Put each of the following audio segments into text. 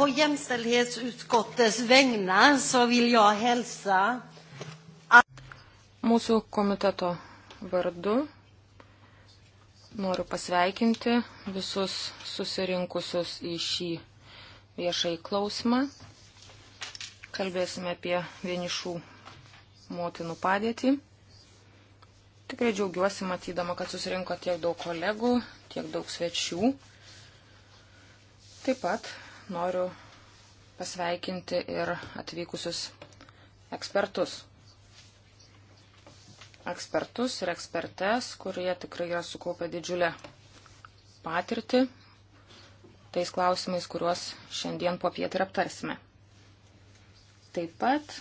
På jämställdhetsutskottets vägnar så vill jag hälsa Mūsų komiteto vardu noriu pasveikinti visus susirinkusius į šį viešai klausimą. Kalbėsime apie vienišų motinų padėtį. Tikrai džiaugiuosi matydama, kad susirinko tiek daug kolegų, tiek daug svečių. Taip pat noriu pasveikinti ir atvykusius ekspertus. Ekspertus ir ekspertes, kurie tikrai yra sukaupę didžiulę patirtį tais klausimais, kuriuos šiandien po pietį ir aptarsime. Taip pat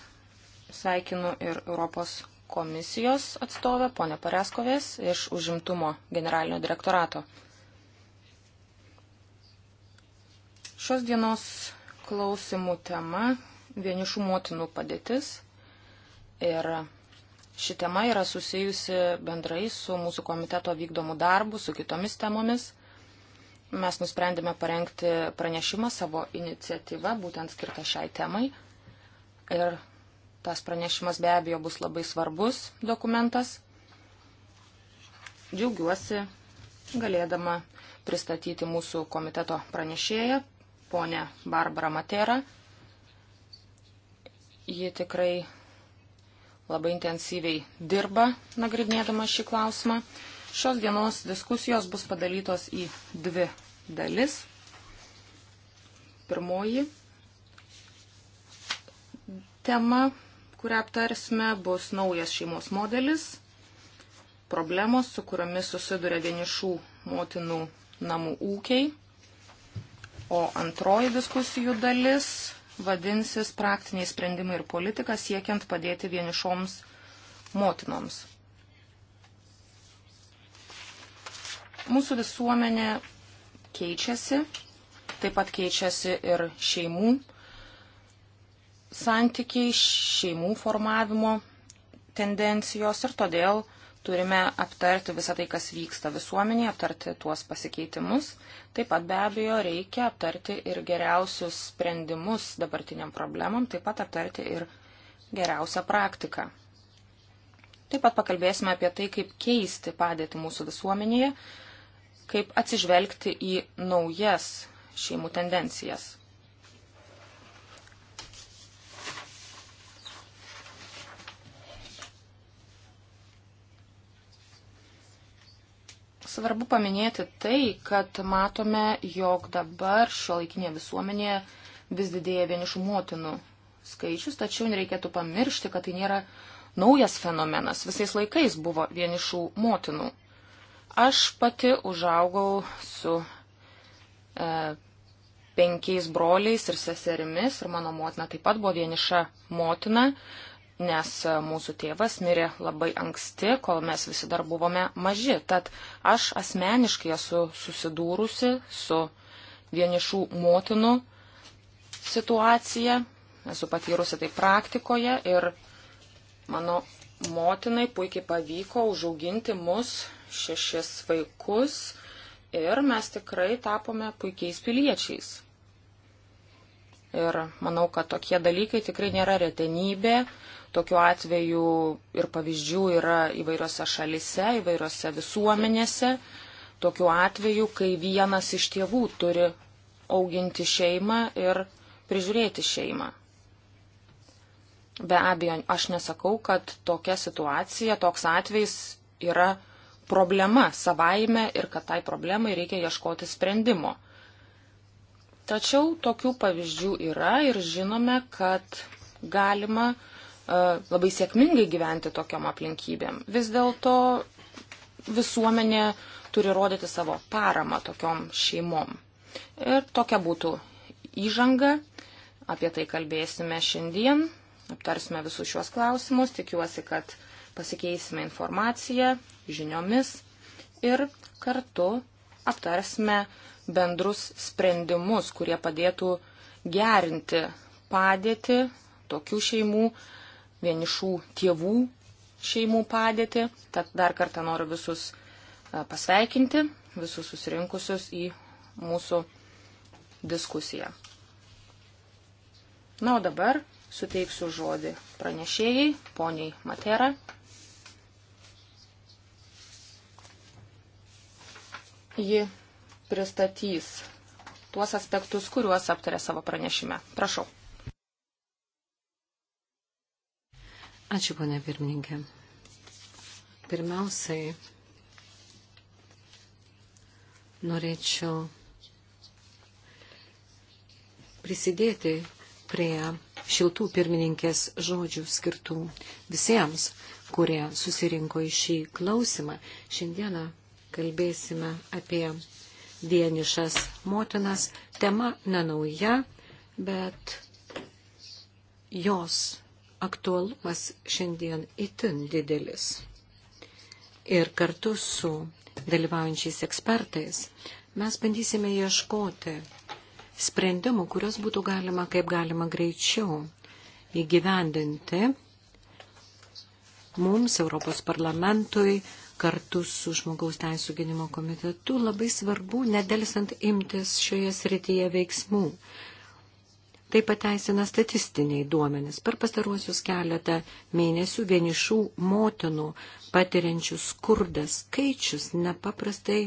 sveikinu ir Europos komisijos atstovę, ponę Pareskovės, iš užimtumo generalinio direktorato. Šios dienos klausimų tema - vienišų motinų padėtis. Ir ši tema yra susijusi bendrai su mūsų komiteto vykdomu darbu, su kitomis temomis. Mes nusprendėme parengti pranešimą savo iniciatyvą, būtent skirtą šiai temai. Ir tas pranešimas be abejo bus labai svarbus dokumentas. Džiaugiuosi galėdama pristatyti mūsų komiteto pranešėją, ponę Barbarą Materą. Ji tikrai labai intensyviai dirba nagrinėdama šį klausimą. Šios dienos diskusijos bus padalytos į dvi dalis. Pirmoji tema, kurią aptarsime, bus naujas šeimos modelis, problemos, su kuriomis susiduria vienišų motinų namų ūkiai. O antroji diskusijų dalis vadinsis praktiniai sprendimai ir politika siekiant padėti vienišoms motinoms. Mūsų visuomenė keičiasi, taip pat keičiasi ir šeimų santykiai, šeimų formavimo tendencijos ir todėl Turime aptarti visą tai, kas vyksta visuomenėje, aptarti tuos pasikeitimus. Taip pat be abejo reikia aptarti ir geriausius sprendimus dabartiniam problemam, taip pat aptarti ir geriausią praktiką. Taip pat pakalbėsime apie tai, kaip keisti padėtį mūsų visuomenėje, kaip atsižvelgti į naujas šeimų tendencijas. svarbu paminėti tai, kad matome, jog dabar šio laikinėje visuomenėje vis didėja vienišų motinų skaičius, tačiau nereikėtų pamiršti, kad tai nėra naujas fenomenas. Visais laikais buvo vienišų motinų. Aš pati užaugau su e, penkiais broliais ir seserimis ir mano motina taip pat buvo vieniša motina nes e, mūsų tėvas mirė labai anksti, kol mes visi dar buvome maži. Tad aš asmeniškai esu susidūrusi su vienišų motinų situacija, esu patyrusi tai praktikoje ir mano motinai puikiai pavyko užauginti mus šešis vaikus ir mes tikrai tapome puikiais piliečiais. Ir manau, kad tokie dalykai tikrai nėra retenybė, Tokiu atveju ir pavyzdžių yra įvairiose šalise, įvairiose visuomenėse. Tokiu atveju, kai vienas iš tėvų turi auginti šeimą ir prižiūrėti šeimą. Be abejo, aš nesakau, kad tokia situacija, toks atvejs yra problema savaime ir kad tai problemai reikia ieškoti sprendimo. Tačiau tokių pavyzdžių yra ir žinome, kad galima E, labai sėkmingai gyventi tokiam aplinkybėm. Vis dėlto visuomenė turi rodyti savo paramą tokiom šeimom. Ir tokia būtų įžanga. Apie tai kalbėsime šiandien. Aptarsime visus šiuos klausimus. Tikiuosi, kad pasikeisime informaciją, žiniomis ir kartu aptarsime bendrus sprendimus, kurie padėtų gerinti padėtį tokių šeimų vienišų tėvų šeimų padėtį. Tad dar kartą noriu visus e, pasveikinti, visus susirinkusius į mūsų diskusiją. Na, o dabar suteiksiu žodį pranešėjai, poniai Matera. Ji pristatys tuos aspektus, kuriuos aptarė savo pranešime. Prašau. Ačiū, ponė pirmininkė. Pirmiausiai norėčiau prisidėti prie šiltų pirmininkės žodžių skirtų visiems, kurie susirinko į šį klausimą. Šiandieną kalbėsime apie vienišas motinas. Tema nenauja, bet jos aktualumas šiandien itin didelis. Ir kartu su dalyvaujančiais ekspertais mes bandysime ieškoti sprendimų, kurios būtų galima kaip galima greičiau įgyvendinti mums, Europos parlamentui, kartu su žmogaus teisų gynimo komitetu labai svarbu, nedelsant imtis šioje srityje veiksmų, Tai pateisina statistiniai duomenys. Per pastaruosius keletą mėnesių vienišų motinų patiriančių skurdą skaičius nepaprastai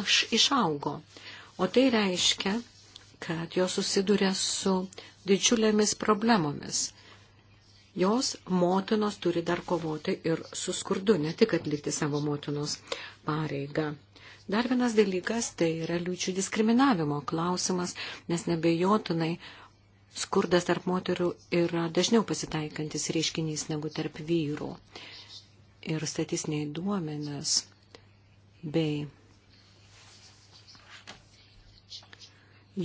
aš išaugo. O tai reiškia, kad jos susiduria su didžiulėmis problemomis. Jos motinos turi dar kovoti ir su skurdu, ne tik atlikti savo motinos pareigą. Dar vienas dalykas tai yra liūčių diskriminavimo klausimas, nes nebejotinai skurdas tarp moterų yra dažniau pasitaikantis reiškinys negu tarp vyrų. Ir statistiniai duomenės bei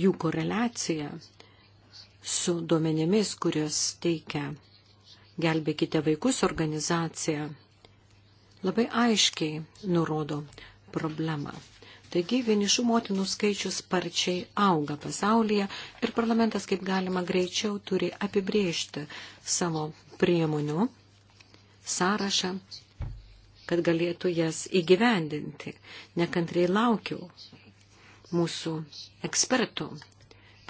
jų koreliacija su duomenėmis, kurios teikia Gelbėkite vaikus organizacija, labai aiškiai nurodo problemą. Taigi vienišų motinų skaičius sparčiai auga pasaulyje ir parlamentas kaip galima greičiau turi apibriežti savo priemonių sąrašą, kad galėtų jas įgyvendinti. Nekantriai laukiu mūsų ekspertų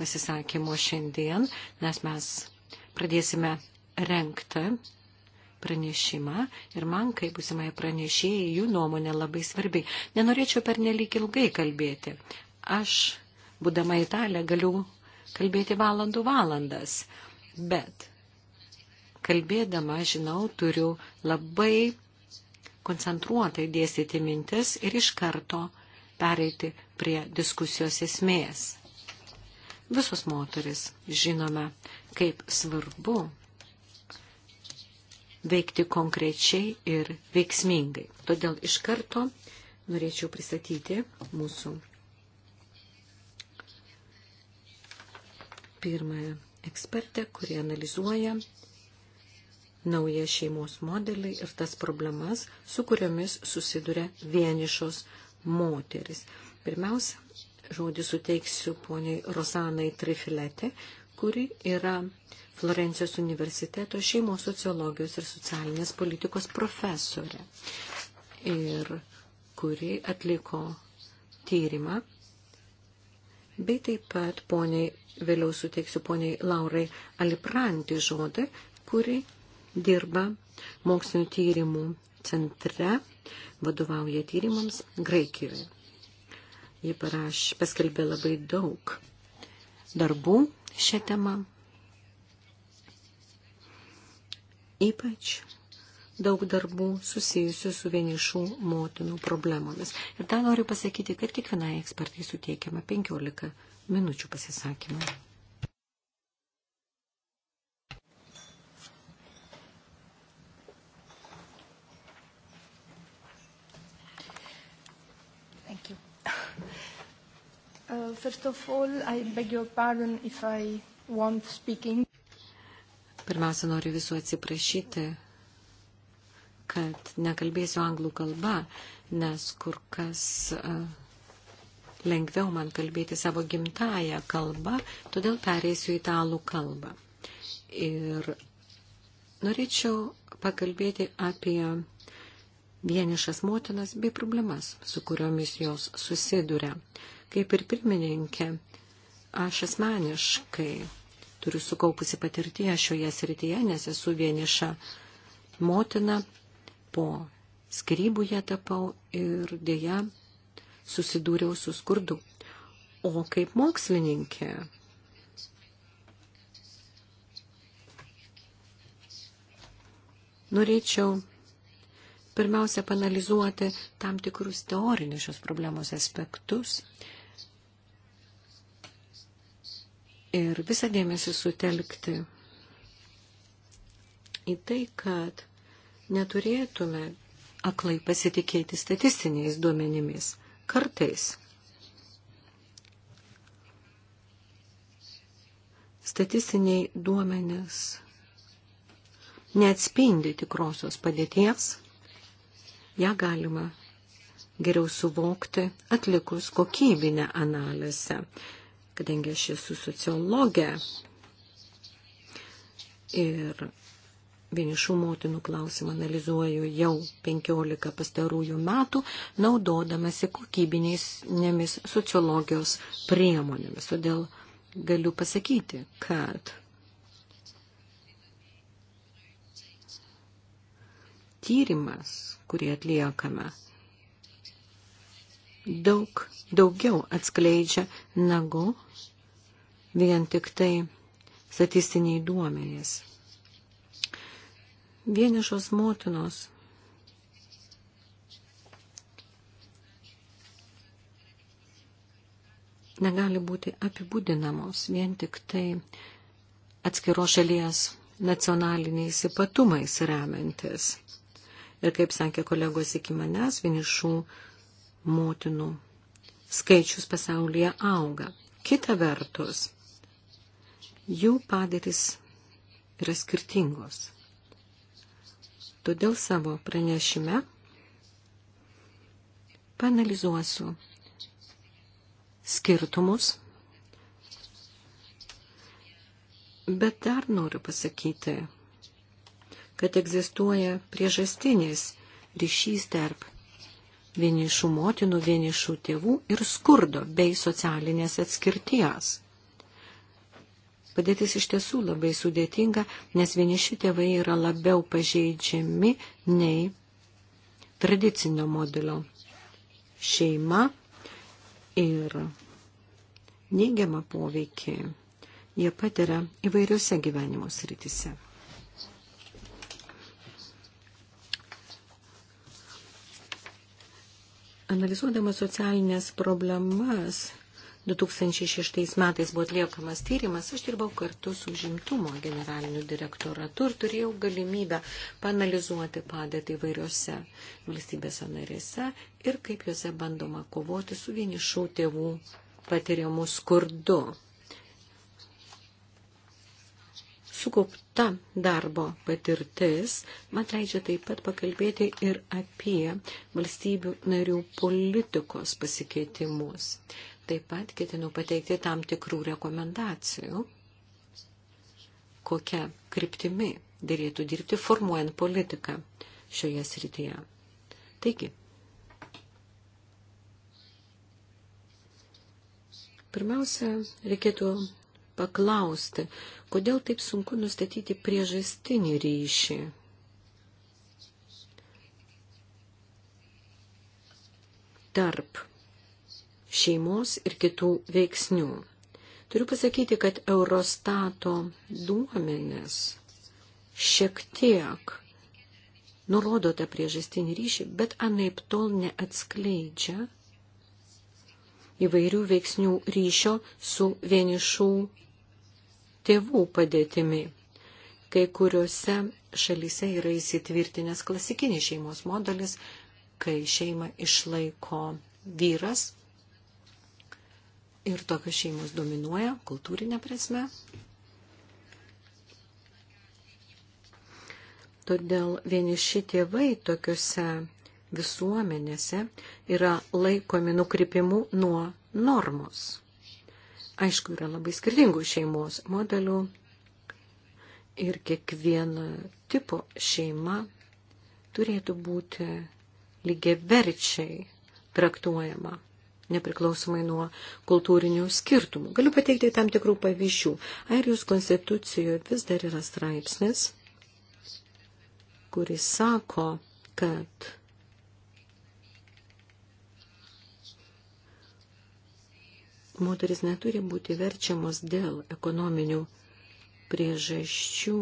pasisakymo šiandien, nes mes pradėsime renkti pranešimą ir man, kaip būsimai pranešėjai, jų nuomonė labai svarbi. Nenorėčiau per nelik ilgai kalbėti. Aš, būdama italė, galiu kalbėti valandų valandas, bet kalbėdama, žinau, turiu labai koncentruotai dėstyti mintis ir iš karto pereiti prie diskusijos esmės. Visos moteris žinome, kaip svarbu veikti konkrečiai ir veiksmingai. Todėl iš karto norėčiau pristatyti mūsų pirmąją ekspertę, kuri analizuoja naują šeimos modelį ir tas problemas, su kuriomis susiduria vienišos moteris. Pirmiausia, žodį suteiksiu poniai Rosanai Trifiletė, kuri yra Florencijos universiteto šeimos sociologijos ir socialinės politikos profesorė, ir kuri atliko tyrimą, bei taip pat poniai, vėliau suteiksiu poniai Laurai Alipranti žodį, kuri dirba mokslinio tyrimų centre, vadovauja tyrimams Graikijoje. Ji paraš, paskelbė labai daug darbų šią temą Ypač daug darbų susijusių su vienišų motinų problemomis. Ir tą noriu pasakyti, kad kiekvienai ekspertai suteikiama 15 minučių pasisakymą. Uh, first of all, I beg your pardon if I won't speak English. Pirmiausia, noriu visų atsiprašyti, kad nekalbėsiu anglų kalbą, nes kur kas e, lengviau man kalbėti savo gimtają kalbą, todėl pereisiu italų kalbą. Ir norėčiau pakalbėti apie vienišas motinas bei problemas, su kuriomis jos susiduria. Kaip ir pirmininkė, aš asmeniškai turiu sukaupusi patirtyje šioje srityje, nes esu vieniša motina, po skirybų ją tapau ir dėja susidūriau su skurdu. O kaip mokslininkė norėčiau pirmiausia panalizuoti tam tikrus teorinius šios problemos aspektus ir visą dėmesį sutelkti į tai, kad neturėtume aklai pasitikėti statistiniais duomenimis. Kartais statistiniai duomenės neatspindi tikrosios padėties, ją galima geriau suvokti atlikus kokybinę analizę kadangi aš esu sociologė ir vienišų motinų klausimą analizuoju jau 15 pastarųjų metų, naudodamasi kokybinėmis sociologijos priemonėmis. Todėl galiu pasakyti, kad tyrimas, kurį atliekame, daug daugiau atskleidžia negu vien tik tai statistiniai duomenys. Vienišos motinos negali būti apibūdinamos vien tik tai atskiro šalies nacionaliniais ypatumais remiantis. Ir kaip sakė kolegos iki manęs, vienišų motinų skaičius pasaulyje auga. Kita vertus, Jų padėtis yra skirtingos. Todėl savo pranešime panalizuosiu skirtumus, bet dar noriu pasakyti, kad egzistuoja priežastinis ryšys tarp vienišų motinų, vienišų tėvų ir skurdo bei socialinės atskirties. Padėtis iš tiesų labai sudėtinga, nes vieniši tėvai yra labiau pažeidžiami nei tradicinio modelio šeima ir neigiamą poveikį jie patiria įvairiose gyvenimo srityse. Analizuodama socialinės problemas, 2006 metais buvo atliekamas tyrimas, aš dirbau kartu su žimtumo generaliniu direktoratu ir turėjau galimybę panalizuoti padėtį įvairiose valstybėse narėse ir kaip juose bandoma kovoti su vienišų tėvų patiriamu skurdu. Sukaupta darbo patirtis man leidžia taip pat pakalbėti ir apie valstybių narių politikos pasikeitimus. Taip pat ketinu pateikti tam tikrų rekomendacijų, kokia kryptimi dėlėtų dirbti formuojant politiką šioje srityje. Taigi, pirmiausia, reikėtų paklausti, kodėl taip sunku nustatyti priežastinį ryšį. Tarp šeimos ir kitų veiksnių. Turiu pasakyti, kad Eurostato duomenis šiek tiek nurodo tą priežastinį ryšį, bet anaip tol neatskleidžia įvairių veiksnių ryšio su vienišų tėvų padėtimi. Kai kuriuose šalyse yra įsitvirtinęs klasikinis šeimos modelis, kai šeimą išlaiko vyras ir tokios šeimos dominuoja kultūrinė prasme. Todėl vieniši tėvai tokiuose visuomenėse yra laikomi nukrypimu nuo normos. Aišku, yra labai skirtingų šeimos modelių ir kiekvieno tipo šeima turėtų būti lygiai verčiai traktuojama nepriklausomai nuo kultūrinių skirtumų. Galiu pateikti tam tikrų pavyzdžių. Airijos konstitucijoje vis dar yra straipsnis, kuris sako, kad moteris neturi būti verčiamos dėl ekonominių priežasčių.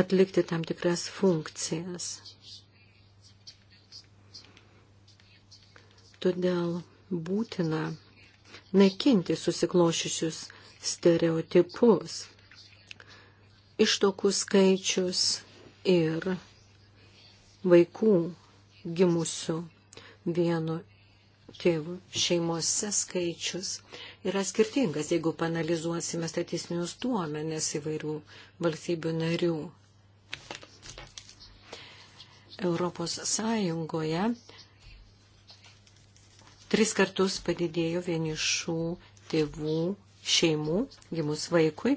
atlikti tam tikras funkcijas. Todėl būtina naikinti susiklošiusius stereotipus, ištokų skaičius ir vaikų gimusių vienu tėvų šeimose skaičius yra skirtingas, jeigu panalizuosime statistinius duomenės įvairių valstybių narių. Europos Sąjungoje Tris kartus padidėjo vienišų tėvų šeimų gimus vaikui.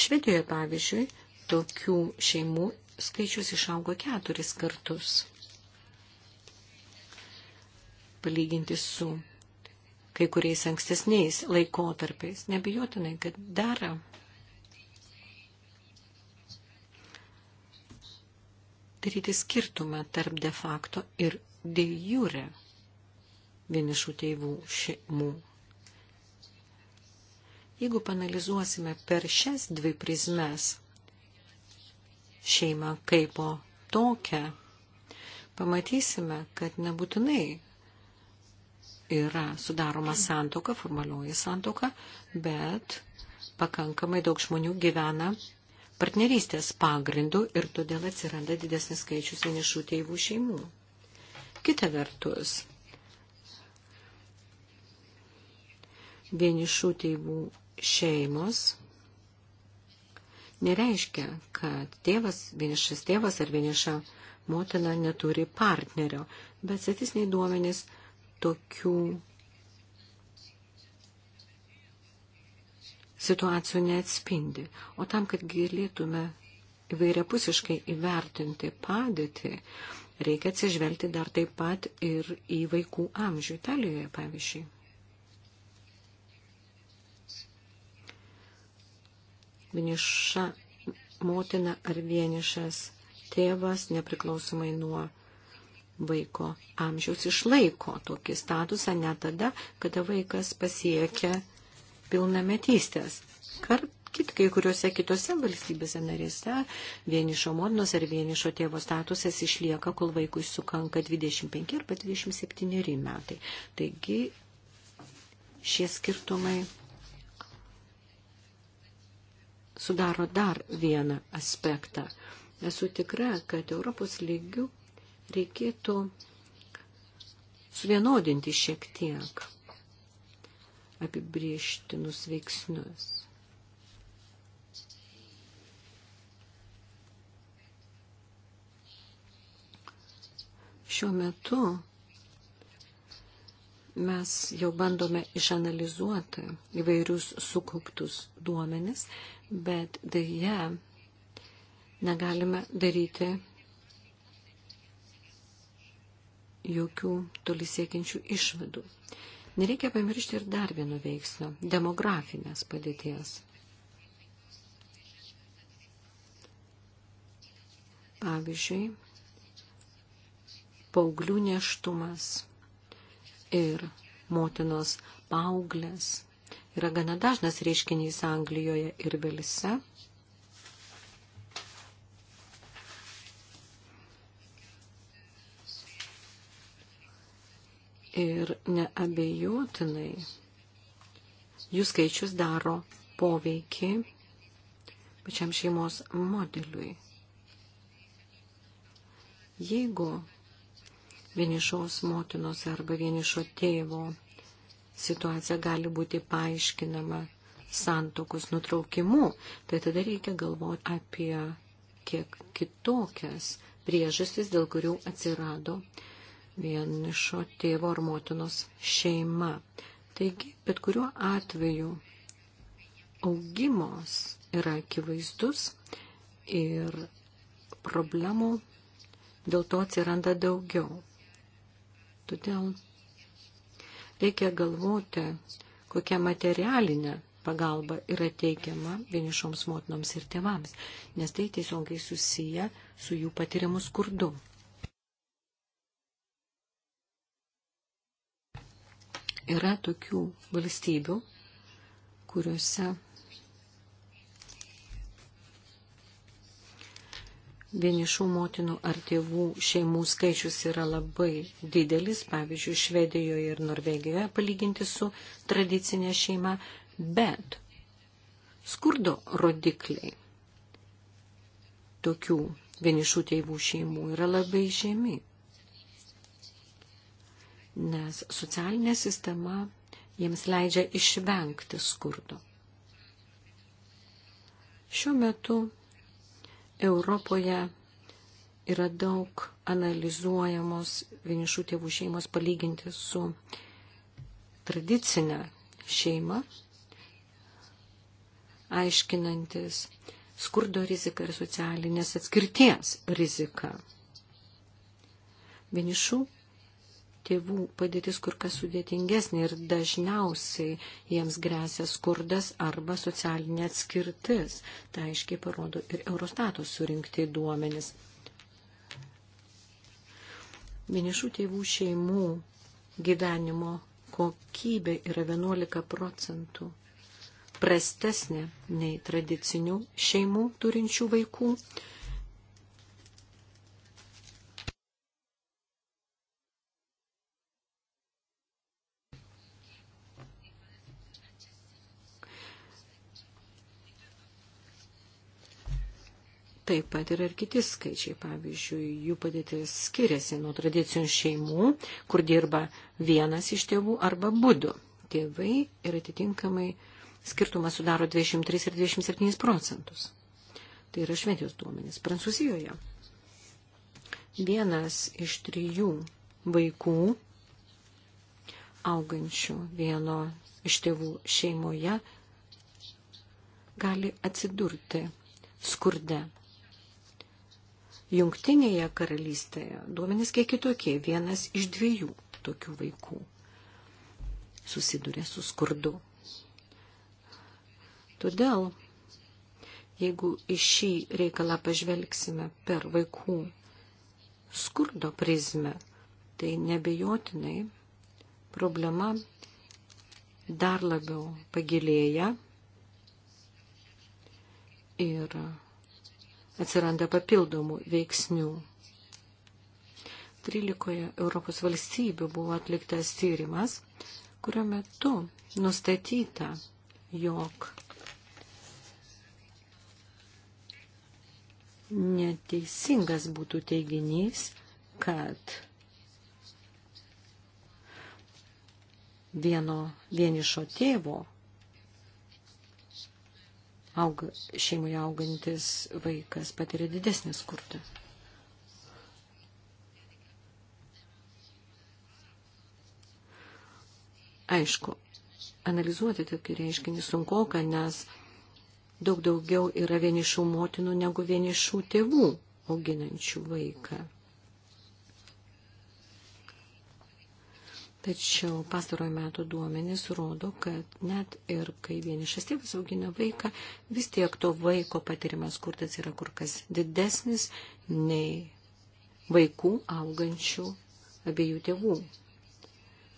Švedijoje, pavyzdžiui, tokių šeimų skaičius išaugo keturis kartus. Palyginti su kai kuriais ankstesniais laikotarpiais. Nebijotinai, kad dar daryti skirtumą tarp de facto ir de jure vienišų tėvų šeimų. Jeigu panalizuosime per šias dvi prizmes šeimą kaip o tokią, pamatysime, kad nebūtinai yra sudaroma santoka, formalioji santoka, bet pakankamai daug žmonių gyvena partnerystės pagrindų ir todėl atsiranda didesnis skaičius vienišų tėvų šeimų. Kita vertus, vienišų tėvų šeimos nereiškia, kad tėvas, vienišas tėvas ar vieniša motina neturi partnerio, bet statistiniai duomenys tokių situacijų neatspindi. O tam, kad galėtume įvairiapusiškai įvertinti padėtį, reikia atsižvelgti dar taip pat ir į vaikų amžių Italijoje, pavyzdžiui. vieniša motina ar vienišas tėvas, nepriklausomai nuo vaiko amžiaus, išlaiko tokį statusą net tada, kada vaikas pasiekia pilnametystės. Kart kit, kai kuriuose kitose valstybėse narėse vienišo motinos ar vienišo tėvo statusas išlieka, kol vaikui sukanka 25 arba 27 metai. Taigi šie skirtumai sudaro dar vieną aspektą. Esu tikra, kad Europos lygių reikėtų suvienodinti šiek tiek apibrieštinus veiksnius. Šiuo metu mes jau bandome išanalizuoti įvairius sukauptus duomenis, bet dėje negalime daryti jokių toli siekiančių išvadų. Nereikia pamiršti ir dar vieno veiksnio - demografinės padėties. Pavyzdžiui, paauglių neštumas, ir motinos paauglės yra gana dažnas reiškinys Anglijoje ir Velise. Ir neabejotinai jų skaičius daro poveikį pačiam šeimos modeliui. Jeigu vienišos motinos arba vienišo tėvo situacija gali būti paaiškinama santokus nutraukimu, tai tada reikia galvoti apie kiek kitokias priežastis, dėl kurių atsirado vienišo tėvo ar motinos šeima. Taigi, bet kuriuo atveju augimos yra akivaizdus ir problemų dėl to atsiranda daugiau. Todėl reikia galvoti, kokia materialinė pagalba yra teikiama vienišoms motinoms ir tėvams, nes tai tiesiogiai susiję su jų patiriamu skurdu. Yra tokių valstybių, kuriuose vienišų motinų ar tėvų šeimų skaičius yra labai didelis, pavyzdžiui, Švedijoje ir Norvegijoje palyginti su tradicinė šeima, bet skurdo rodikliai tokių vienišų tėvų šeimų yra labai žemi, nes socialinė sistema jiems leidžia išvengti skurdo. Šiuo metu Europoje yra daug analizuojamos vienišų tėvų šeimos palyginti su tradicinė šeima, aiškinantis skurdo riziką ir socialinės atskirties riziką. Vienišų tėvų padėtis kur kas sudėtingesnė ir dažniausiai jiems grėsia skurdas arba socialinė atskirtis. Tai aiškiai parodo ir Eurostatos surinkti duomenis. Vienišų tėvų šeimų gyvenimo kokybė yra 11 procentų prastesnė nei tradicinių šeimų turinčių vaikų. taip pat yra ir kiti skaičiai. Pavyzdžiui, jų padėtis skiriasi nuo tradicinių šeimų, kur dirba vienas iš tėvų arba būdu. Tėvai ir atitinkamai skirtumas sudaro 23 ir 27 procentus. Tai yra švedijos duomenys. Prancūzijoje vienas iš trijų vaikų augančių vieno iš tėvų šeimoje gali atsidurti skurde Jungtinėje karalystėje duomenys kiek kitokie. Vienas iš dviejų tokių vaikų susiduria su skurdu. Todėl, jeigu į šį reikalą pažvelgsime per vaikų skurdo prizmę, tai nebejotinai problema dar labiau pagilėja ir atsiranda papildomų veiksnių. 13 Europos valstybių buvo atliktas tyrimas, kurio metu nustatyta, jog neteisingas būtų teiginys, kad vieno vienišo tėvo auga, šeimoje augantis vaikas patiria didesnį skurdą. Aišku, analizuoti tokį reiškinį sunkoka, nes daug daugiau yra vienišų motinų negu vienišų tėvų auginančių vaiką. Tačiau pastarojo metų duomenys rodo, kad net ir kai vienišas tėvas augina vaiką, vis tiek to vaiko patirimas skurdas yra kur kas didesnis nei vaikų augančių abiejų tėvų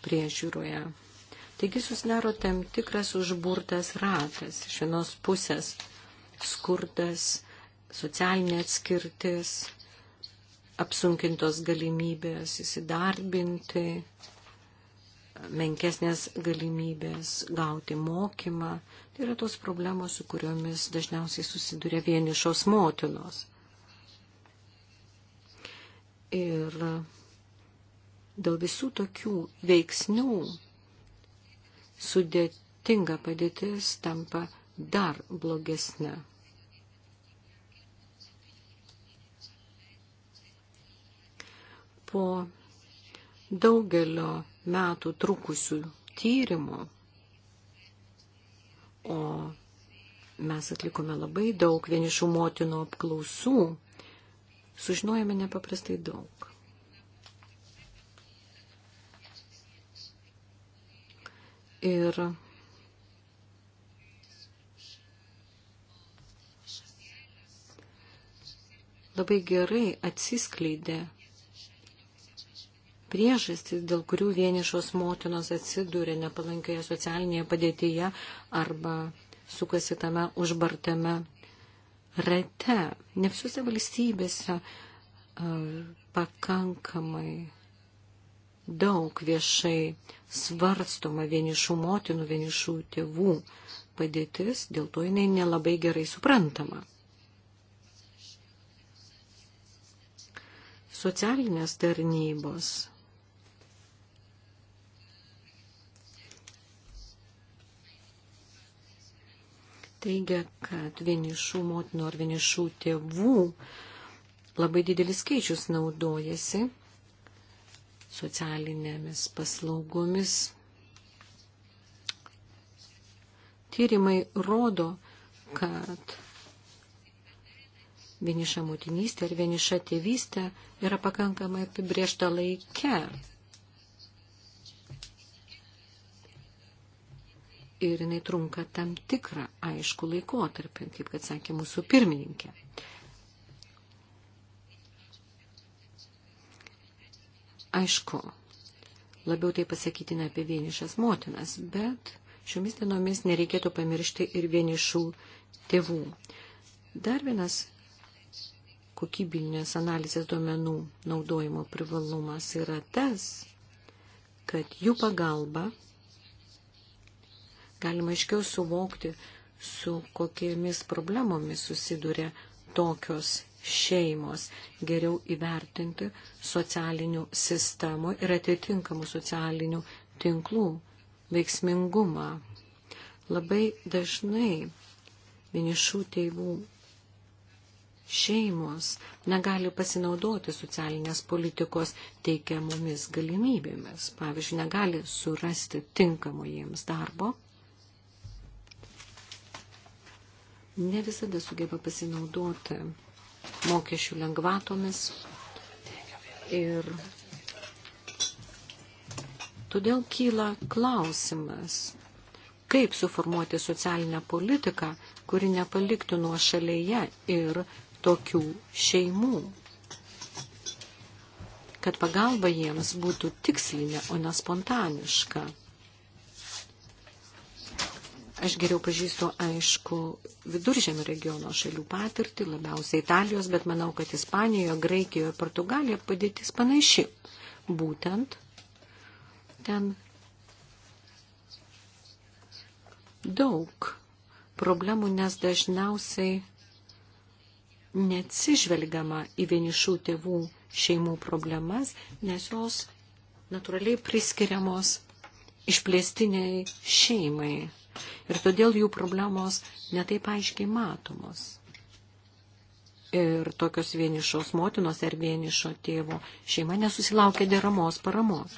priežiūroje. Taigi susidaro tam tikras užburtas ratas. Iš vienos pusės skurdas, socialinė atskirtis, apsunkintos galimybės įsidarbinti, menkesnės galimybės gauti mokymą. Tai yra tos problemos, su kuriomis dažniausiai susiduria vienišos motinos. Ir dėl visų tokių veiksnių sudėtinga padėtis tampa dar blogesnė. Po daugelio metų trukusių tyrimų, o mes atlikome labai daug vienišų motinų apklausų, sužinojame nepaprastai daug. Ir labai gerai atsiskleidė priežastis, dėl kurių vienišos motinos atsidūrė nepalankioje socialinėje padėtyje arba sukasi tame užbartame rate. Ne visose valstybėse e, pakankamai daug viešai svarstoma vienišų motinų, vienišų tėvų padėtis, dėl to jinai nelabai gerai suprantama. Socialinės tarnybos teigia, kad vienišų motinų ar vienišų tėvų labai didelis skaičius naudojasi socialinėmis paslaugomis. Tyrimai rodo, kad vieniša motinystė ar vieniša tėvystė yra pakankamai apibriešta laike ir jinai trunka tam tikrą aišku laikotarpį, kaip kad sakė mūsų pirmininkė. Aišku, labiau tai pasakytina apie vienišas motinas, bet šiomis dienomis nereikėtų pamiršti ir vienišų tėvų. Dar vienas kokybinės analizės duomenų naudojimo privalumas yra tas, kad jų pagalba galima aiškiau suvokti, su kokiamis problemomis susiduria tokios šeimos, geriau įvertinti socialinių sistemų ir atitinkamų socialinių tinklų veiksmingumą. Labai dažnai vienišų tėvų šeimos negali pasinaudoti socialinės politikos teikiamomis galimybėmis. Pavyzdžiui, negali surasti tinkamo jiems darbo ne visada sugeba pasinaudoti mokesčių lengvatomis ir todėl kyla klausimas, kaip suformuoti socialinę politiką, kuri nepaliktų nuo šalyje ir tokių šeimų kad pagalba jiems būtų tikslinė, o ne spontaniška. Aš geriau pažįstu, aišku, viduržėmio regiono šalių patirtį, labiausiai Italijos, bet manau, kad Ispanijoje, Graikijoje, Portugalijoje padėtis panaši. Būtent ten daug problemų, nes dažniausiai neatsižvelgiama į vienišų tėvų šeimų problemas, nes jos natūraliai priskiriamos išplėstiniai šeimai. Ir todėl jų problemos netaip aiškiai matomos. Ir tokios vienišos motinos ar vienišo tėvo šeima nesusilaukia deramos paramos.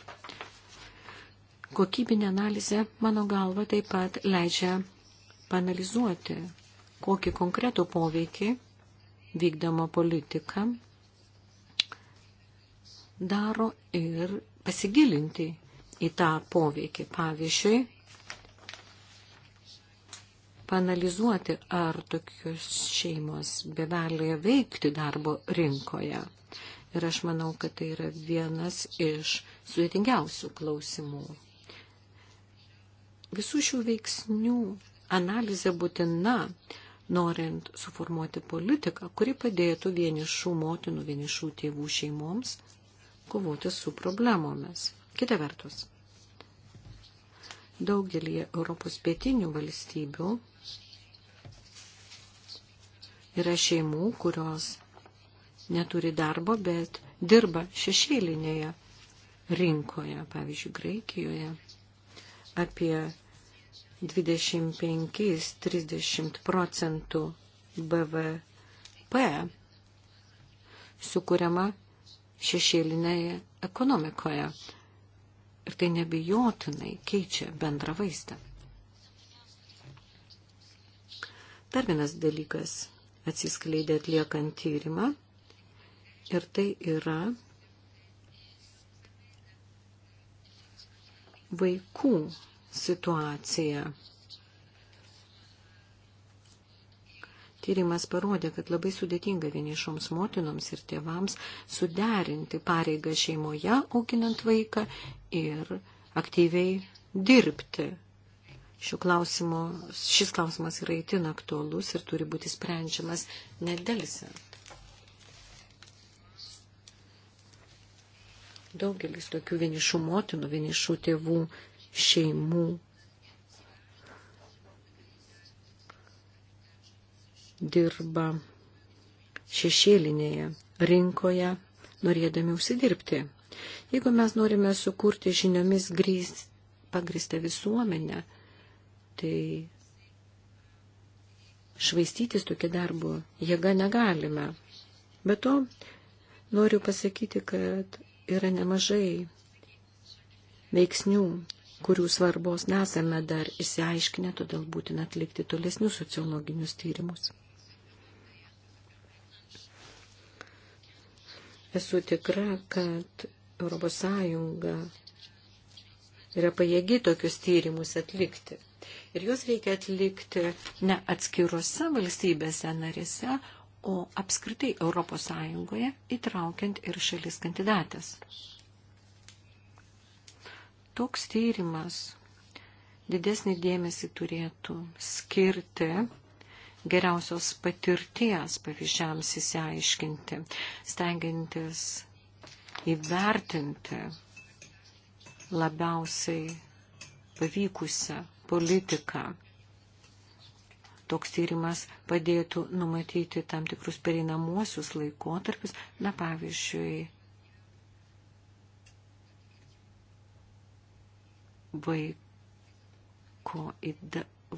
Kokybinė analizė, mano galva, taip pat leidžia panalizuoti, kokį konkretų poveikį vykdama politika daro ir pasigilinti į tą poveikį. Pavyzdžiui, panalizuoti, ar tokios šeimos bevelėje veikti darbo rinkoje. Ir aš manau, kad tai yra vienas iš sudėtingiausių klausimų. Visų šių veiksnių analizė būtina, norint suformuoti politiką, kuri padėtų vienišų motinų, vienišų tėvų šeimoms kovoti su problemomis. Kita vertus, daugelį Europos pietinių valstybių Yra šeimų, kurios neturi darbo, bet dirba šešėlinėje rinkoje, pavyzdžiui, Graikijoje. Apie 25-30 procentų BVP sukūriama šešėlinėje ekonomikoje. Ir tai nebijotinai keičia bendrą vaizdą. Dar vienas dalykas atsiskleidė atliekant tyrimą. Ir tai yra vaikų situacija. Tyrimas parodė, kad labai sudėtinga vienišoms motinoms ir tėvams suderinti pareigą šeimoje, auginant vaiką ir aktyviai dirbti Klausimo, šis klausimas yra įtin aktuolus ir turi būti sprendžiamas nedelsiant. Daugelis tokių vienišų motinų, vienišų tėvų, šeimų dirba šešėlinėje rinkoje, norėdami užsidirbti. Jeigu mes norime sukurti žiniomis grįst, pagristą visuomenę, Tai švaistytis tokiu darbu jėga negalime. Be to, noriu pasakyti, kad yra nemažai veiksnių, kurių svarbos nesame dar įsiaiškinę, todėl būtina atlikti tolesnius sociologinius tyrimus. Esu tikra, kad ES yra pajėgi tokius tyrimus atlikti. Ir juos reikia atlikti ne atskiruose valstybėse narėse, o apskritai ES įtraukiant ir šalis kandidatės. Toks tyrimas didesnį dėmesį turėtų skirti geriausios patirties pavyzdžiams įsiaiškinti, stengiantis įvertinti labiausiai pavykusią politiką. Toks tyrimas padėtų numatyti tam tikrus pereinamuosius laikotarpius, na pavyzdžiui, vaiko,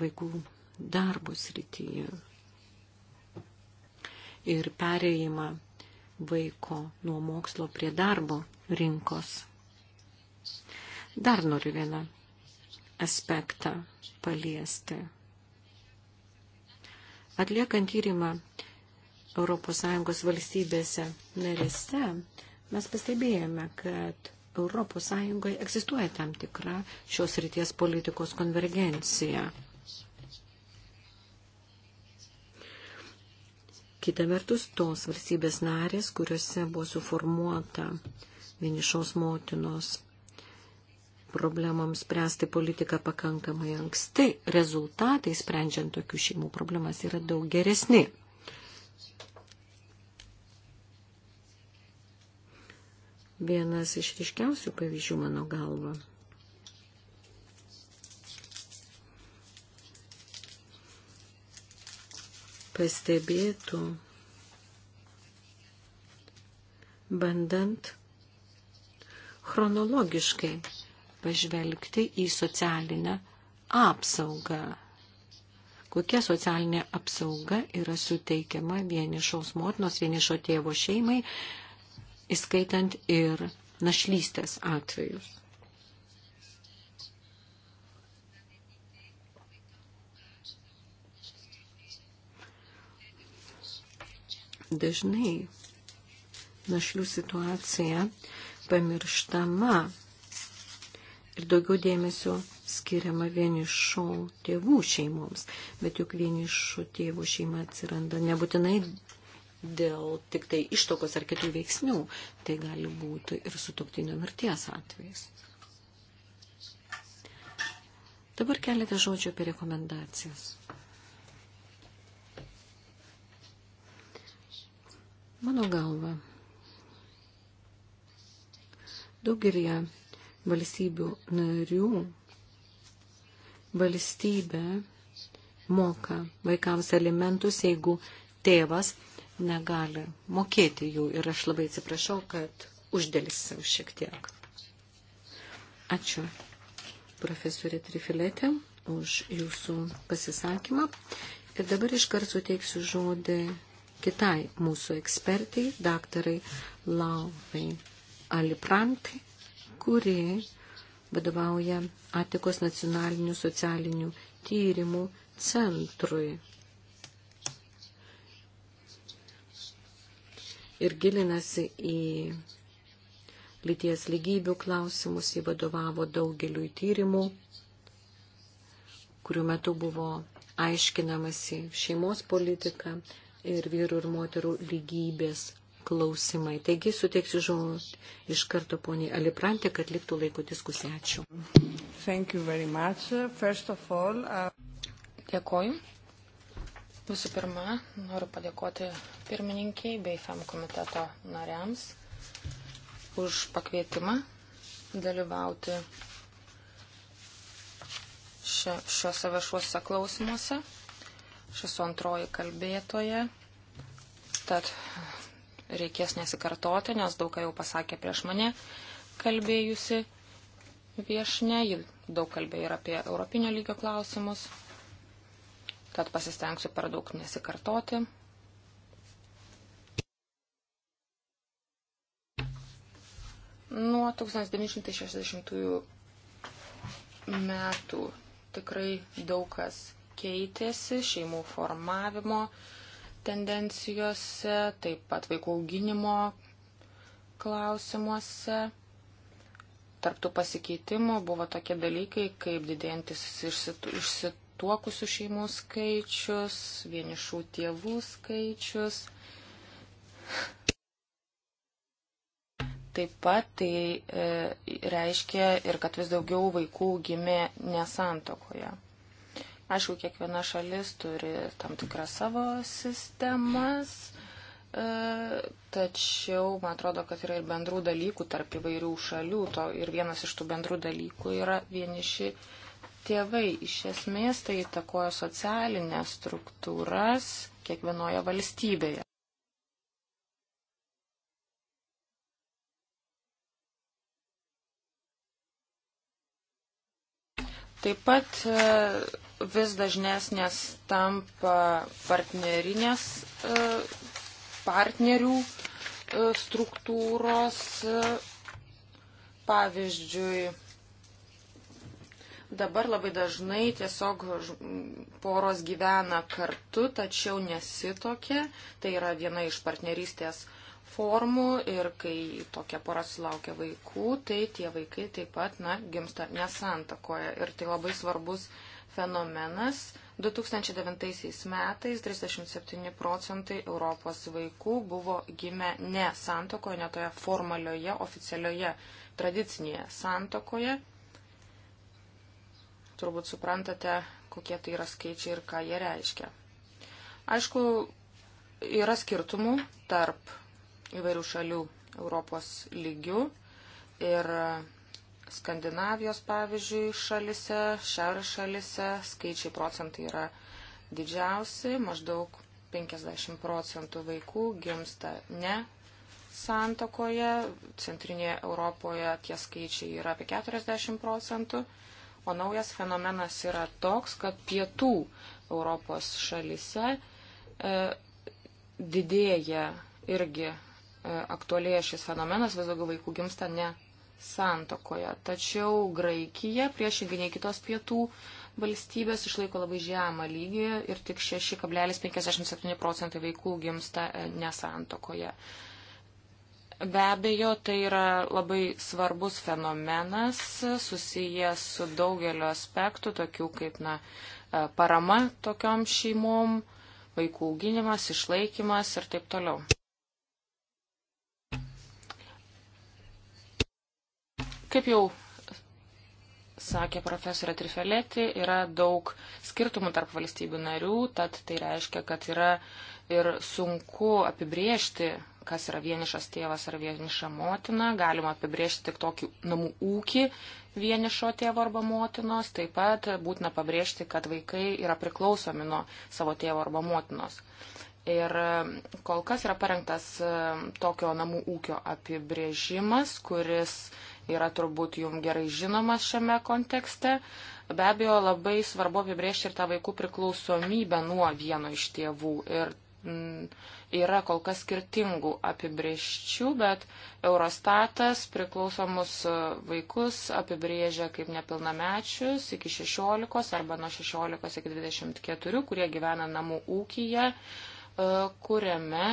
vaikų darbus rytyje ir pereimą vaiko nuo mokslo prie darbo rinkos. Dar noriu vieną aspektą paliesti. Atliekant tyrimą ES valstybėse narėse, mes pastebėjome, kad ES egzistuoja tam tikra šios ryties politikos konvergencija. Kita vertus, tos valstybės narės, kuriuose buvo suformuota vienišos motinos problemams spręsti politiką pakankamai anksti, rezultatai sprendžiant tokių šeimų problemas yra daug geresni. Vienas iš ryškiausių pavyzdžių mano galva. Pastebėtų, bandant chronologiškai pažvelgti į socialinę apsaugą. Kokia socialinė apsauga yra suteikiama vienišaus motinos, vienišo tėvo šeimai, įskaitant ir našlystės atvejus. Dažnai našlių situacija pamirštama ir daugiau dėmesio skiriama vienišų tėvų šeimoms. Bet juk vienišų tėvų šeima atsiranda nebūtinai dėl tik tai ištokos ar kitų veiksnių. Tai gali būti ir sutoktinio mirties atvejais. Dabar keletą žodžių apie rekomendacijas. Mano galva, daugelį valstybių narių valstybė moka vaikams alimentus, jeigu tėvas negali mokėti jų. Ir aš labai atsiprašau, kad uždėlsiu šiek tiek. Ačiū profesorė Trifiletė už jūsų pasisakymą. Ir dabar iškart suteiksiu žodį kitai mūsų ekspertai, daktarai Lauvai Aliprantai kuri vadovauja Atikos nacionalinių socialinių tyrimų centrui. Ir gilinasi į lyties lygybių klausimus, jį vadovavo daugeliui tyrimų, kurių metu buvo aiškinamasi šeimos politika ir vyrų ir moterų lygybės klausimai. Taigi suteiksiu žodį iš karto poniai Aliprantė, kad liktų laiko diskusija. Ačiū. All, uh... Dėkoju. Visų pirma, noriu padėkoti pirmininkiai bei FEM komiteto nariams už pakvietimą dalyvauti šia, šiuose viešuose klausimuose. Aš esu antroji kalbėtoja, tad reikės nesikartoti, nes daug ką jau pasakė prieš mane kalbėjusi viešne, ji daug kalbėjo ir apie europinio lygio klausimus, tad pasistengsiu per daug nesikartoti. Nuo 1960 metų tikrai daug kas keitėsi šeimų formavimo, uh, tendencijose, taip pat vaikų auginimo klausimuose. Tarptų pasikeitimų buvo tokie dalykai, kaip didėjantis išsituokusių šeimų skaičius, vienišų tėvų skaičius. Taip pat tai e, reiškia ir, kad vis daugiau vaikų gimė nesantokoje. Aišku, kiekviena šalis turi tam tikrą savo sistemas, e, tačiau man atrodo, kad yra ir bendrų dalykų tarp įvairių šalių. To, ir vienas iš tų bendrų dalykų yra vieniši tėvai. Iš esmės tai įtakoja socialinės struktūras kiekvienoje valstybėje. Taip pat e, vis dažnesnės tampa partnerinės e, partnerių e, struktūros. Pavyzdžiui, dabar labai dažnai tiesiog poros gyvena kartu, tačiau nesitokia. Tai yra viena iš partnerystės formų ir kai tokia pora sulaukia vaikų, tai tie vaikai taip pat, na, gimsta nesantakoje. Ir tai labai svarbus fenomenas. 2009 metais 37 procentai Europos vaikų buvo gimę ne santokoje, ne toje formalioje, oficialioje, tradicinėje santokoje. Turbūt suprantate, kokie tai yra skaičiai ir ką jie reiškia. Aišku, yra skirtumų tarp įvairių šalių Europos lygių ir Skandinavijos, pavyzdžiui, šalise, šiaurės šalise skaičiai procentai yra didžiausi, maždaug 50 procentų vaikų gimsta ne santokoje, centrinėje Europoje tie skaičiai yra apie 40 procentų, o naujas fenomenas yra toks, kad pietų Europos šalise e, didėja irgi E, aktualėja šis fenomenas, vis daugiau vaikų gimsta ne santokoje. Tačiau Graikija, priešingai nei kitos pietų valstybės, išlaiko labai žemą lygį ir tik 6,57 procentai vaikų gimsta e, nesantokoje. Be abejo, tai yra labai svarbus fenomenas, e, susijęs su daugeliu aspektų, tokių kaip na, parama tokiom šeimom, vaikų auginimas, išlaikimas ir taip toliau. Kaip jau sakė profesorė Trifelėti, yra daug skirtumų tarp valstybių narių, tad tai reiškia, kad yra ir sunku apibriežti, kas yra vienišas tėvas ar vieniša motina. Galima apibriežti tik tokį namų ūkį vienišo tėvo arba motinos. Taip pat būtina pabrėžti, kad vaikai yra priklausomi nuo savo tėvo arba motinos. Ir e, kol kas yra parengtas e, tokio namų ūkio apibrėžimas, kuris yra turbūt jums gerai žinomas šiame kontekste. Be abejo, labai svarbu apibrėžti ir tą vaikų priklausomybę nuo vieno iš tėvų. Ir yra kol kas skirtingų apibrieščių, bet Eurostatas priklausomus e, vaikus apibrėžia kaip nepilnamečius iki 16 arba nuo 16 iki 24, kurie gyvena namų ūkyje E, kuriame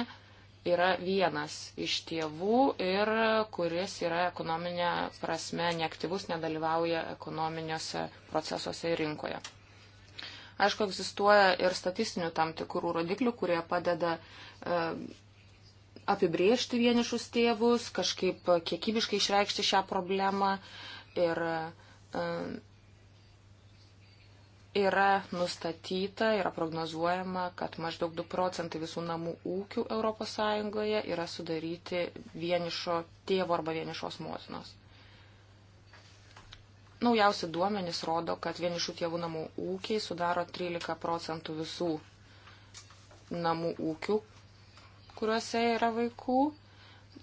yra vienas iš tėvų ir kuris yra ekonominė prasme neaktyvus, nedalyvauja ekonominiuose procesuose ir rinkoje. Aišku, egzistuoja ir statistinių tam tikrų rodiklių, kurie padeda e, apibriežti vienišus tėvus, kažkaip kiekybiškai išreikšti šią problemą ir e, yra nustatyta, yra prognozuojama, kad maždaug 2 procentai visų namų ūkių ES yra sudaryti vienišo tėvo arba vienišos motinos. Naujausi duomenys rodo, kad vienišų tėvų namų ūkiai sudaro 13 procentų visų namų ūkių, kuriuose yra vaikų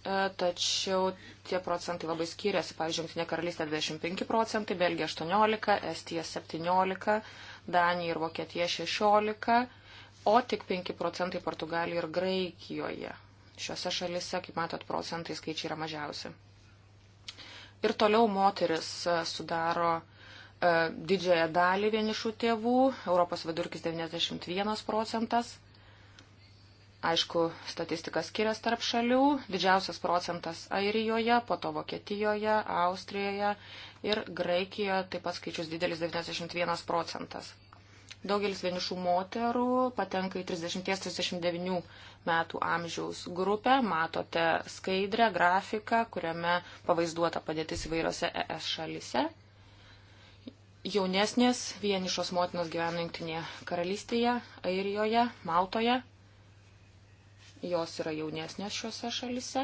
E, tačiau tie procentai labai skiriasi. Pavyzdžiui, Junktinė karalystė 25 procentai, Belgija 18, Estija 17, Danija ir Vokietija 16, o tik 5 procentai Portugalijoje ir Graikijoje. Šiuose šalise, kaip matot, procentai skaičiai yra mažiausi. Ir toliau moteris e, sudaro e, didžiąją dalį vienišų tėvų, Europos vidurkis 91 procentas, Aišku, statistika skiriasi tarp šalių. Didžiausias procentas Airijoje, po to Vokietijoje, Austrijoje ir Graikijoje taip pat skaičius didelis 91 procentas. Daugelis vienišų moterų patenka į 30-39 metų amžiaus grupę. Matote skaidrę grafiką, kuriame pavaizduota padėtis įvairiose ES šalise. Jaunesnės vienišos motinos gyvena Junktinėje karalystėje, Airijoje, Maltoje, jos yra jaunesnės šiuose šalise.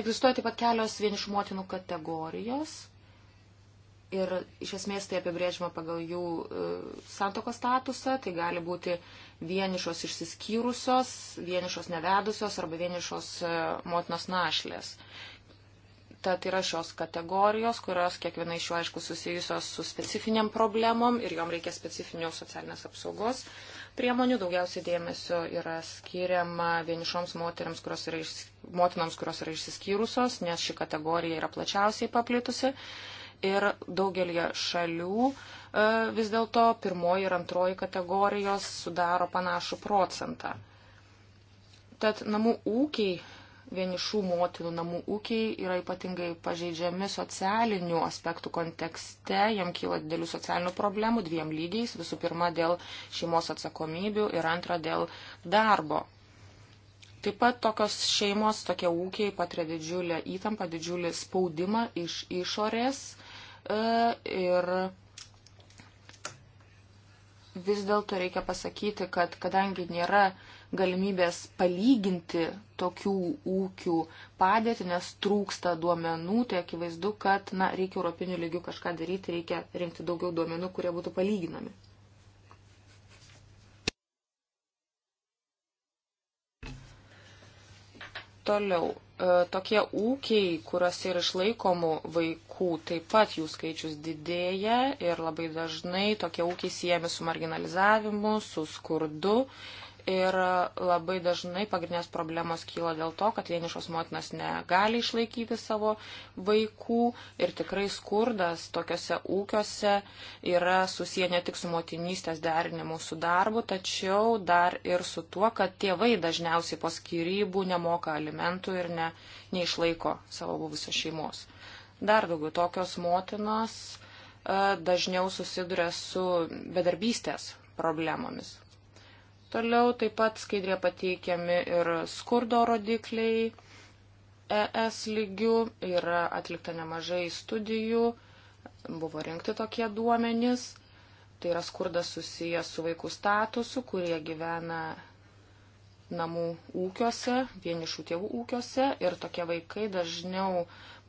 Egzistuoja taip pat kelios vienišų motinų kategorijos ir iš esmės tai apibrėžima pagal jų e, santoko statusą, tai gali būti vienišos išsiskyrusios, vienišos nevedusios arba vienišos e, motinos našlės. Tad tai yra šios kategorijos, kurios kiekviena iš jų, aišku, susijusios su specifiniam problemom ir jom reikia specifinio socialinės apsaugos priemonių. Daugiausiai dėmesio yra skiriama vienišoms moteriams, kurios yra išs... motinoms, kurios yra išsiskyrusios, nes ši kategorija yra plačiausiai paplitusi. Ir daugelį šalių e, vis dėlto pirmoji ir antroji kategorijos sudaro panašų procentą. Tad namų ūkiai vienišų motinų namų ūkiai yra ypatingai pažeidžiami socialinių aspektų kontekste, jam kyla didelių socialinių problemų dviem lygiais, visų pirma dėl šeimos atsakomybių ir antra dėl darbo. Taip pat tokios šeimos, tokie ūkiai patiria didžiulę įtampą, didžiulį spaudimą iš išorės e, ir vis dėlto reikia pasakyti, kad kadangi nėra galimybės palyginti tokių ūkių padėtį, nes trūksta duomenų, tai akivaizdu, kad na, reikia europinių lygių kažką daryti, reikia rinkti daugiau duomenų, kurie būtų palyginami. Toliau, e, tokie ūkiai, kuriuose yra išlaikomų vaikų, taip pat jų skaičius didėja ir labai dažnai tokie ūkiai siejami su marginalizavimu, su skurdu ir labai dažnai pagrindinės problemos kyla dėl to, kad vienišos motinas negali išlaikyti savo vaikų ir tikrai skurdas tokiuose ūkiuose yra susiję ne tik su motinystės derinimu su darbu, tačiau dar ir su tuo, kad tėvai dažniausiai po skirybų nemoka alimentų ir ne, neišlaiko savo buvusios šeimos. Dar daugiau tokios motinos e, dažniau susiduria su bedarbystės problemomis. Toliau taip pat skaidrė pateikiami ir skurdo rodikliai. ES lygių yra atlikta nemažai studijų, buvo rinkti tokie duomenys. Tai yra skurdas susijęs su vaikų statusu, kurie gyvena namų ūkiuose, vienišų tėvų ūkiuose ir tokie vaikai dažniau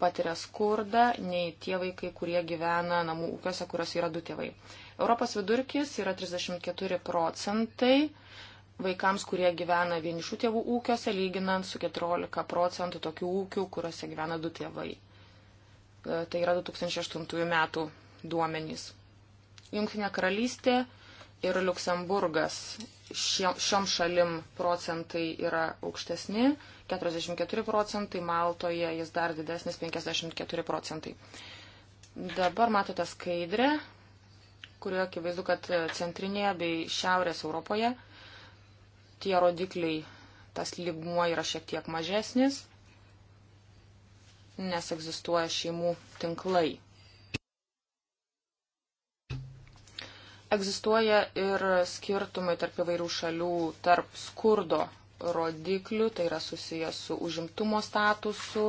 patiria skurdą nei tie vaikai, kurie gyvena namų ūkiuose, kuriuose yra du tėvai. Europos vidurkis yra 34 procentai vaikams, kurie gyvena vienišų tėvų ūkiuose, lyginant su 14 procentų tokių ūkių, kuriuose gyvena du tėvai. E, tai yra 2008 metų duomenys. Junktinė karalystė ir Luksemburgas šiom šalim procentai yra aukštesni, 44 procentai, Maltoje jis dar didesnis, 54 procentai. Dabar matote skaidrę, kurioje akivaizdu, kad e, centrinėje bei šiaurės Europoje tie rodikliai, tas lygmuo yra šiek tiek mažesnis, nes egzistuoja šeimų tinklai. Egzistuoja ir skirtumai tarp įvairių šalių, tarp skurdo rodiklių, tai yra susijęs su užimtumo statusu,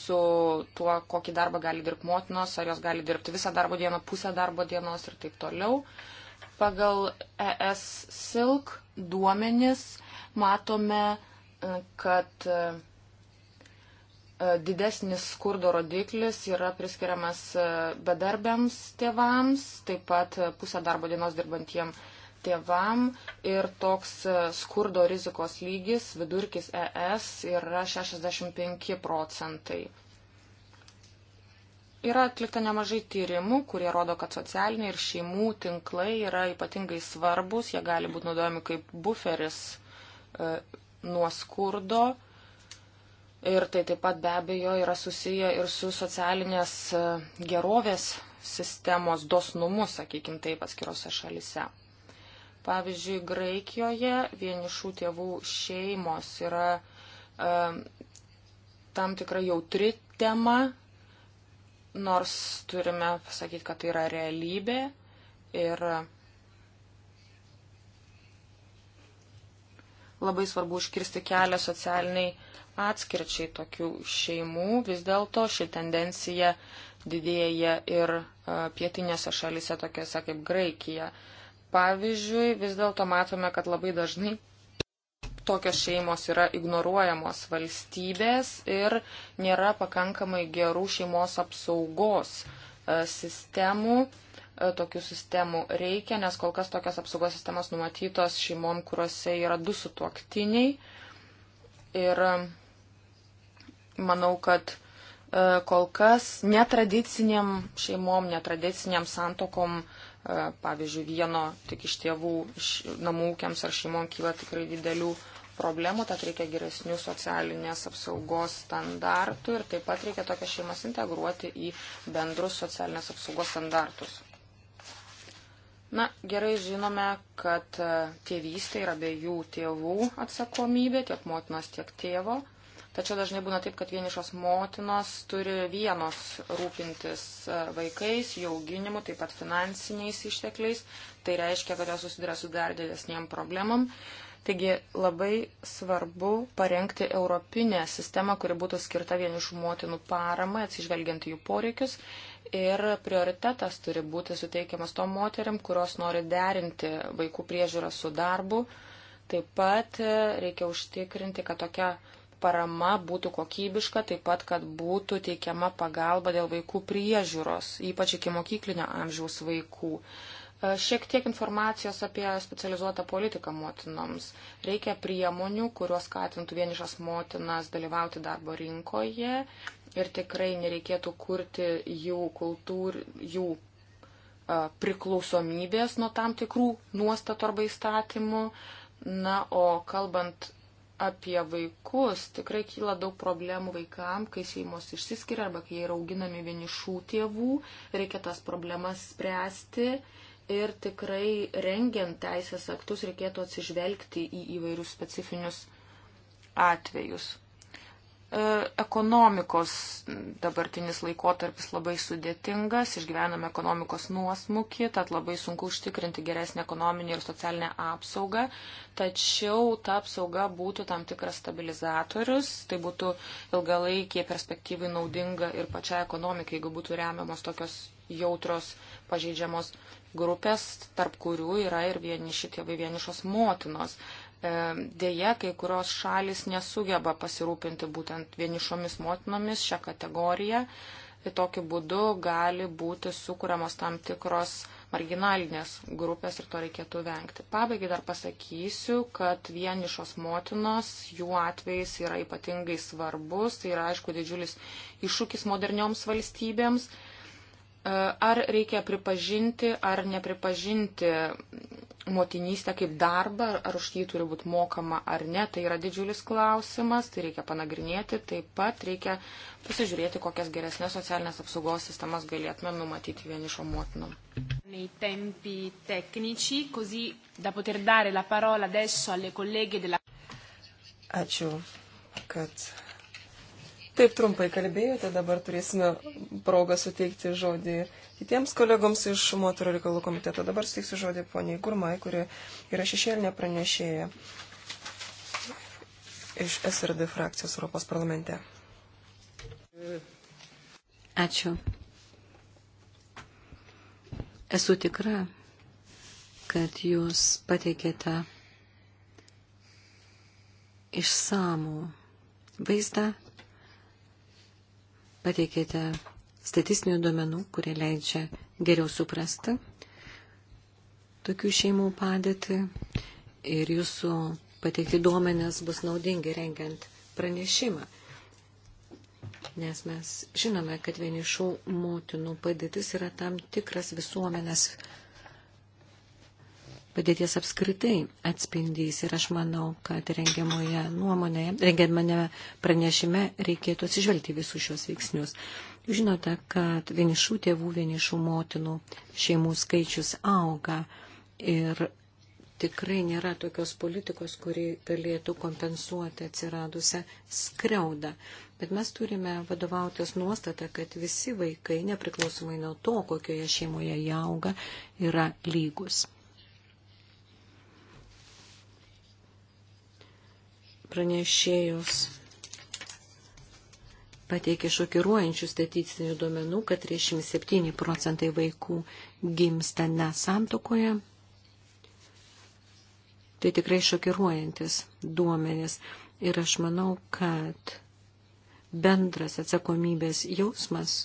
su tuo, kokį darbą gali dirbti motinos, ar jos gali dirbti visą darbo dieną, pusę darbo dienos ir taip toliau. Pagal ES Silk duomenis matome, e, kad e, e, didesnis skurdo rodiklis yra priskiriamas bedarbiams tėvams, taip pat pusę darbo dienos dirbantiems tėvam ir toks e, skurdo rizikos lygis, vidurkis ES, yra 65 procentai. Yra atlikta nemažai tyrimų, kurie rodo, kad socialiniai ir šeimų tinklai yra ypatingai svarbus, jie gali būti naudojami kaip buferis e, nuo skurdo. Ir tai taip pat be abejo yra susiję ir su socialinės e, gerovės sistemos dosnumu, sakykime taip, atskirose šalise. Pavyzdžiui, Graikijoje vienišų tėvų šeimos yra um, tam tikra jautri tema, nors turime pasakyti, kad tai yra realybė ir labai svarbu užkirsti kelią socialiniai atskirčiai tokių šeimų. Vis dėlto ši tendencija didėja ir e, pietinėse šalise, tokiuose kaip Graikija. Uh, Pavyzdžiui, vis dėlto matome, kad labai dažnai tokios šeimos yra ignoruojamos valstybės ir nėra pakankamai gerų šeimos apsaugos e, sistemų. E, tokių sistemų reikia, nes kol kas tokios apsaugos sistemos numatytos šeimom, kuriuose yra du sutuoktiniai. Ir e, manau, kad kol kas netradiciniam šeimom, netradiciniam santokom uh, E, pavyzdžiui, vieno tik iš tėvų iš namų ūkiams ar šeimom kyla tikrai didelių problemų, tad reikia geresnių socialinės apsaugos standartų ir taip pat reikia tokias šeimas integruoti į bendrus socialinės apsaugos standartus. Na, gerai žinome, kad e, tėvystė yra abiejų tėvų atsakomybė, tiek motinos, tiek tėvo. Tačiau dažnai būna taip, kad vienišos motinos turi vienos rūpintis e, vaikais, jų auginimu, taip pat finansiniais ištekliais. Tai reiškia, kad jos susiduria su dar didesniem problemam. Taigi labai svarbu parengti europinę sistemą, kuri būtų skirta vienišų motinų paramai, atsižvelgiant jų poreikius. Ir prioritetas turi būti suteikiamas tom moteriam, kurios nori derinti vaikų priežiūrą su darbu. Taip pat e, reikia užtikrinti, kad tokia parama būtų kokybiška, taip pat, kad būtų teikiama pagalba dėl vaikų priežiūros, ypač iki mokyklinio amžiaus vaikų. E, šiek tiek informacijos apie specializuotą politiką motinoms. Reikia priemonių, kurios skatintų vienišas motinas dalyvauti darbo rinkoje ir tikrai nereikėtų kurti jų kultūr, jų e, priklausomybės nuo tam tikrų nuostatų arba įstatymų. Na, o kalbant apie vaikus, tikrai kyla daug problemų vaikam, kai šeimos išsiskiria arba kai jie yra auginami vienišų tėvų, reikia tas problemas spręsti ir tikrai rengiant teisės aktus reikėtų atsižvelgti į įvairius specifinius atvejus. E, ekonomikos dabartinis laikotarpis labai sudėtingas, išgyvename ekonomikos nuosmukį, tad labai sunku užtikrinti geresnį ekonominį ir socialinę apsaugą, tačiau ta apsauga būtų tam tikras stabilizatorius, tai būtų ilgalaikiai perspektyvai naudinga ir pačiai ekonomikai, jeigu būtų remiamos tokios jautros pažeidžiamos grupės, tarp kurių yra ir vieniši tėvai vienišos motinos. E, Deja, kai kurios šalis nesugeba pasirūpinti būtent vienišomis motinomis šią kategoriją. Ir tokiu būdu gali būti sukūriamos tam tikros marginalinės grupės ir to reikėtų vengti. Pabaigai dar pasakysiu, kad vienišos motinos, jų atvejs yra ypatingai svarbus, tai yra aišku didžiulis iššūkis modernioms valstybėms. E, ar reikia pripažinti ar nepripažinti motinystę kaip darbą, ar už jį turi būti mokama ar ne, tai yra didžiulis klausimas, tai reikia panagrinėti, taip pat reikia pasižiūrėti, kokias geresnės socialinės apsaugos sistemas galėtume numatyti vienišo motinom. Nei tempi tecnici, così da poter dare la parola adesso alle colleghe della. Ačiū, kad Taip trumpai kalbėjote, dabar turėsime progą suteikti žodį kitiems kolegoms iš moterų reikalų komiteto. Dabar suteiksiu žodį poniai Gurmai, kuri yra šešėlinė pranešėja iš SRD frakcijos Europos parlamente. Ačiū. Esu tikra, kad jūs pateikėte išsamų vaizdą pateikėte statistinių duomenų, kurie leidžia geriau suprasti tokių šeimų padėtį ir jūsų pateikti duomenės bus naudingi rengiant pranešimą. Nes mes žinome, kad vienišų motinų padėtis yra tam tikras visuomenės padėties apskritai atspindys ir aš manau, kad rengiamoje nuomonėje, rengiamame pranešime reikėtų atsižvelgti visus šios veiksnius. Jūs žinote, kad vienišų tėvų, vienišų motinų šeimų skaičius auga ir tikrai nėra tokios politikos, kuri galėtų kompensuoti atsiradusią skriaudą. Bet mes turime vadovautis nuostatą, kad visi vaikai, nepriklausomai nuo to, kokioje šeimoje jie auga, yra lygus. pranešėjos pateikė šokiruojančių statistinių duomenų, kad 37 procentai vaikų gimsta nesantokoje. Tai tikrai šokiruojantis duomenis. Ir aš manau, kad bendras atsakomybės jausmas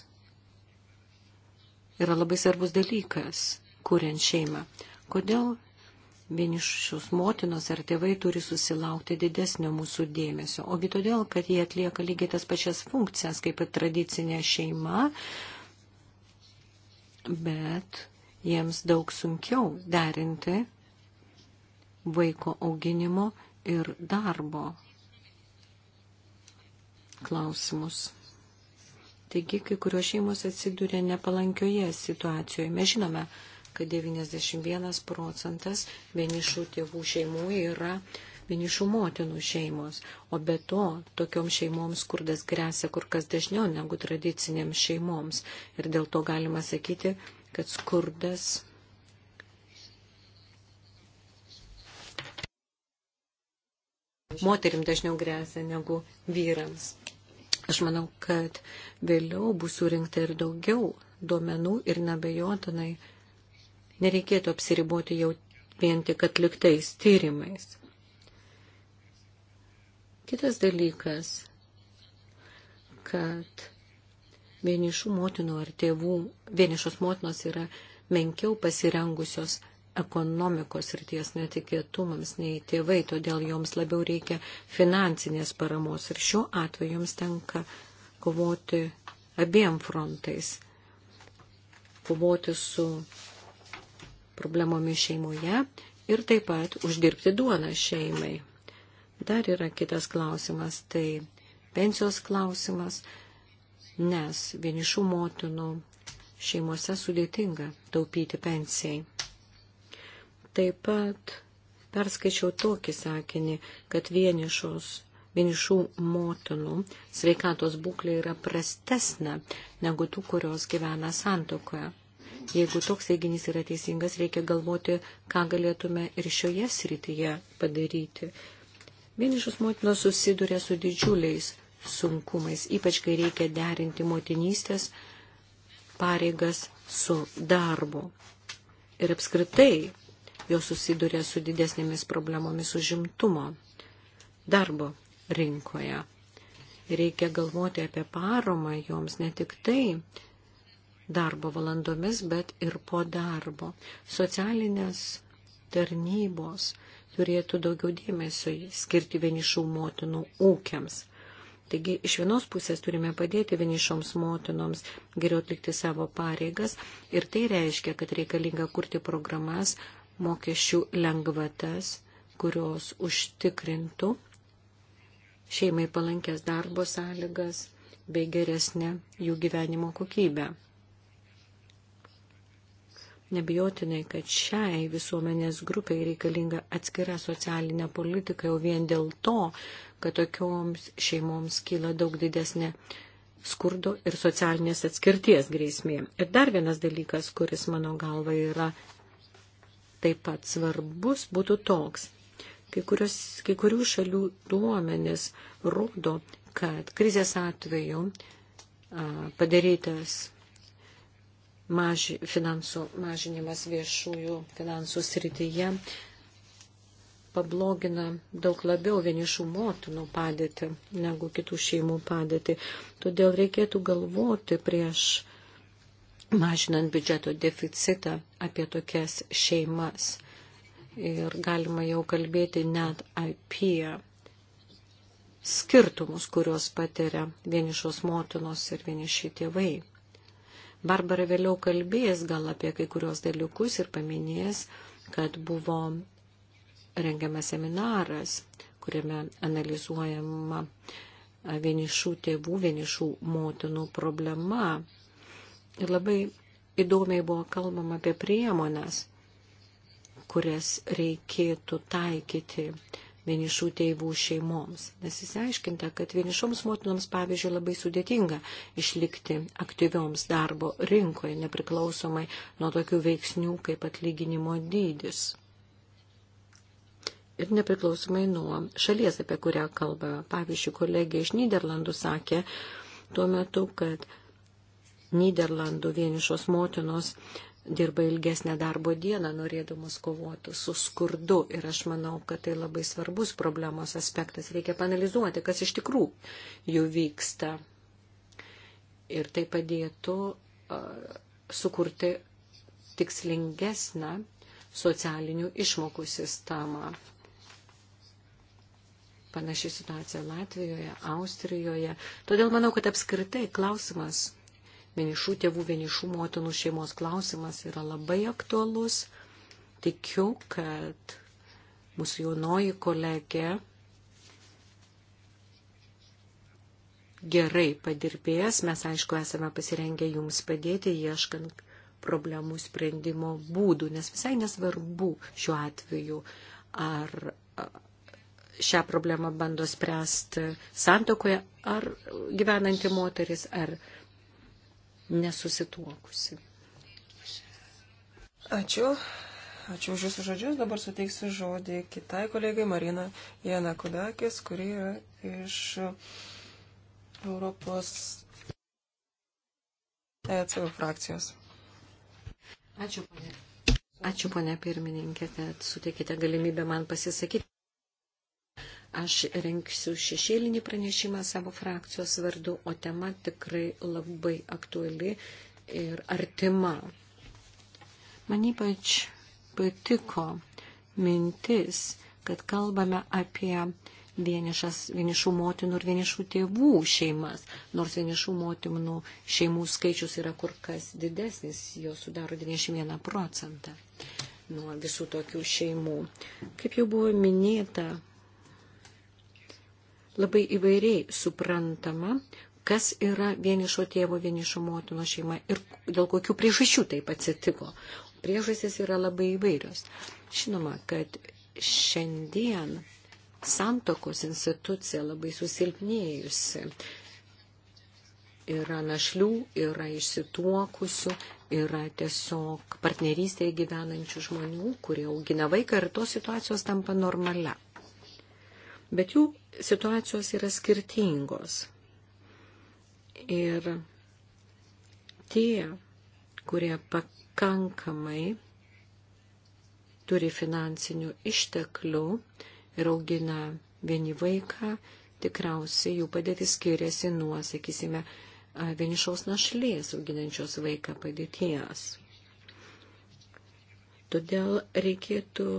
yra labai svarbus dalykas, kuriant šeimą. Kodėl vienišius motinos ar tėvai turi susilaukti didesnio mūsų dėmesio. Ogi todėl, kad jie atlieka lygiai tas pačias funkcijas kaip ir tradicinė šeima, bet jiems daug sunkiau derinti vaiko auginimo ir darbo klausimus. Taigi, kai kurios šeimos atsiduria nepalankioje situacijoje. Mes žinome, kad 91 procentas vienišų tėvų šeimų yra vienišų motinų šeimos, o be to tokiom šeimoms skurdas grėsia kur kas dažniau negu tradicinėms šeimoms. Ir dėl to galima sakyti, kad skurdas. Moterim dažniau grėsia negu vyrams. Aš manau, kad vėliau bus surinkta ir daugiau duomenų ir nebejotinai nereikėtų apsiriboti jau vien tik atliktais tyrimais. Kitas dalykas, kad vienišų motinų ar tėvų, vienišos motinos yra menkiau pasirengusios ekonomikos ir ties netikėtumams nei tėvai, todėl joms labiau reikia finansinės paramos ir šiuo atveju joms tenka kovoti abiem frontais. Kovoti su problemomis šeimoje ir taip pat uždirbti duoną šeimai. Dar yra kitas klausimas, tai pensijos klausimas, nes vienišų motinų šeimose sudėtinga taupyti pensijai. Taip pat perskaičiau tokį sakinį, kad vienišos, vienišų motinų sveikatos būklė yra prastesnė negu tų, kurios gyvena santokoje. Jeigu toks teiginys yra teisingas, reikia galvoti, ką galėtume ir šioje srityje padaryti. Vienišos motinos susiduria su didžiuliais sunkumais, ypač kai reikia derinti motinystės pareigas su darbu. Ir apskritai jos susiduria su didesnėmis problemomis užimtumo darbo rinkoje. Reikia galvoti apie paramą joms ne tik tai darbo valandomis, bet ir po darbo. Socialinės tarnybos turėtų daugiau dėmesio skirti vienišų motinų ūkiams. Taigi iš vienos pusės turime padėti vienišoms motinoms geriau atlikti savo pareigas ir tai reiškia, kad reikalinga kurti programas, mokesčių lengvatas, kurios užtikrintų šeimai palankės darbo sąlygas bei geresnę jų gyvenimo kokybę. Nebijotinai, kad šiai visuomenės grupiai reikalinga atskira socialinė politika jau vien dėl to, kad tokioms šeimoms kyla daug didesnė skurdo ir socialinės atskirties grėsmė. Ir dar vienas dalykas, kuris mano galva yra taip pat svarbus, būtų toks. Kai, kurios, kai kurių šalių duomenis rodo, kad krizės atveju padarytas maži, finansų mažinimas viešųjų finansų srityje pablogina daug labiau vienišų motinų padėtį negu kitų šeimų padėtį. Todėl reikėtų galvoti prieš mažinant biudžeto deficitą apie tokias šeimas. Ir galima jau kalbėti net apie skirtumus, kuriuos patiria vienišos motinos ir vieniši tėvai. Barbara vėliau kalbės gal apie kai kurios dalykus ir paminės, kad buvo rengiamas seminaras, kuriame analizuojama vienišų tėvų, vienišų motinų problema. Ir labai įdomiai buvo kalbama apie priemonės, kurias reikėtų taikyti vienišų tėvų šeimoms. Nes įsiaiškinta, kad vienišoms motinoms, pavyzdžiui, labai sudėtinga išlikti aktyvioms darbo rinkoje, nepriklausomai nuo tokių veiksnių kaip atlyginimo dydis. Ir nepriklausomai nuo šalies, apie kurią kalba. Pavyzdžiui, kolegė iš Niderlandų sakė tuo metu, kad Niderlandų vienišos motinos dirba ilgesnę darbo dieną, norėdamas kovoti su skurdu. Ir aš manau, kad tai labai svarbus problemos aspektas. Reikia panalizuoti, kas iš tikrųjų jų vyksta. Ir tai padėtų uh, sukurti tikslingesnę socialinių išmokų sistemą. Panaši situacija Latvijoje, Austrijoje. Todėl manau, kad apskritai klausimas vienišų tėvų, vienišų motinų šeimos klausimas yra labai aktualus. Tikiu, kad mūsų jaunoji kolegė gerai padirbės. Mes, aišku, esame pasirengę jums padėti, ieškant problemų sprendimo būdų, nes visai nesvarbu šiuo atveju, ar šią problemą bando spręsti santokoje, ar gyvenanti moteris, ar nesusituokusi. Ačiū. Ačiū už Jūsų žodžius. Dabar suteiksiu žodį kitai kolegai Marina Jana Kudakis, kuri yra iš Europos ECU frakcijos. Ačiū, ponė. Ačiū, ponė pirmininkė, kad suteikite galimybę man pasisakyti. Aš renksiu šešėlinį pranešimą savo frakcijos vardu, o tema tikrai labai aktuali ir artima. Man ypač patiko mintis, kad kalbame apie vienišas, vienišų motinų ir vienišų tėvų šeimas. Nors vienišų motinų šeimų skaičius yra kur kas didesnis, jo sudaro 91 procentą nuo visų tokių šeimų. Kaip jau buvo minėta, labai įvairiai suprantama, kas yra vienišo tėvo, vienišo motino šeima ir dėl kokių priežasčių taip atsitiko. Priežastis yra labai įvairios. Žinoma, kad šiandien santokos institucija labai susilpnėjusi. Yra našlių, yra išsituokusių, yra tiesiog partnerystėje gyvenančių žmonių, kurie augina vaiką ir tos situacijos tampa normalia bet jų situacijos yra skirtingos. Ir tie, kurie pakankamai turi finansinių išteklių ir augina vieni vaiką, tikriausiai jų padėtis skiriasi nuo, sakysime, vienišaus našlės auginančios vaiką padėties. Todėl reikėtų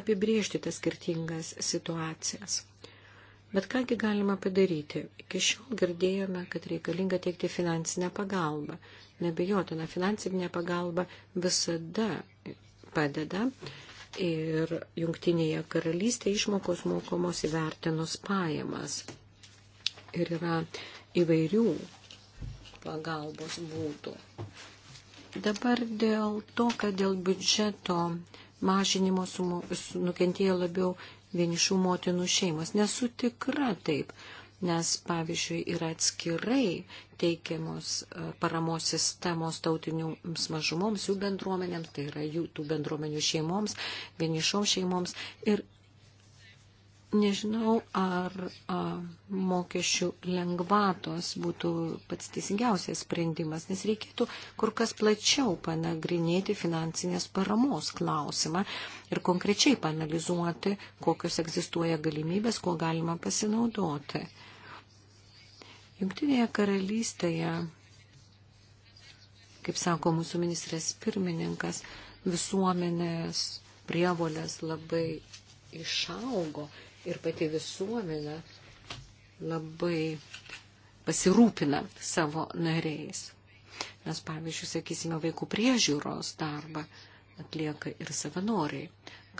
apibriežti tas skirtingas situacijas. Bet kągi galima padaryti? Iki šiol girdėjome, kad reikalinga teikti finansinę pagalbą. Nebejotina, finansinė pagalba visada padeda ir jungtinėje karalystėje išmokos mokomos įvertinus pajamas. Ir yra įvairių pagalbos būdų. Dabar dėl to, kad dėl biudžeto mažinimo sumo, nukentėjo labiau vienišų motinų šeimos. Nesu tikra taip, nes pavyzdžiui yra atskirai teikiamos e, paramos sistemos tautiniams mažumoms, jų bendruomenėms, tai yra jų tų bendruomenių šeimoms, vienišoms šeimoms ir Nežinau, ar a, mokesčių lengvatos būtų pats teisingiausias sprendimas, nes reikėtų kur kas plačiau panagrinėti finansinės paramos klausimą ir konkrečiai panalizuoti, kokios egzistuoja galimybės, kuo galima pasinaudoti. Junktinėje karalystėje, kaip sako mūsų ministras pirmininkas, visuomenės prievolės labai išaugo ir pati visuomenė labai pasirūpina savo nariais. Nes, pavyzdžiui, sakysime, vaikų priežiūros darbą atlieka ir savanoriai.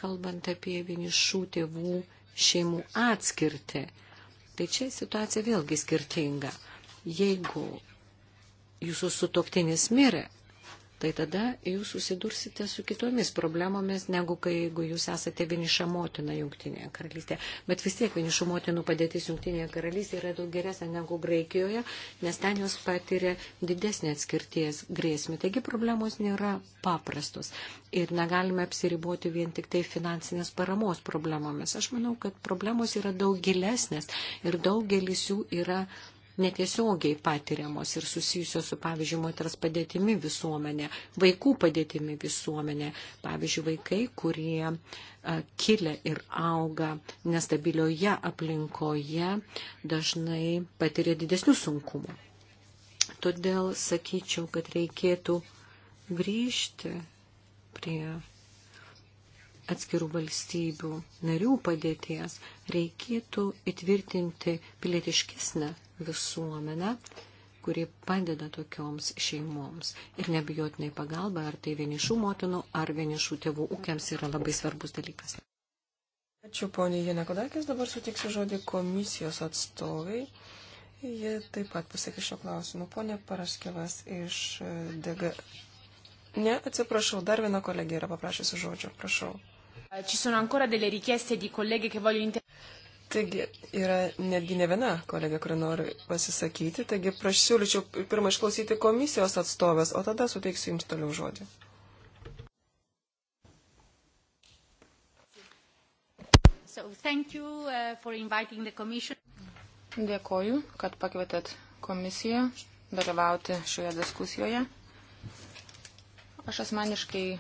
Kalbant apie vienišų tėvų šeimų atskirti, tai čia situacija vėlgi skirtinga. Jeigu jūsų sutoktinis mirė, tai tada jūs susidursite su kitomis problemomis, negu kai, jeigu jūs esate vieniša motina Junktinėje karalystėje. Bet vis tiek vienišų motinų padėtis Junktinėje karalystėje yra daug geresnė negu Graikijoje, nes ten jos patiria didesnį atskirties grėsmę. Taigi problemos nėra paprastos ir negalime apsiriboti vien tik tai finansinės paramos problemomis. Aš manau, kad problemos yra daug gilesnės ir daugelis jų yra netiesiogiai patiriamos ir susijusios su, pavyzdžiui, moters padėtimi visuomenė, vaikų padėtimi visuomenė. Pavyzdžiui, vaikai, kurie a, kilia ir auga nestabilioje aplinkoje, dažnai patiria didesnių sunkumų. Todėl sakyčiau, kad reikėtų grįžti prie atskirų valstybių narių padėties, reikėtų įtvirtinti pilietiškesnę visuomenę, kuri padeda tokioms šeimoms. Ir nebijotinai pagalba, ar tai vienišų motinų, ar vienišų tėvų ūkiams yra labai svarbus dalykas. Ačiū poniai Jenekodakis, dabar sutiksiu žodį komisijos atstovai. Jie taip pat pasakė šio klausimu. Pone Paraškevas iš e, DG. Ne, atsiprašau, dar viena kolegė yra paprašysi žodžio, prašau. Ci sono ancora delle richieste di colleghi che vogliono intervenire. Taigi yra netgi ne viena kolegė, kuri nori pasisakyti, taigi prašyliučiau pirmą išklausyti komisijos atstovės, o tada suteiksiu jums toliau žodį. So, you, uh, Dėkoju, kad pakvietėt komisiją dalyvauti šioje diskusijoje. Aš asmeniškai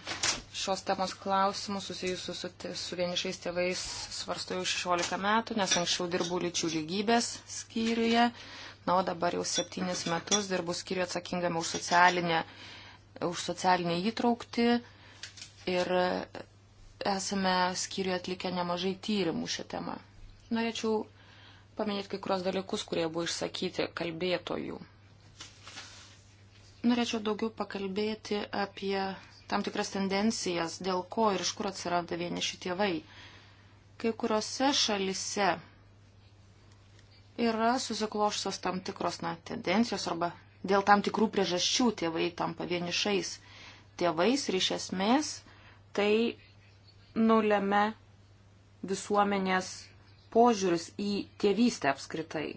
šios temos klausimus susijusius su, su vienišais tėvais svarstu jau 16 metų, nes anksčiau dirbau lyčių lygybės skyriuje, na, o dabar jau 7 metus dirbu skyriuje atsakingame už socialinę, už socialinę įtraukti ir esame skyriuje atlikę nemažai tyrimų šią temą. Norėčiau paminėti kai kurios dalykus, kurie buvo išsakyti kalbėtojų. Norėčiau daugiau pakalbėti apie tam tikras tendencijas, dėl ko ir iš kur atsiranda vieniši tėvai. Kai kuriuose šalise yra susiklošusios tam tikros na, tendencijos arba dėl tam tikrų priežasčių tėvai tampa vienišais tėvais ir iš esmės tai nulėmė visuomenės požiūris į tėvystę apskritai.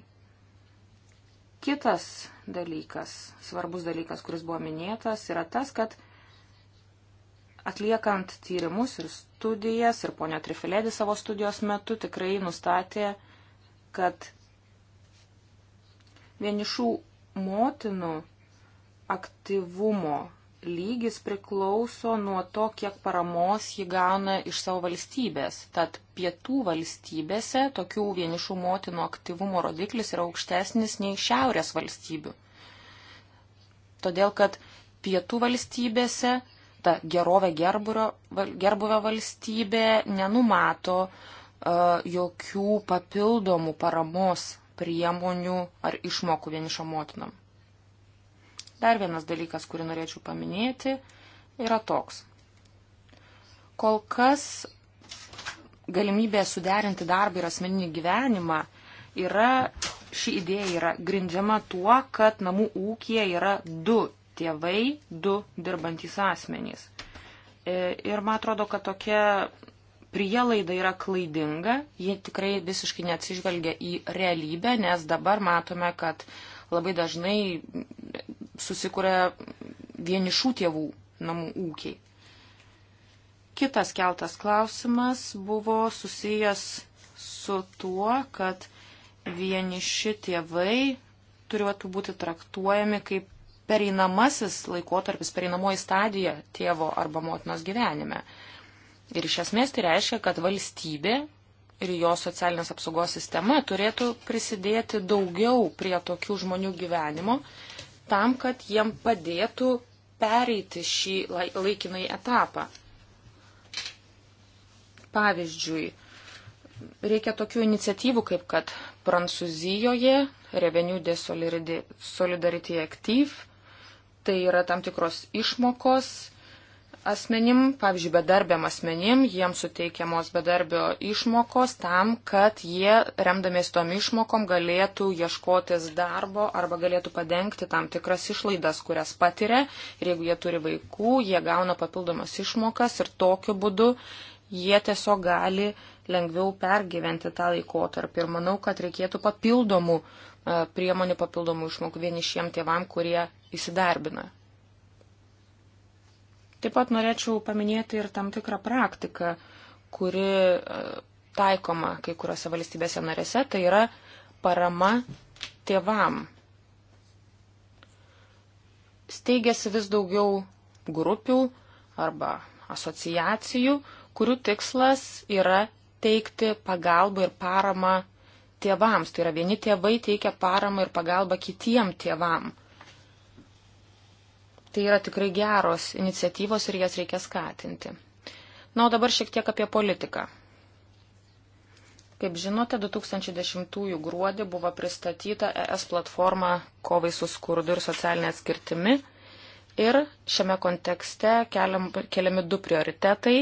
Kitas dalykas, svarbus dalykas, kuris buvo minėtas, yra tas, kad atliekant tyrimus ir studijas, ir ponio Trifilėdi savo studijos metu tikrai nustatė, kad vienišų motinų aktyvumo lygis priklauso nuo to, kiek paramos ji gauna iš savo valstybės. Tad pietų valstybėse tokių vienišų motinų aktyvumo rodiklis yra aukštesnis nei šiaurės valstybių. Todėl, kad pietų valstybėse ta gerovė gerburio, gerbuvio valstybė nenumato uh, jokių papildomų paramos priemonių ar išmokų vienišom motinom. Dar vienas dalykas, kurį norėčiau paminėti, yra toks. Kol kas galimybė suderinti darbą ir asmeninį gyvenimą yra, ši idėja yra grindžiama tuo, kad namų ūkija yra du tėvai, du dirbantys asmenys. E, ir man atrodo, kad tokia prielaida yra klaidinga, ji tikrai visiškai neatsižvelgia į realybę, nes dabar matome, kad labai dažnai susikuria vienišų tėvų namų ūkiai. Kitas keltas klausimas buvo susijęs su tuo, kad vieniši tėvai turėtų būti traktuojami kaip pereinamasis laikotarpis, pereinamoji stadija tėvo arba motinos gyvenime. Ir iš esmės tai reiškia, kad valstybė ir jo socialinės apsaugos sistema turėtų prisidėti daugiau prie tokių žmonių gyvenimo, tam, kad jiem padėtų pereiti šį laikinai etapą. Pavyzdžiui, reikia tokių iniciatyvų, kaip kad Prancūzijoje Revenių de Solidarity Active, tai yra tam tikros išmokos asmenim, pavyzdžiui, bedarbiam asmenim, jiems suteikiamos bedarbio išmokos tam, kad jie, remdamiesi tom išmokom, galėtų ieškotis darbo arba galėtų padengti tam tikras išlaidas, kurias patiria. Ir jeigu jie turi vaikų, jie gauna papildomas išmokas ir tokiu būdu jie tiesiog gali lengviau pergyventi tą laikotarpį. Ir manau, kad reikėtų papildomų e, priemonių, papildomų išmokų vienišiem tėvam, kurie įsidarbina Taip pat norėčiau paminėti ir tam tikrą praktiką, kuri e, taikoma kai kuriuose valstybėse narėse, tai yra parama tėvam. Steigėsi vis daugiau grupių arba asociacijų, kurių tikslas yra teikti pagalbą ir paramą tėvams. Tai yra vieni tėvai teikia paramą ir pagalbą kitiem tėvam tai yra tikrai geros iniciatyvos ir jas reikia skatinti. Na, o dabar šiek tiek apie politiką. Kaip žinote, 2010 gruodį buvo pristatyta ES platforma kovai su skurdu ir socialinė atskirtimi. Ir šiame kontekste keliam, keliami du prioritetai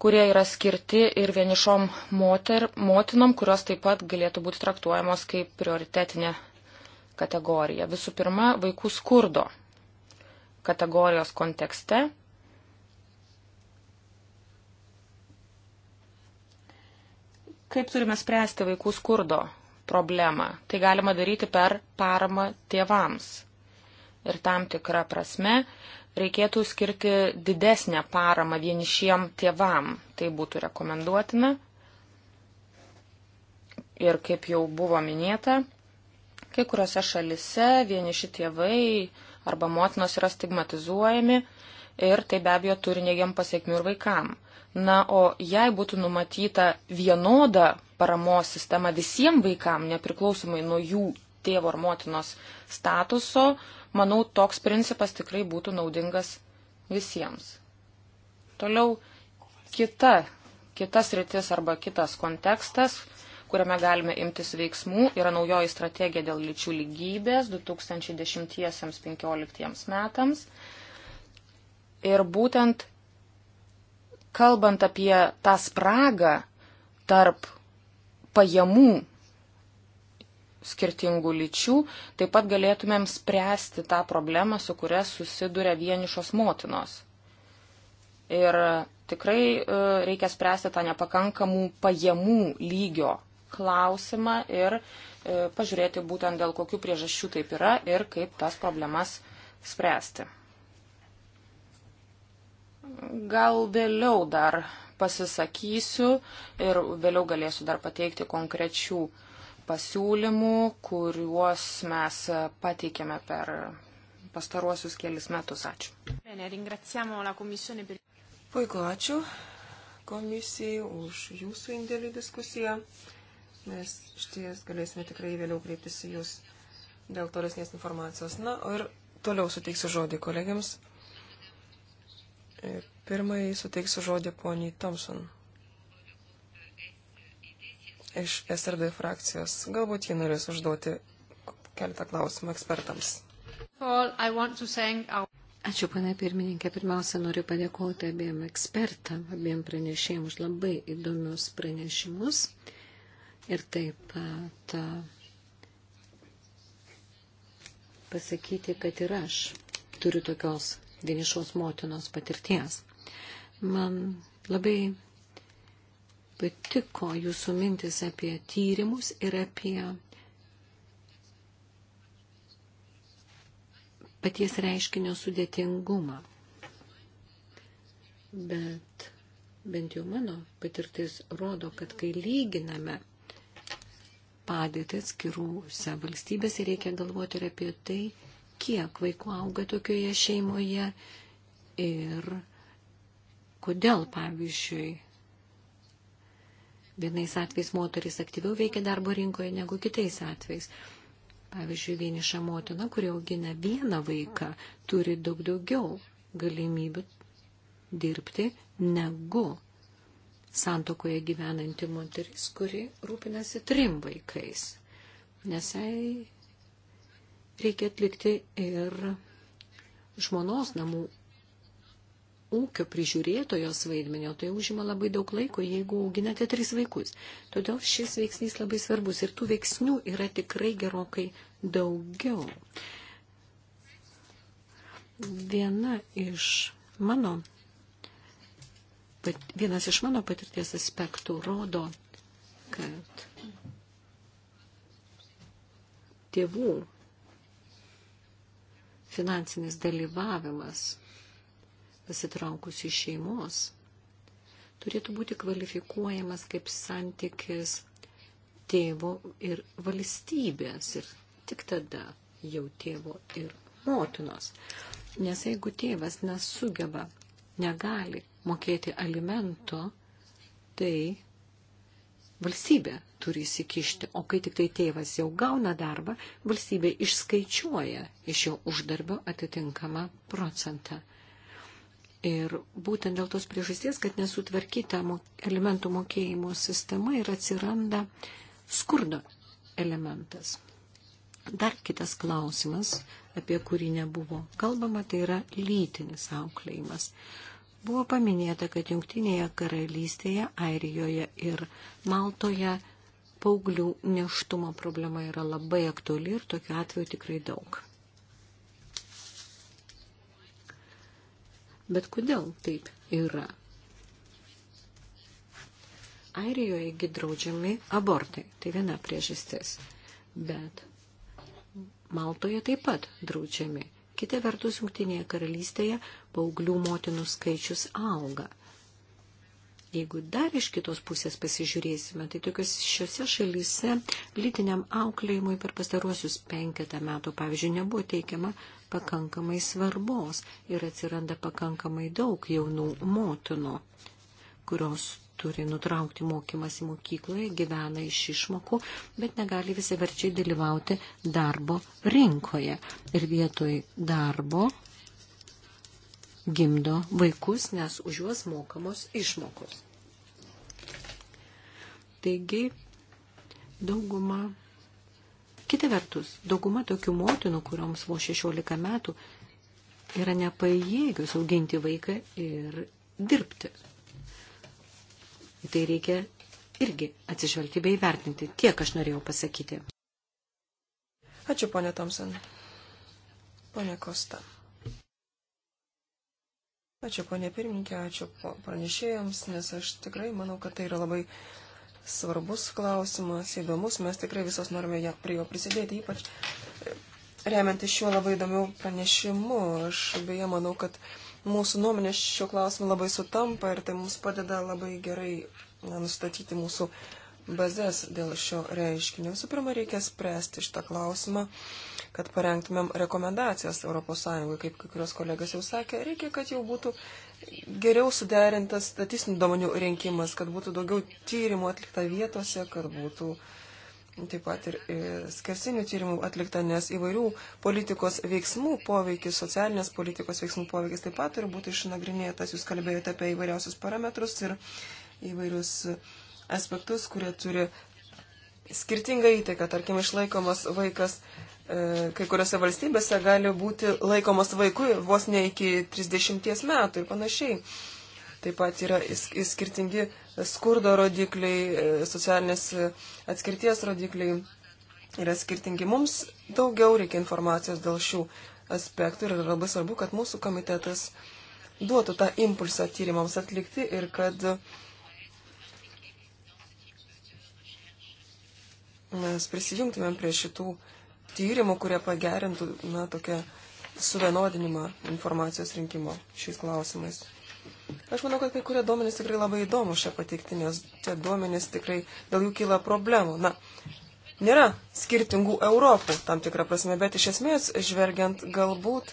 kurie yra skirti ir vienišom moter, motinom, kurios taip pat galėtų būti traktuojamos kaip prioritetinė kategorija. Visų pirma, vaikų skurdo kategorijos kontekste. Kaip turime spręsti vaikų skurdo problemą? Tai galima daryti per paramą tėvams. Ir tam tikrą prasme reikėtų skirti didesnę paramą vienišiem tėvam. Tai būtų rekomenduotina. Ir kaip jau buvo minėta, kai kuriuose šalise vieniši tėvai arba motinos yra stigmatizuojami ir tai be abejo turi neigiam pasiekmių ir vaikam. Na, o jei būtų numatyta vienoda paramos sistema visiems vaikam, nepriklausomai nuo jų tėvo ar motinos statuso, manau, toks principas tikrai būtų naudingas visiems. Toliau kita, kitas rytis arba kitas kontekstas, kuriame galime imtis veiksmų, yra naujoji strategija dėl lyčių lygybės 2010-2015 metams. Ir būtent kalbant apie tą spragą tarp pajamų skirtingų lyčių, taip pat galėtumėm spręsti tą problemą, su kuria susiduria vienišos motinos. Ir tikrai e, reikia spręsti tą nepakankamų pajamų lygio klausimą ir e, pažiūrėti būtent dėl kokių priežasčių taip yra ir kaip tas problemas spręsti. Gal vėliau dar pasisakysiu ir vėliau galėsiu dar pateikti konkrečių pasiūlymų, kuriuos mes pateikėme per pastaruosius kelis metus. Ačiū. Puiku, ačiū komisijai už jūsų indėlį diskusiją mes šties galėsime tikrai vėliau kreiptis į Jūs dėl tolesnės informacijos. Na, ir toliau suteiksiu žodį kolegiams. E, pirmai suteiksiu žodį poniai Thompson iš SRD frakcijos. Galbūt ji norės užduoti keletą klausimų ekspertams. Ačiū, pana pirmininkė. Pirmiausia, noriu padėkoti abiem ekspertam, abiem pranešėjams už labai įdomius pranešimus ir taip pat pasakyti, kad ir aš turiu tokios vienišos motinos patirties. Man labai patiko jūsų mintis apie tyrimus ir apie paties reiškinio sudėtingumą. Bet bent jau mano patirtis rodo, kad kai lyginame padėtį atskirūse valstybėse, reikia galvoti ir apie tai, kiek vaikų auga tokioje šeimoje ir kodėl, pavyzdžiui, vienais atvejais moteris aktyviau veikia darbo rinkoje negu kitais atvejais. Pavyzdžiui, vieniša motina, kuri augina vieną vaiką, turi daug daugiau galimybių dirbti negu santokoje gyvenanti moteris, kuri rūpinasi trim vaikais, nes jai reikia atlikti ir žmonos namų ūkio prižiūrėtojos vaidmenio, tai užima labai daug laiko, jeigu auginate tris vaikus. Todėl šis veiksnys labai svarbus ir tų veiksnių yra tikrai gerokai daugiau. Viena iš mano pat, vienas iš mano patirties aspektų rodo, kad tėvų finansinis dalyvavimas pasitraukus iš šeimos turėtų būti kvalifikuojamas kaip santykis tėvo ir valstybės ir tik tada jau tėvo ir motinos. Nes jeigu tėvas nesugeba, negali mokėti alimento, tai valstybė turi įsikišti. O kai tik tai tėvas jau gauna darbą, valstybė išskaičiuoja iš jo uždarbio atitinkamą procentą. Ir būtent dėl tos priežasties, kad nesutvarkyta elementų mokėjimo sistema ir atsiranda skurdo elementas. Dar kitas klausimas, apie kurį nebuvo kalbama, tai yra lytinis auklėjimas. Buvo paminėta, kad Junktinėje karalystėje, Airijoje ir Maltoje paauglių neštumo problema yra labai aktuali ir tokiu atveju tikrai daug. Bet kodėl taip yra? Airijoje gidraudžiami abortai, tai viena priežastis, bet Maltoje taip pat draudžiami Kita vertus, Junktinėje karalystėje paauglių motinų skaičius auga. Jeigu dar iš kitos pusės pasižiūrėsime, tai tokios šiuose šalyse lytiniam auklėjimui per pastaruosius penketą metų, pavyzdžiui, nebuvo teikiama pakankamai svarbos ir atsiranda pakankamai daug jaunų motinų, kurios turi nutraukti mokymasi mokykloje, gyvena iš išmokų, bet negali visi verčiai dalyvauti darbo rinkoje. Ir vietoj darbo gimdo vaikus, nes už juos mokamos išmokos. Taigi, dauguma, kita vertus, dauguma tokių motinų, kurioms buvo 16 metų, yra nepajėgius auginti vaiką ir dirbti. Tai reikia irgi atsižvelgti bei vertinti. Tiek aš norėjau pasakyti. Ačiū, ponė Tomsen. Pone Kosta. Ačiū, ponė pirmininkė, ačiū pranešėjams, nes aš tikrai manau, kad tai yra labai svarbus klausimas, įdomus, mes tikrai visos norime prie jo prisidėti, ypač e, remiantis šiuo labai įdomiu pranešimu. Aš beje manau, kad mūsų nuomonė šiuo klausimu labai sutampa ir tai mums padeda labai gerai nustatyti mūsų bazės dėl šio reiškinio. Visų pirma, reikia spręsti šitą klausimą, kad parengtumėm rekomendacijas ES, kaip kai kurios kolegas jau sakė, reikia, kad jau būtų geriau suderintas statistinių duomenių rinkimas, kad būtų daugiau tyrimų atlikta vietose, kad būtų uh, taip pat ir e, skersinių tyrimų atlikta, nes įvairių politikos veiksmų poveikis, socialinės politikos veiksmų poveikis taip pat turi būti išnagrinėtas. Jūs kalbėjote apie įvairiausius parametrus ir įvairius aspektus, kurie turi skirtingą įtaką. Tarkim, išlaikomas vaikas e, kai kuriuose valstybėse gali būti laikomas vaikui vos ne iki 30 metų ir panašiai. Taip pat yra skirtingi skurdo rodikliai, e, socialinės atskirties rodikliai yra skirtingi. Mums daugiau reikia informacijos dėl šių aspektų ir yra labai svarbu, kad mūsų komitetas duotų tą impulsą tyrimams atlikti ir kad mes prisijungtumėm prie šitų tyrimų, kurie pagerintų, na, tokią suvienodinimą informacijos rinkimo šiais klausimais. Aš manau, kad kai kurie duomenys tikrai labai įdomu šią pateikti, nes tie duomenys tikrai dėl jų kyla problemų. Na, nėra skirtingų Europų tam tikrą prasme, bet iš esmės, žvelgiant galbūt.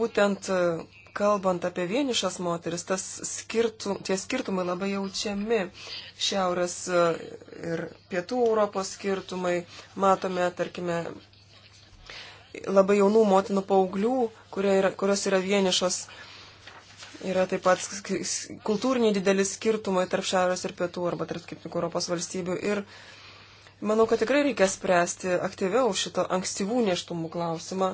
Būtent e, kalbant apie vienišas moteris, skirtum, tie skirtumai labai jaučiami. Šiaurės e, ir pietų Europos skirtumai matome, tarkime, labai jaunų motinų paauglių, yra, kurios yra vienišos. Yra taip pat kultūriniai didelis skirtumai tarp šiaurės ir pietų arba tarp skirtingų Europos valstybių. Ir manau, kad tikrai reikia spręsti aktyviau šitą ankstyvų neštumų klausimą.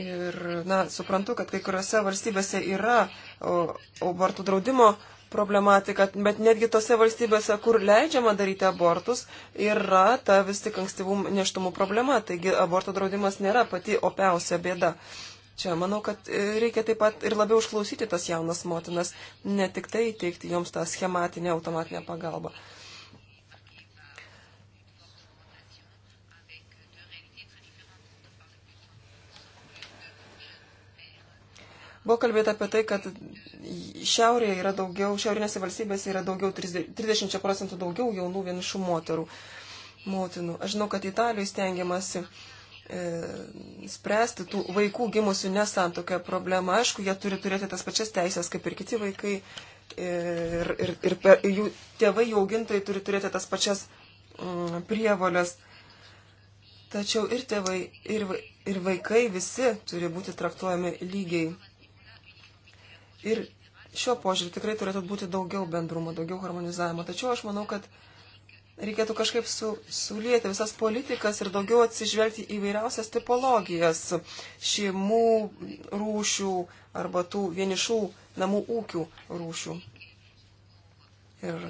Ir, na, suprantu, kad kai kuriuose valstybėse yra abortų draudimo problematika, bet netgi tose valstybėse, kur leidžiama daryti abortus, yra ta vis tik ankstyvų neštumų problema, taigi aborto draudimas nėra pati opiausia bėda. Čia manau, kad e, reikia taip pat ir labiau užklausyti tas jaunas motinas, ne tik tai teikti joms tą schematinę automatinę pagalbą. Buvo kalbėta apie tai, kad šiaurėje yra daugiau, šiaurinėse valstybėse yra daugiau, 30 procentų daugiau jaunų vienišų moterų, motinų. Aš žinau, kad Italijoje stengiamasi e, spręsti tų vaikų gimusių nesantokia problema. Aišku, jie turi turėti tas pačias teisės kaip ir kiti vaikai. Ir, ir, ir per, jų tėvai, jų augintojai turi turėti tas pačias mm, prievolės. Tačiau ir tėvai, ir, ir vaikai visi turi būti traktuojami lygiai. Ir šiuo požiūriu tikrai turėtų būti daugiau bendrumo, daugiau harmonizavimo. Tačiau aš manau, kad reikėtų kažkaip su, sulėti visas politikas ir daugiau atsižvelgti į vairiausias tipologijas šeimų rūšių arba tų vienišų namų ūkių rūšių. Ir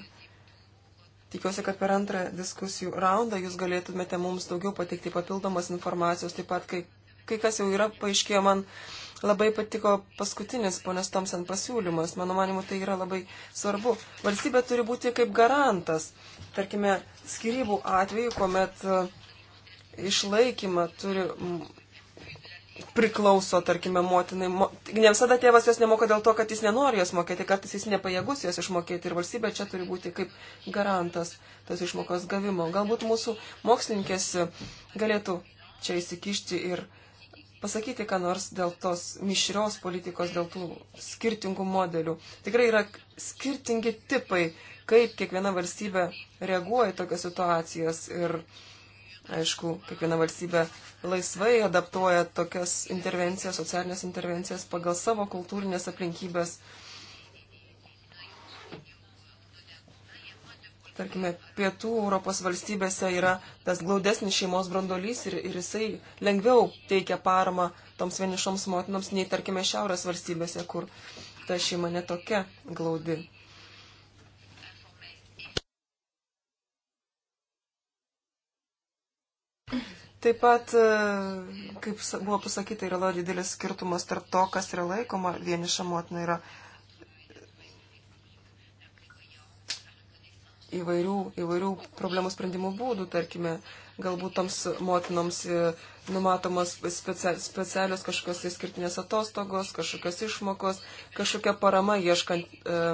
tikiuosi, kad per antrą diskusijų raundą jūs galėtumėte mums daugiau pateikti papildomas informacijos, taip pat kai, kai kas jau yra paaiškėjo man. Uh, Labai patiko paskutinis ponės Tomsen pasiūlymas. Mano manimu, tai yra labai svarbu. Valstybė turi būti kaip garantas. Tarkime, skirybų atveju, kuomet e, išlaikymą turi priklauso, tarkime, motinai. Mo, ne visada tėvas jos nemoka dėl to, kad jis nenori jos mokėti, kartais jis nepajėgus jos išmokėti ir valstybė čia turi būti kaip garantas tos išmokos gavimo. Galbūt mūsų mokslininkės galėtų čia įsikišti ir pasakyti, ką nors dėl tos mišrios politikos, dėl tų skirtingų modelių. Tikrai yra skirtingi tipai, kaip kiekviena valstybė reaguoja į tokias situacijas ir, aišku, kiekviena valstybė laisvai adaptuoja tokias intervencijas, socialinės intervencijas pagal savo kultūrinės aplinkybės tarkime, pietų Europos valstybėse yra tas glaudesnis šeimos brandolys ir, ir jisai lengviau teikia paramą toms vienišoms motinoms, nei, tarkime, šiaurės valstybėse, kur ta šeima netokia glaudi. Taip pat, e, kaip buvo pasakyta, yra labai didelis skirtumas tarp to, kas yra laikoma vieniša motina, yra įvairių, įvairių problemų sprendimų būdų, tarkime, galbūt toms motinoms e, numatomas specia, specialios kažkokios išskirtinės tai atostogos, kažkokios išmokos, kažkokia parama ieškant e,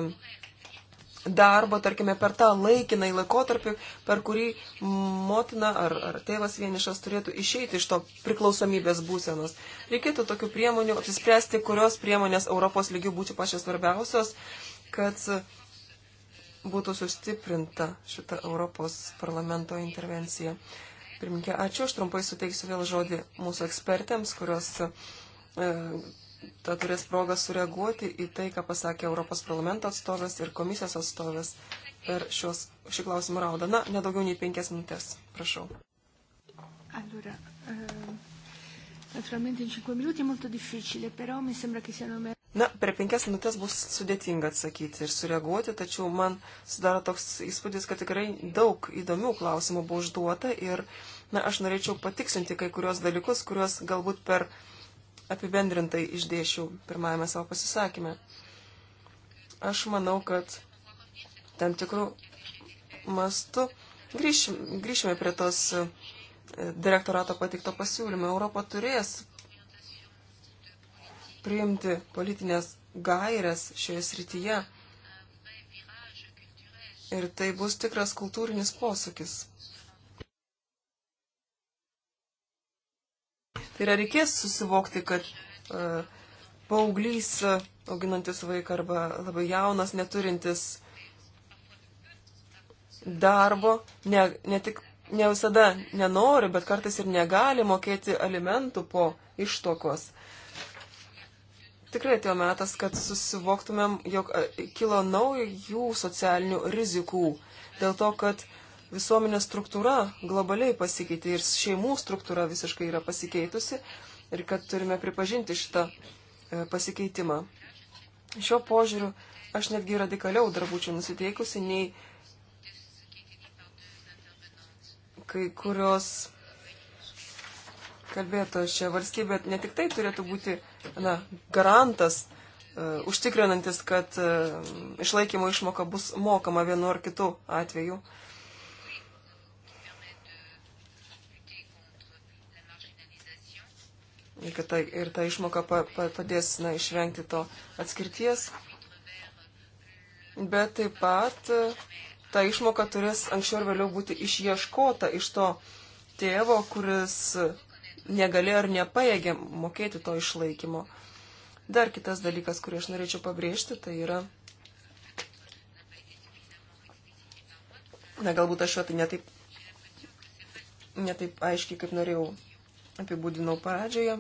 darbo, tarkime, per tą laikinai laikotarpį, per kurį motina ar, ar tėvas vienišas turėtų išeiti iš to priklausomybės būsenos. Reikėtų tokių priemonių apsispręsti, kurios priemonės Europos lygių būtų pačios svarbiausios, kad būtų sustiprinta šita Europos parlamento intervencija. Pirminkė, ačiū, aš trumpai suteiksiu vėl žodį mūsų ekspertėms, kurios e, ta turės progą sureaguoti į tai, ką pasakė Europos parlamento atstovės ir komisijos atstovės per šios, šį klausimą raudą. Na, nedaugiau nei penkias minutės, prašau. Allora, eh, naturalmente in 5 minuti è molto difficile, però mi sembra che siano me... Na, per penkias minutės bus sudėtinga atsakyti ir sureaguoti, tačiau man sudaro toks įspūdis, kad tikrai daug įdomių klausimų buvo užduota ir na, aš norėčiau patiksinti kai kurios dalykus, kuriuos galbūt per apibendrintai išdėšiau pirmajame savo pasisakymė. Aš manau, kad tam tikrų mastų grįšim, grįšime prie tos e, direktorato patikto pasiūlymo. Europa turės priimti politinės gairias šioje srityje. Ir tai bus tikras kultūrinis posūkis. Tai yra reikės susivokti, kad uh, paauglys e, auginantis vaiką arba labai jaunas, neturintis darbo, ne, ne tik ne visada nenori, bet kartais ir negali mokėti alimentų po ištokos tikrai atėjo metas, kad susivoktumėm, jog e, kilo naujų socialinių rizikų dėl to, kad visuomenės struktūra globaliai pasikeitė ir šeimų struktūra visiškai yra pasikeitusi ir kad turime pripažinti šitą e, pasikeitimą. Šiuo požiūriu aš netgi radikaliau darbučiau nusiteikusi nei kai kurios kalbėto šią valstybę, ne tik tai turėtų būti na, garantas, uh, užtikrinantis, kad uh, išlaikymo išmoka bus mokama vienu ar kitu atveju. Ir, ta, ir ta išmoka pa, pa, padės na, išvengti to atskirties. Bet taip pat e, ta išmoka turės anksčiau ir vėliau būti išieškota iš to tėvo, kuris negalėjo ir nepaėgė mokėti to išlaikymo. Dar kitas dalykas, kurį aš norėčiau pabrėžti, tai yra. Na, galbūt aš jo tai netaip, netaip aiškiai, kaip norėjau, apibūdinau pradžioje.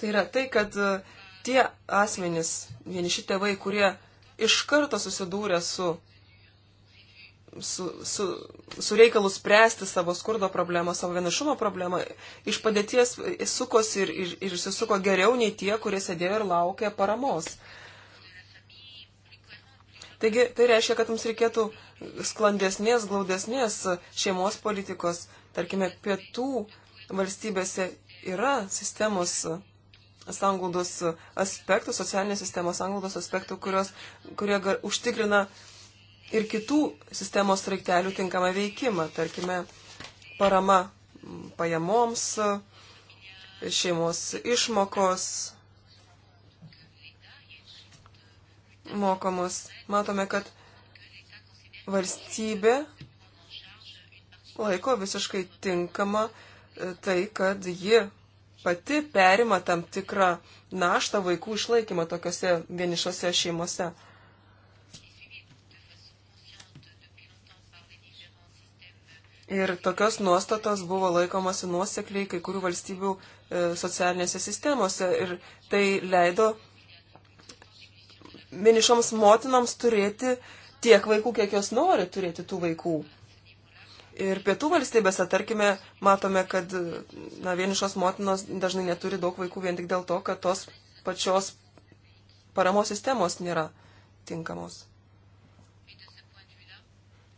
Tai yra tai, kad e, tie asmenys, vieniši tėvai, kurie iš karto susidūrė su, su, su, su reikalu spręsti savo skurdo problemą, savo vienašumo problemą, iš padėties sukosi ir, ir, ir susisuko geriau nei tie, kurie sėdėjo ir laukė paramos. Taigi tai reiškia, kad mums reikėtų sklandesnės, glaudesnės šeimos politikos. Tarkime, pietų valstybėse yra sistemos sanglaudos aspektų, socialinės sistemos sanglaudos aspektų, kurios, kurie gar, užtikrina ir kitų sistemos raiktelių tinkamą veikimą, tarkime, parama pajamoms, šeimos išmokos, mokamos. Matome, kad valstybė laiko visiškai tinkama e, tai, kad ji pati perima tam tikrą naštą vaikų išlaikymą tokiuose vienišose šeimose. Ir tokios nuostatos buvo laikomasi nuosekliai kai kurių valstybių e, socialinėse sistemose. Ir tai leido vienišoms motinoms turėti tiek vaikų, kiek jos nori turėti tų vaikų. Ir pietų valstybėse, tarkime, matome, kad na, vienišos motinos dažnai neturi daug vaikų vien tik dėl to, kad tos pačios paramos sistemos nėra tinkamos.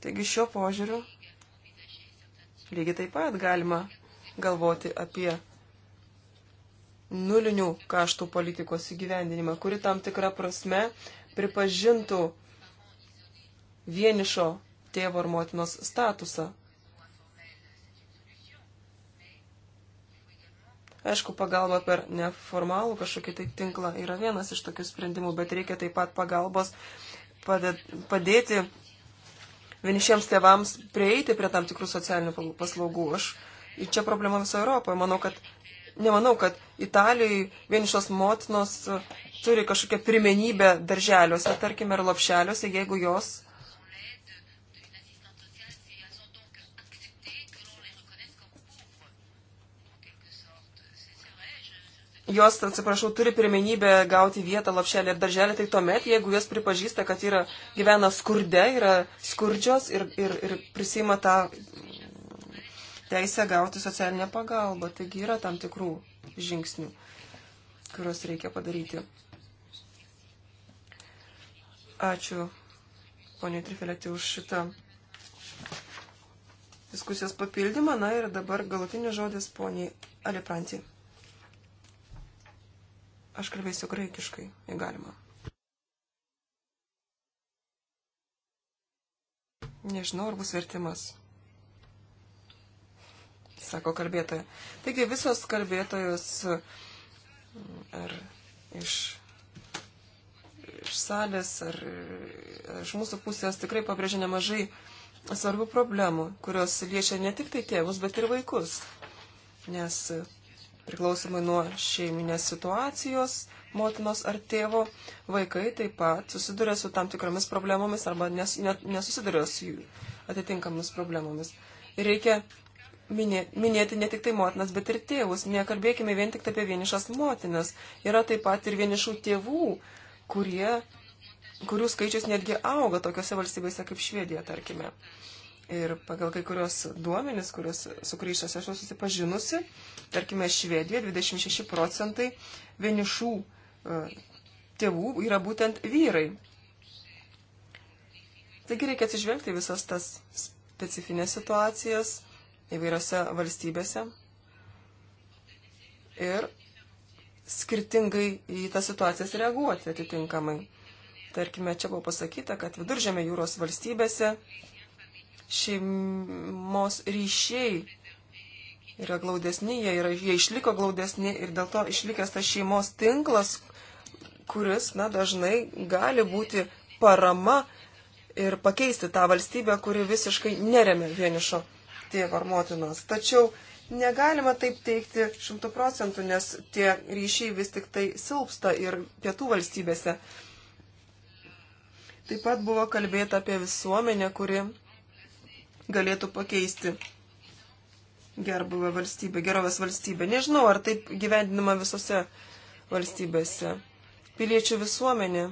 Taigi šiuo požiūriu lygiai taip pat galima galvoti apie nulinių kaštų politikos įgyvendinimą, kuri tam tikrą prasme pripažintų vienišo tėvo ar motinos statusą. Aišku, pagalba per neformalų kažkokį tai tinklą yra vienas iš tokių sprendimų, bet reikia taip pat pagalbos padėti vienišiems tėvams prieiti prie tam tikrų socialinių paslaugų. Aš ir čia problema viso Europoje. Manau, kad nemanau, kad Italijai vienišos motinos turi kažkokią pirmenybę darželiuose, tarkime, ar lopšeliuose, jeigu jos jos, atsiprašau, turi pirmenybę gauti vietą lapšelį ir darželį, tai tuomet, jeigu jos pripažįsta, kad yra, gyvena skurde, yra skurdžios ir, ir, ir prisima tą teisę gauti socialinę pagalbą. Taigi yra tam tikrų žingsnių, kuriuos reikia padaryti. Ačiū, ponė Trifelėti, už šitą diskusijos papildymą. Na ir dabar galutinis žodis poniai Aliprantį. Aš kalbėsiu graikiškai, jei galima. Nežinau, ar bus vertimas. Sako kalbėtoja. Taigi visos kalbėtojos mm, ar iš, iš salės, ar iš mūsų pusės tikrai pabrėžia nemažai svarbių problemų, kurios liečia ne tik tai tėvus, bet ir vaikus. Nes priklausomai nuo šeiminės situacijos motinos ar tėvo. Vaikai taip pat susiduria su tam tikromis problemomis arba nes, net, nesusiduria su jų atitinkamomis problemomis. Ir reikia minėti, minėti ne tik tai motinas, bet ir tėvus. Nekalbėkime vien tik apie vienišas motinas. Yra taip pat ir vienišų tėvų, kurie, kurių skaičius netgi auga tokiose valstybėse kaip Švedija, tarkime. Ir pagal kai kurios duomenys, kurios, su kuriais aš esu susipažinusi, tarkime, Švedija 26 procentai vienišų e, tėvų yra būtent vyrai. Taigi reikia atsižvelgti visas tas specifines situacijas įvairiose valstybėse ir skirtingai į tas situacijas reaguoti atitinkamai. Tarkime, čia buvo pasakyta, kad viduržėme jūros valstybėse šeimos ryšiai yra glaudesni, jie, yra, jie išliko glaudesni ir dėl to išlikęs tas šeimos tinklas, kuris, na, dažnai gali būti parama ir pakeisti tą valstybę, kuri visiškai neremia vienišo tėvo ar motinos. Tačiau negalima taip teikti šimtų procentų, nes tie ryšiai vis tik tai silpsta ir pietų valstybėse. Taip pat buvo kalbėta apie visuomenę, kuri galėtų pakeisti gerbuvę valstybę, gerovės valstybę. Nežinau, ar taip gyvendinama visose valstybėse. Piliečių visuomenė.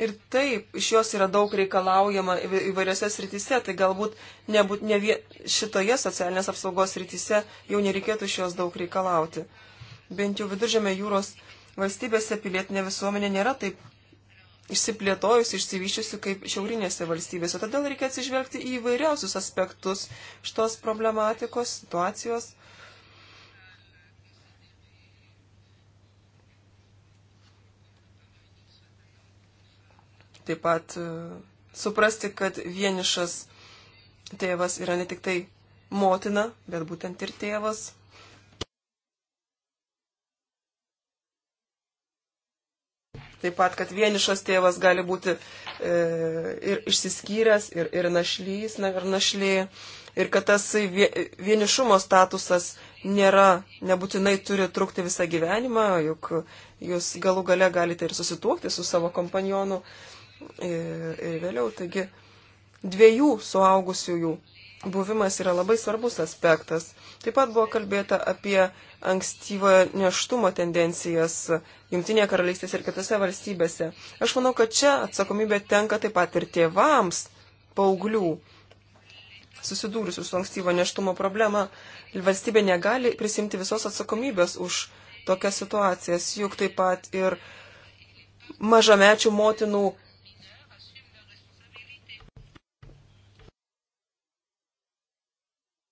Ir taip, iš jos yra daug reikalaujama įvairiose srityse, tai galbūt nebūt, ne vie, šitoje socialinės apsaugos srityse jau nereikėtų iš jos daug reikalauti. Bent jau viduržėme jūros valstybėse pilietinė visuomenė nėra taip išsiplėtojusi, išsivyščiusi kaip šiaurinėse valstybėse. Todėl reikia atsižvelgti į įvairiausius aspektus šitos problematikos, situacijos. Taip pat e, suprasti, kad vienišas tėvas yra ne tik tai motina, bet būtent ir tėvas. taip pat, kad vienišas tėvas gali būti e, ir išsiskyręs, ir, ir našlys, na, ir našlė, ir kad tas vienišumo statusas nėra, nebūtinai turi trukti visą gyvenimą, juk jūs galų gale galite ir susituokti su savo kompanionu ir, e, ir vėliau. Taigi dviejų suaugusiųjų buvimas yra labai svarbus aspektas. Taip pat buvo kalbėta apie ankstyvą neštumo tendencijas Junktinėje karalystėse ir kitose valstybėse. Aš manau, kad čia atsakomybė tenka taip pat ir tėvams paauglių susidūrusių su ankstyvo neštumo problema. Valstybė negali prisimti visos atsakomybės už tokias situacijas, juk taip pat ir mažamečių motinų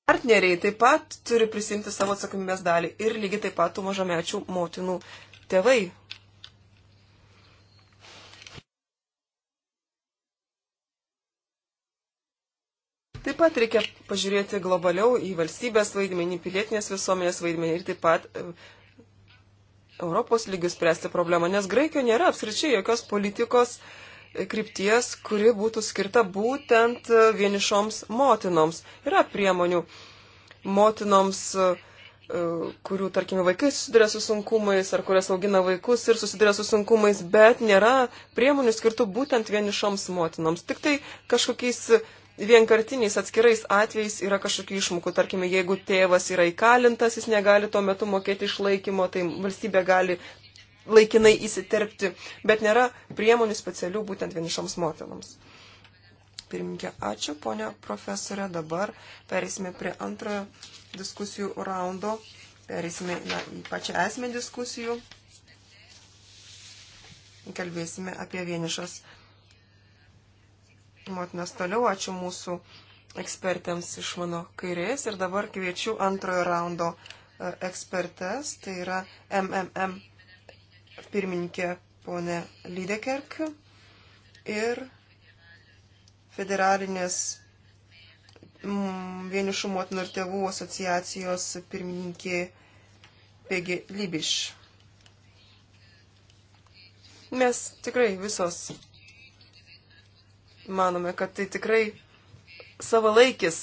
partneriai taip pat turi prisimti savo atsakomybės dalį ir lygiai taip pat tų mažamečių motinų tėvai. Taip pat reikia pažiūrėti globaliau į valstybės vaidmenį, pilietinės visuomenės vaidmenį ir taip pat e, Europos lygių spręsti problemą, nes Graikijoje nėra apskričiai jokios politikos uh, krypties, kuri būtų skirta būtent vienišoms motinoms. Yra priemonių motinoms, e, kurių, tarkime, vaikai susiduria su sunkumais ar kurias augina vaikus ir susiduria su sunkumais, bet nėra priemonių skirtų būtent vienišoms motinoms. Tik tai kažkokiais vienkartiniais atskirais atvejais yra kažkokių išmokų. Tarkime, jeigu tėvas yra įkalintas, jis negali tuo metu mokėti išlaikymo, tai valstybė gali laikinai įsiterpti, bet nėra priemonių specialių būtent vienišoms moteriams. Pirminkė, ačiū, ponia profesorė. Dabar perėsime prie antrojo diskusijų raundo. Perėsime na, į pačią esmę diskusijų. Kalbėsime apie vienišas motinas toliau. Ačiū mūsų ekspertėms iš mano kairės. Ir dabar kviečiu antrojo raundo e, ekspertes. Tai yra MMM pirmininkė ponė Lydekerk ir federalinės mm, vienišų motinų ir tėvų asociacijos pirmininkė Pegi Lybiš. Mes tikrai visos manome, kad tai tikrai savalaikis,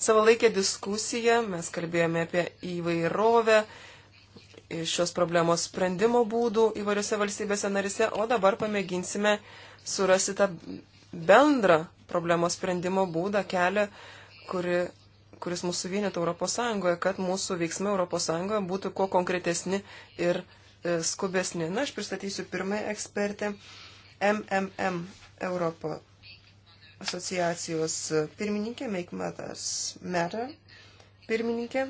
savalaikė diskusija, mes kalbėjome apie įvairovę, šios problemos sprendimo būdų įvairiose valstybėse narise, o dabar pamėginsime surasti tą bendrą problemos sprendimo būdą, kelią, kuri, kuris mūsų vienytų Europos Sąjungoje, kad mūsų veiksmai Europos Sąjungoje būtų kuo konkretesni ir e, skubesni. Na, aš pristatysiu pirmąją ekspertę MMM Europo asociacijos e, pirmininkė Make Matters Matter pirmininkė.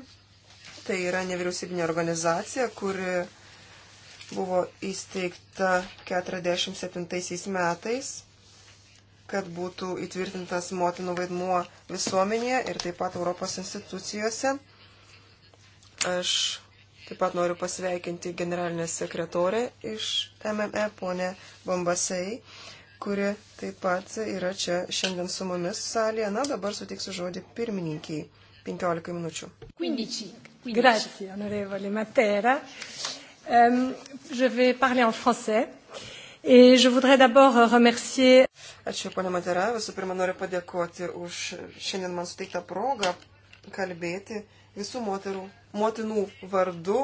Tai yra nevyriausybinė organizacija, kuri buvo įsteigta 47 metais, kad būtų įtvirtintas motinų vaidmuo visuomenėje ir taip pat Europos institucijose. Aš taip pat noriu pasveikinti generalinę sekretorę iš MME, ponę Bombasei, kuri taip pat yra čia šiandien su mumis salėje. Na, dabar sutiksiu žodį pirmininkiai. 15 minučių. 15. 15. Grazie, onorevole Matera. Euh, je vais parler en français. Et je voudrais d'abord remercier. Ačiū, ponia Matera. Visų pirma, noriu padėkoti už šiandien man suteiktą progą kalbėti visų moterų, motinų vardu.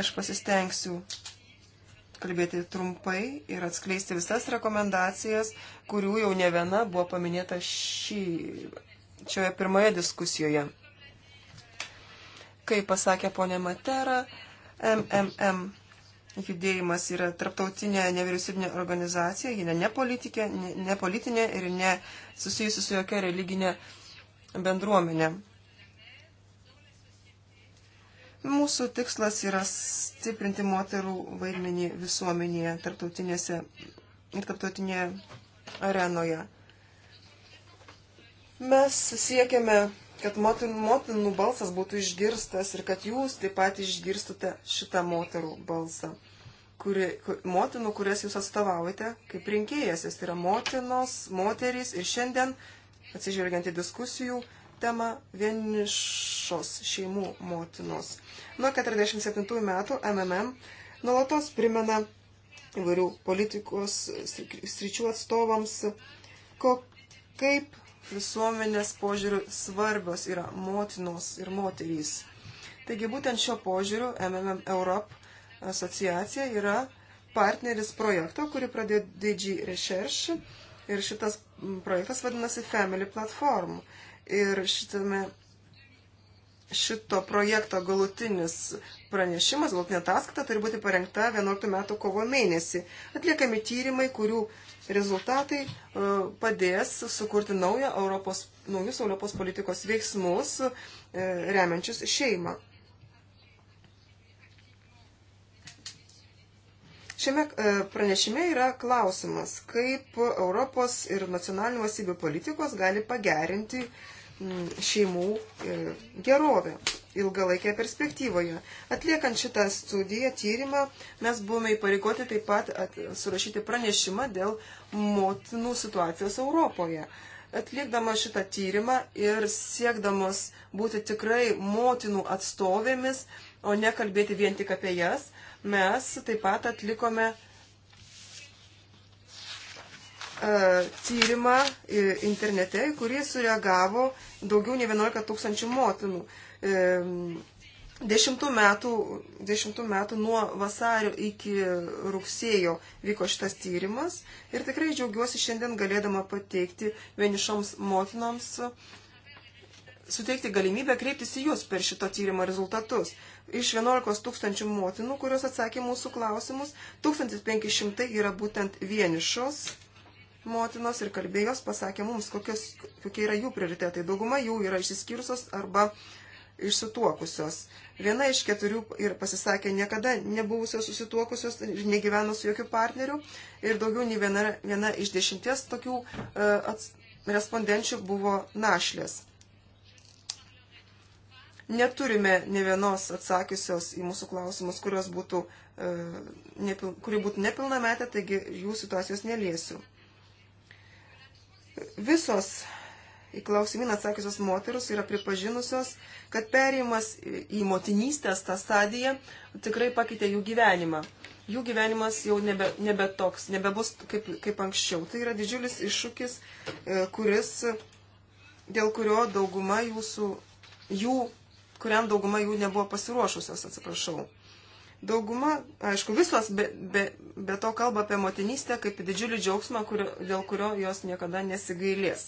Aš pasistengsiu kalbėti trumpai ir atskleisti visas rekomendacijas, kurių jau ne viena buvo paminėta šį šioje pirmoje diskusijoje. Kaip pasakė ponė Matera, MMM judėjimas yra tarptautinė nevyriausybinė organizacija, ji ne, ne, politikė, ne, ne politinė ir ne susijusi su jokia religinė bendruomenė. Mūsų tikslas yra stiprinti moterų vaidmenį visuomenėje, tarptautinėse ir tarptautinėje arenoje. Mes siekiame, kad motin, motinų balsas būtų išgirstas ir kad jūs taip pat išgirstate šitą moterų balsą. Kuri, motinų, kurias jūs atstovaujate kaip rinkėjas, jis yra motinos, moterys ir šiandien, atsižvelgiant į diskusijų temą, vienišos šeimų motinos. Nuo 47 metų MMM nuolatos primena įvairių politikos sričių atstovams, ko, kaip visuomenės požiūrių svarbios yra motinos ir moterys. Taigi būtent šio požiūriu MMM Europe asociacija yra partneris projekto, kurį pradėjo DG Research ir šitas projektas vadinasi Family Platform. Ir šitame šito projekto galutinis pranešimas, galutinė ataskaita turi būti parengta 11 metų kovo mėnesį. Atliekami tyrimai, kurių rezultatai e, padės sukurti naują Europos, naujus Europos politikos veiksmus e, remiančius šeimą. Šiame e, pranešime yra klausimas, kaip Europos ir nacionalinių valstybių politikos gali pagerinti uh, šeimų e, gerovę ilgalaikėje perspektyvoje. Atliekant šitą studiją, tyrimą, mes buvome įpareigoti taip pat at, surašyti pranešimą dėl motinų situacijos Europoje. Atlikdama šitą tyrimą ir siekdamos būti tikrai motinų atstovėmis, o ne kalbėti vien tik apie jas, mes taip pat atlikome E, tyrimą e, internete, į kurį sureagavo daugiau nei 11 tūkstančių motinų. E, dešimtų metų, dešimtų metų nuo vasario iki rugsėjo vyko šitas tyrimas ir tikrai džiaugiuosi šiandien galėdama pateikti vienišoms motinoms, suteikti galimybę kreiptis į jūs per šito tyrimo rezultatus. Iš 11 tūkstančių motinų, kurios atsakė mūsų klausimus, 1500 yra būtent vienišos motinos ir kalbėjos pasakė mums, kokios, kokie yra jų prioritetai. Dauguma jų yra išsiskyrusios arba išsituokusios. Viena iš keturių ir pasisakė niekada nebuvusios susituokusios ir negyveno su jokiu partneriu. Ir daugiau nei viena, viena iš dešimties tokių uh, ats, respondenčių buvo našlės. Neturime ne vienos atsakiusios į mūsų klausimus, kurios būtų, uh, nepil, kuri būtų nepilnametė, taigi jų situacijos neliesiu. Visos į klausimyną atsakysios moteris yra pripažinusios, kad perėjimas į motinystės tą stadiją tikrai pakeitė jų gyvenimą. Jų gyvenimas jau nebe, nebe toks, nebebus kaip, kaip anksčiau. Tai yra didžiulis iššūkis, e, kuris, dėl kurio dauguma jūsų, jų, kuriam dauguma jų nebuvo pasiruošusios, atsiprašau. Dauguma, aišku, visos be, be, be to kalba apie motinystę kaip didžiulį džiaugsmą, kurio, dėl kurio jos niekada nesigailės.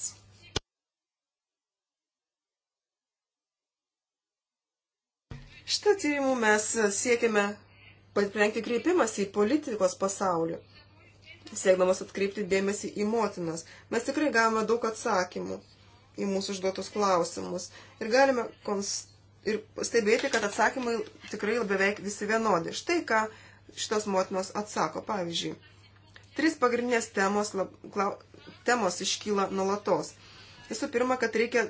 Šitą tyrimų mes siekime parengti kreipimas į politikos pasaulį, siekdamas atkreipti dėmesį į motinas. Mes tikrai gavome daug atsakymų į mūsų užduotus klausimus ir galime konstatuoti, ir stebėti, kad atsakymai tikrai beveik visi vienodi. Štai ką šitos motinos atsako. Pavyzdžiui, trys pagrindinės temos, lab, klau, temos iškyla nuolatos. Visų pirma, kad reikia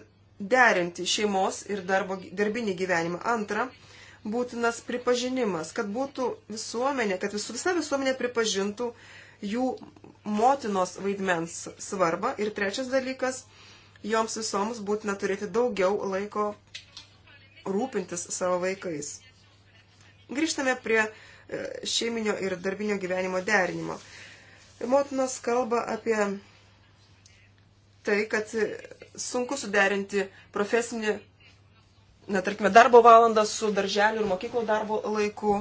derinti šeimos ir darbo, darbinį gyvenimą. Antra, būtinas pripažinimas, kad būtų visuomenė, kad visų, visa visuomenė pripažintų jų motinos vaidmens svarbą. Ir trečias dalykas, joms visoms būtina turėti daugiau laiko rūpintis savo vaikais. Grįžtame prie e, šeiminio ir darbinio gyvenimo derinimo. Motinos kalba apie tai, kad sunku suderinti profesinį, na, tarkime, darbo valandą su darželiu ir mokyklų darbo laiku,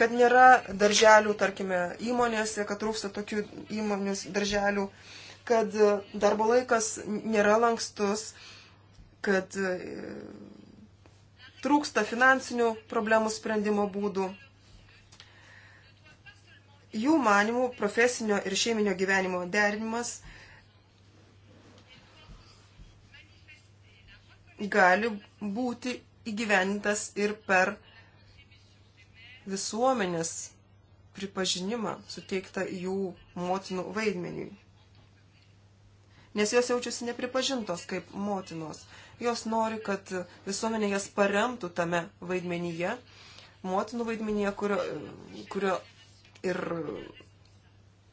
kad nėra darželių, tarkime, įmonėse, kad trūksta tokių įmonės darželių, kad darbo laikas nėra lankstus, kad trūksta finansinių problemų sprendimo būdų. Jų manimų profesinio ir šeiminio gyvenimo derinimas gali būti įgyvenintas ir per visuomenės pripažinimą suteiktą jų motinų vaidmeniui. Nes jos jaučiasi nepripažintos kaip motinos jos nori, kad visuomenė jas paremtų tame vaidmenyje, motinų vaidmenyje, kurio, kurio ir.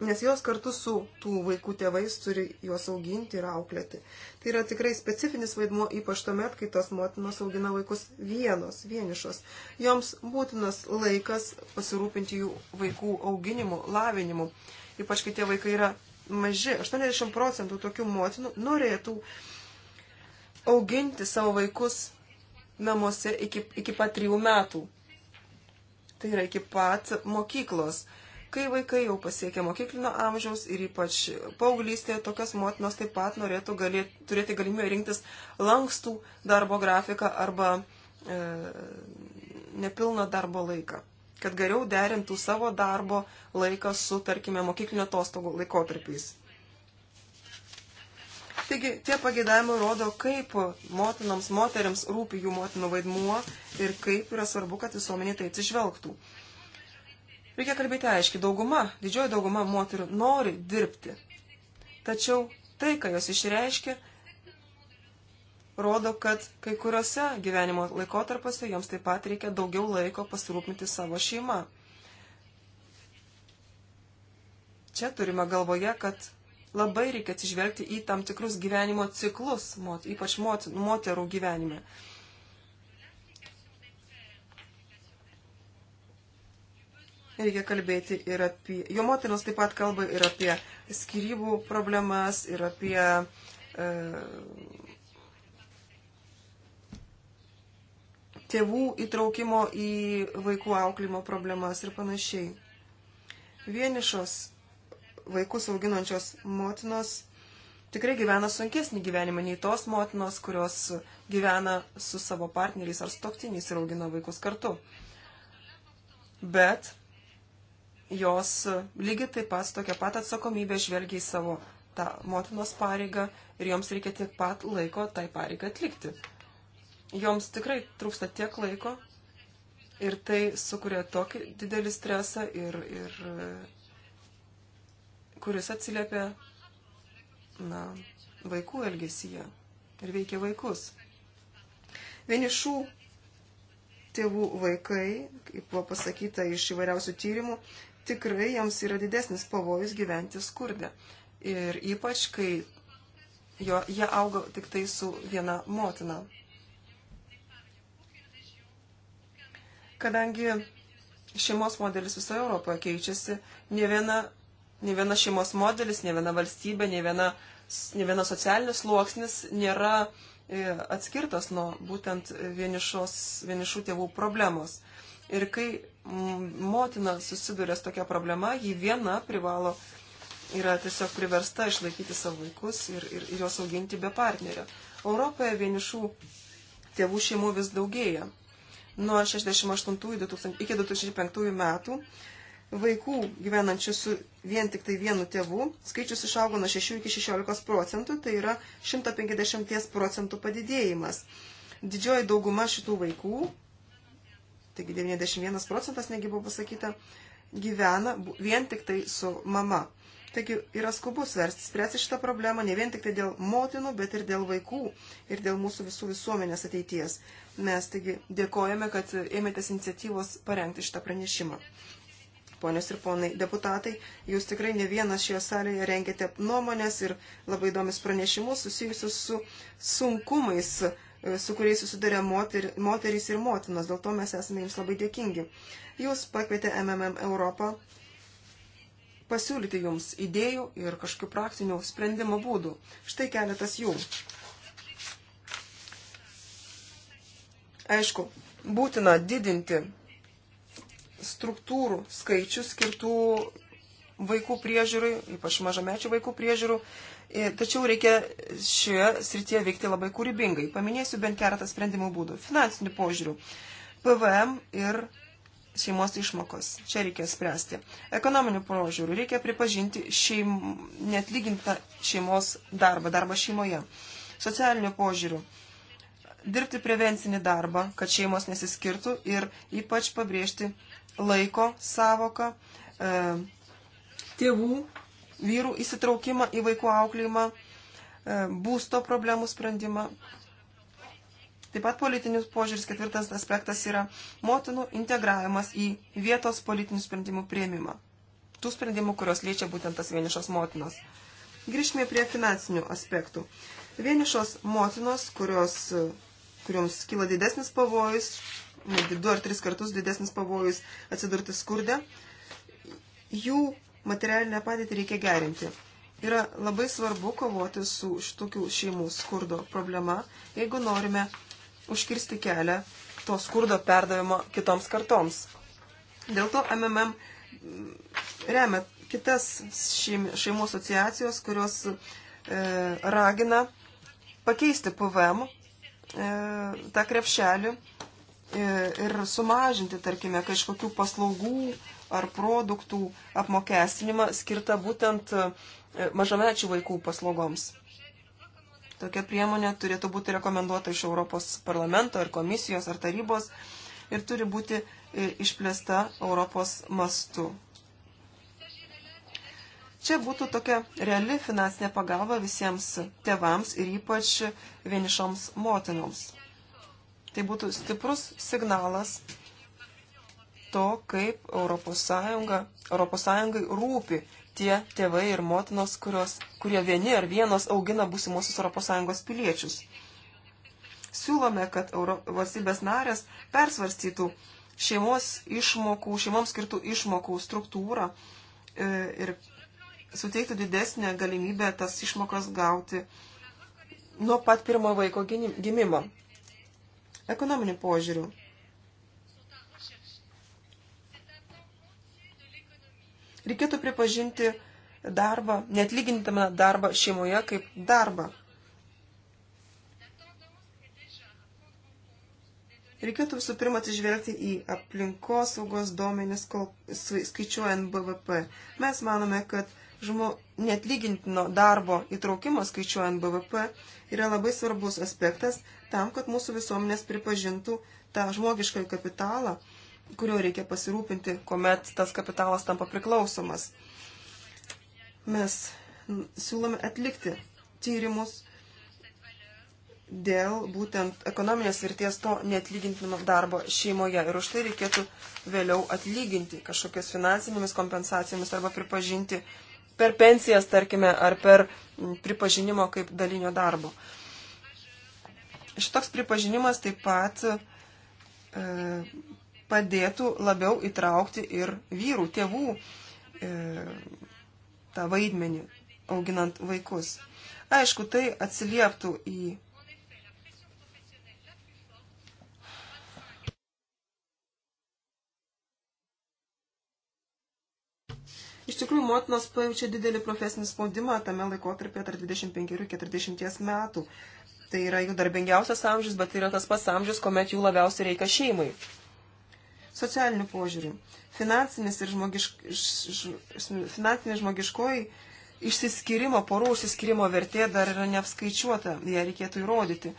Nes jos kartu su tų vaikų tėvais turi juos auginti ir auklėti. Tai yra tikrai specifinis vaidmuo, ypač tuomet, kai tos motinos augina vaikus vienos, vienišos. Joms būtinas laikas pasirūpinti jų vaikų auginimu, lavinimu. Ypač kai tie vaikai yra maži. 80 procentų tokių motinų norėtų auginti savo vaikus namuose iki, iki pat trijų metų. Tai yra iki pat mokyklos. Kai vaikai jau pasiekia mokyklinio amžiaus ir ypač paauglystėje, tokios motinos taip pat norėtų galėt, turėti galimybę rinktis lankstų darbo grafiką arba e, nepilną darbo laiką, kad geriau derintų savo darbo laiką su, tarkime, mokyklinio atostogų laikotarpiais. Taigi tie pagėdavimai rodo, kaip motinams, moteriams rūpi jų motinų vaidmuo ir kaip yra svarbu, kad visuomenė tai atsižvelgtų. Reikia kalbėti aiškiai, dauguma, didžioji dauguma moterų nori dirbti. Tačiau tai, ką jos išreiškia, rodo, kad kai kuriuose gyvenimo laikotarpiuose joms taip pat reikia daugiau laiko pasirūpinti savo šeimą. Čia turime galvoje, kad labai reikia atsižvelgti į tam tikrus gyvenimo ciklus, mot, ypač mot, moterų gyvenime. Reikia kalbėti ir apie, jo moterinos taip pat kalba ir apie skirybų problemas, ir apie e, tėvų įtraukimo į vaikų auklimo problemas ir panašiai. Vienišos vaikus auginančios motinos tikrai gyvena sunkesnį gyvenimą nei tos motinos, kurios gyvena su savo partneriais ar stoktiniais ir augina vaikus kartu. Bet jos lygiai taip pat tokia pat atsakomybė žvelgia į savo tą motinos pareigą ir joms reikia tiek pat laiko tai pareigą atlikti. Joms tikrai trūksta tiek laiko ir tai sukuria tokį didelį stresą ir, ir kuris atsiliepia na, vaikų elgesyje ir veikia vaikus. Vienišų tėvų vaikai, kaip buvo pasakyta iš įvairiausių tyrimų, tikrai jiems yra didesnis pavojus gyventi skurdė. Ir ypač, kai jo, jie auga tik tai su viena motina. Kadangi šeimos modelis visoje Europoje keičiasi, ne viena ne viena šeimos modelis, ne viena valstybė, ne viena, ne viena socialinis sluoksnis nėra e, atskirtas nuo būtent vienišos, vienišų tėvų problemos. Ir kai motina susiduria su tokia problema, ji viena privalo yra tiesiog priversta išlaikyti savo vaikus ir, ir, ir juos auginti be partnerio. Europoje vienišų tėvų šeimų vis daugėja. Nuo 68 iki 2005 metų vaikų gyvenančių su vien tik tai vienu tėvu skaičius išaugo nuo 6 iki 16 procentų, tai yra 150 procentų padidėjimas. Didžioji dauguma šitų vaikų, taigi 91 procentas, negi buvo pasakyta, gyvena vien tik tai su mama. Taigi yra skubus versti spręsti šitą problemą ne vien tik tai dėl motinų, bet ir dėl vaikų ir dėl mūsų visų visuomenės ateities. Mes taigi dėkojame, kad ėmėtės iniciatyvos parengti šitą pranešimą. Ponios ir ponai deputatai, jūs tikrai ne vienas šioje salėje rengėte nuomonės ir labai įdomius pranešimus susijusius su sunkumais, e, su kuriais susiduria moter, moterys ir motinos. Dėl to mes esame jums labai dėkingi. Jūs pakvietė MMM Europą pasiūlyti jums idėjų ir kažkokių praktinių sprendimo būdų. Štai keletas jų. Aišku, būtina didinti struktūrų skaičių skirtų vaikų priežiūrai, ypač mažamečių vaikų priežiūrų. E, tačiau reikia šioje srityje veikti labai kūrybingai. Paminėsiu bent keletą sprendimų būdų. Finansinių požiūrių. PVM ir šeimos išmokos. Čia reikia spręsti. Ekonominių požiūrių reikia pripažinti šeim... netlygintą šeimos darbą, darbą šeimoje. Socialinių požiūrių dirbti prevencinį darbą, kad šeimos nesiskirtų ir ypač pabrėžti laiko savoką, e, tėvų, vyrų įsitraukimą į vaikų auklėjimą, e, būsto problemų sprendimą. Taip pat politinis požiūris, ketvirtas aspektas yra motinų integravimas į vietos politinių sprendimų prieimimą. Tų sprendimų, kurios liečia būtent tas vienišas motinos. Grįžkime prie finansinių aspektų. Vienišos motinos, kurios, e, kurioms kyla didesnis pavojus netgi du ar tris kartus didesnis pavojus atsidurti skurdę, jų materialinę padėtį reikia gerinti. Yra labai svarbu kovoti su šitokių šeimų skurdo problema, jeigu norime užkirsti kelią to skurdo perdavimo kitoms kartoms. Dėl to MMM remia kitas šeimų asociacijos, kurios e, ragina pakeisti PVM e, tą krepšelį E, ir sumažinti, tarkime, kažkokių paslaugų ar produktų apmokestinimą skirtą būtent e, mažamečių vaikų paslaugoms. Tokia priemonė turėtų būti rekomenduota iš Europos parlamento ar komisijos ar tarybos ir turi būti e, išplėsta Europos mastu. Čia būtų tokia reali finansinė pagalba visiems tėvams ir ypač vienišoms motinoms. Tai būtų stiprus signalas to, kaip ES, ES rūpi tie tėvai ir motinos, kurios, kurie vieni ar vienos augina būsimuosius ES piliečius. Siūlome, kad Euro, valstybės narės persvarstytų šeimos išmokų, šeimoms skirtų išmokų struktūrą e, ir suteiktų didesnę galimybę tas išmokas gauti nuo pat pirmojo vaiko gimimo ekonominių požiūrių. Reikėtų pripažinti darbą, netlygintamą darbą šeimoje kaip darbą. Reikėtų visų pirma atsižvelgti į aplinkosaugos duomenis, skaičiuojant BVP. Mes manome, kad žmo, netlygintino darbo įtraukimo skaičiuojant BVP yra labai svarbus aspektas tam, kad mūsų visuomenės pripažintų tą žmogišką kapitalą, kurio reikia pasirūpinti, kuomet tas kapitalas tampa priklausomas. Mes siūlome atlikti tyrimus dėl būtent ekonominės vertės to netlygintino darbo šeimoje. Ir už tai reikėtų vėliau atlyginti kažkokias finansinėmis kompensacijomis arba pripažinti uh, per pensijas, tarkime, ar per pripažinimo kaip dalinio darbo. Šitoks pripažinimas taip pat e, padėtų labiau įtraukti ir vyrų, tėvų e, tą vaidmenį, auginant vaikus. Aišku, tai atsilieptų į Iš tikrųjų, motinos pajaučia didelį profesinį spaudimą tame laikotarpyje tarp 25 ir 40 metų. Tai yra jų darbingiausias amžius, bet tai yra tas pats amžius, kuomet jų labiausiai reikia šeimai. Socialinių požiūrių. Finansinis ir žmogišk... ž... finansinė žmogiškoji išsiskirimo, porų išsiskirimo vertė dar yra neapskaičiuota, ją reikėtų įrodyti.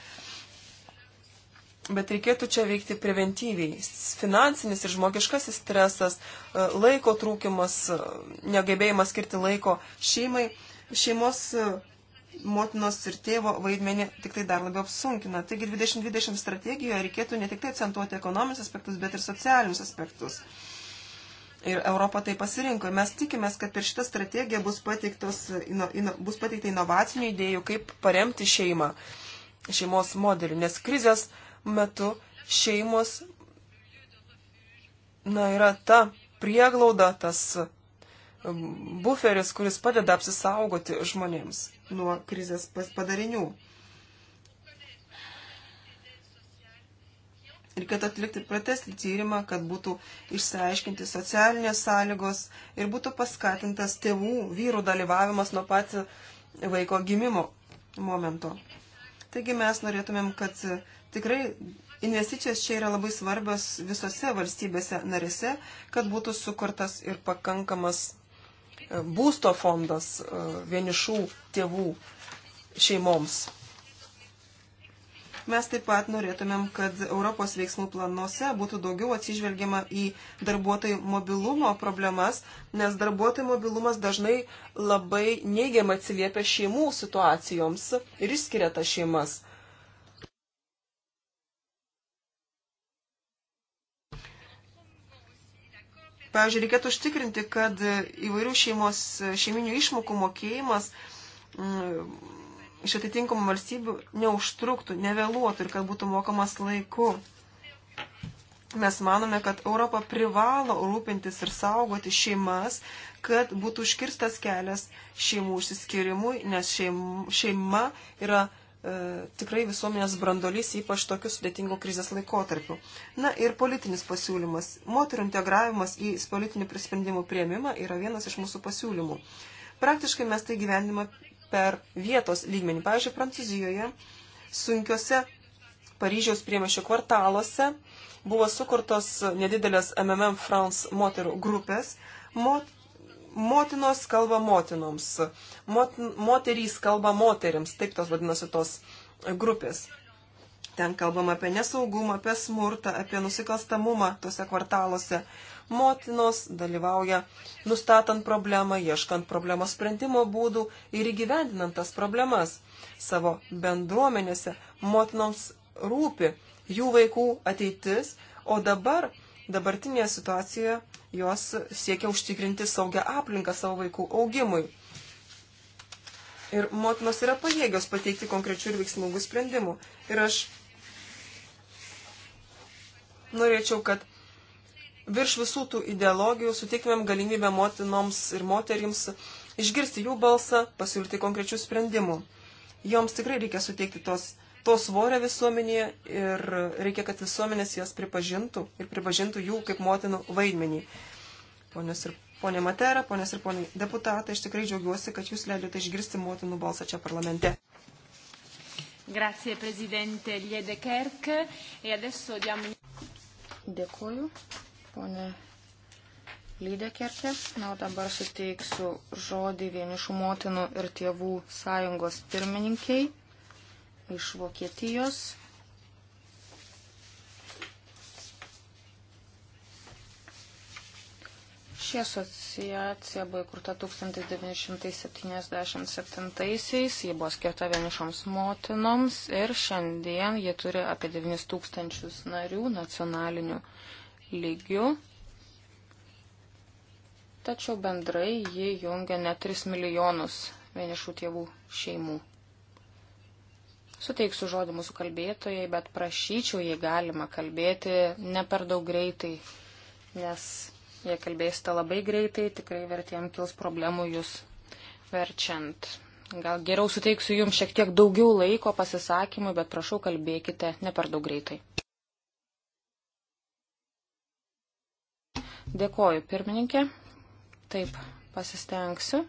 Bet reikėtų čia veikti preventyviai. Finansinis ir žmogiškasis stresas, e, laiko trūkimas, e, negebėjimas skirti laiko šeimai, šeimos e, motinos ir tėvo vaidmenį tik tai dar labiau apsunkina. Taigi 2020 strategijoje reikėtų ne tik tai akcentuoti ekonominius aspektus, bet ir socialinius aspektus. Ir Europą tai pasirinko. Mes tikimės, kad per šitą strategiją bus, ino, ino, bus pateikta inovacinių idėjų, kaip paremti šeimą, šeimos modelį, nes krizės uh, metu šeimos na, yra ta prieglauda, tas um, buferis, kuris padeda apsisaugoti žmonėms nuo krizės padarinių. Reikėtų atlikti pratesti tyrimą, kad būtų išsiaiškinti socialinės sąlygos ir būtų paskatintas tėvų, vyrų dalyvavimas nuo pat vaiko gimimo momento. Taigi mes norėtumėm, kad Tikrai investicijos čia yra labai svarbios visose valstybėse narėse, kad būtų sukurtas ir pakankamas e, būsto fondas e, vienišų tėvų šeimoms. Mes taip pat norėtumėm, kad Europos veiksmų planuose būtų daugiau atsižvelgiama į darbuotojų mobilumo problemas, nes darbuotojų mobilumas dažnai labai neigiamai atsiliepia šeimų situacijoms ir išskiria tas šeimas. Pavyzdžiui, reikėtų užtikrinti, kad įvairių šeimos, šeiminių išmokų mokėjimas mm, iš atitinkamų valstybių neužtruktų, nevėluotų ir kad būtų mokamas laiku. Mes manome, kad Europa privalo rūpintis ir saugoti šeimas, kad būtų užkirstas kelias šeimų išsiskirimui, nes šeim, šeima yra E, tikrai visuomenės brandolys, ypač tokiu sudėtingu krizės laikotarpiu. Na ir politinis pasiūlymas. Moterų integravimas į politinių prisprendimų prieimimą yra vienas iš mūsų pasiūlymų. Praktiškai mes tai gyvenimą per vietos lygmenį. Pavyzdžiui, Prancūzijoje sunkiose Paryžiaus priemešio kvartaluose buvo sukurtos nedidelės MMM France moterų grupės. Mot Motinos kalba motinoms, Mot, moterys kalba moteriams, taip tos vadinasi tos grupės. Ten kalbam apie nesaugumą, apie smurtą, apie nusikalstamumą tuose kvartaluose. Motinos dalyvauja nustatant problemą, ieškant problemos sprendimo būdų ir įgyvendinant tas problemas. Savo bendruomenėse motinoms rūpi jų vaikų ateitis, o dabar dabartinėje situacijoje jos siekia užtikrinti saugią aplinką savo vaikų augimui. Ir motinos yra pajėgios pateikti konkrečių ir veiksmingų sprendimų. Ir aš norėčiau, kad virš visų tų ideologijų suteiktumėm galimybę motinoms ir moterims išgirsti jų balsą, pasiūlyti konkrečių sprendimų. Joms tikrai reikia suteikti tos to svorio visuomenėje ir reikia, kad visuomenės jas pripažintų ir pripažintų jų kaip motinų vaidmenį. Ponios ir ponė Matera, ponės ir ponai deputatai, aš tikrai džiaugiuosi, kad jūs leidote išgirsti motinų balsą čia parlamente. Grazie, prezidente Liedekerk. E adesso diamo... Dėkuoju, ponė Lydekerke. Na, o dabar suteiksiu žodį vienišų motinų ir tėvų sąjungos pirmininkiai iš Vokietijos. Ši asociacija buvo įkurta 1977-aisiais, ji buvo skirta vienišoms motinoms ir šiandien jie turi apie 9000 narių nacionalinių lygių. Tačiau bendrai jie jungia net 3 milijonus vienišų tėvų šeimų. Suteiksiu žodį mūsų kalbėtojai, bet prašyčiau, jei galima kalbėti ne per daug greitai, nes jei kalbėsite labai greitai, tikrai vertėjim kils problemų jūs verčiant. Gal geriau suteiksiu jums šiek tiek daugiau laiko pasisakymui, bet prašau kalbėkite ne per daug greitai. Dėkoju, pirmininkė. Taip, pasistengsiu.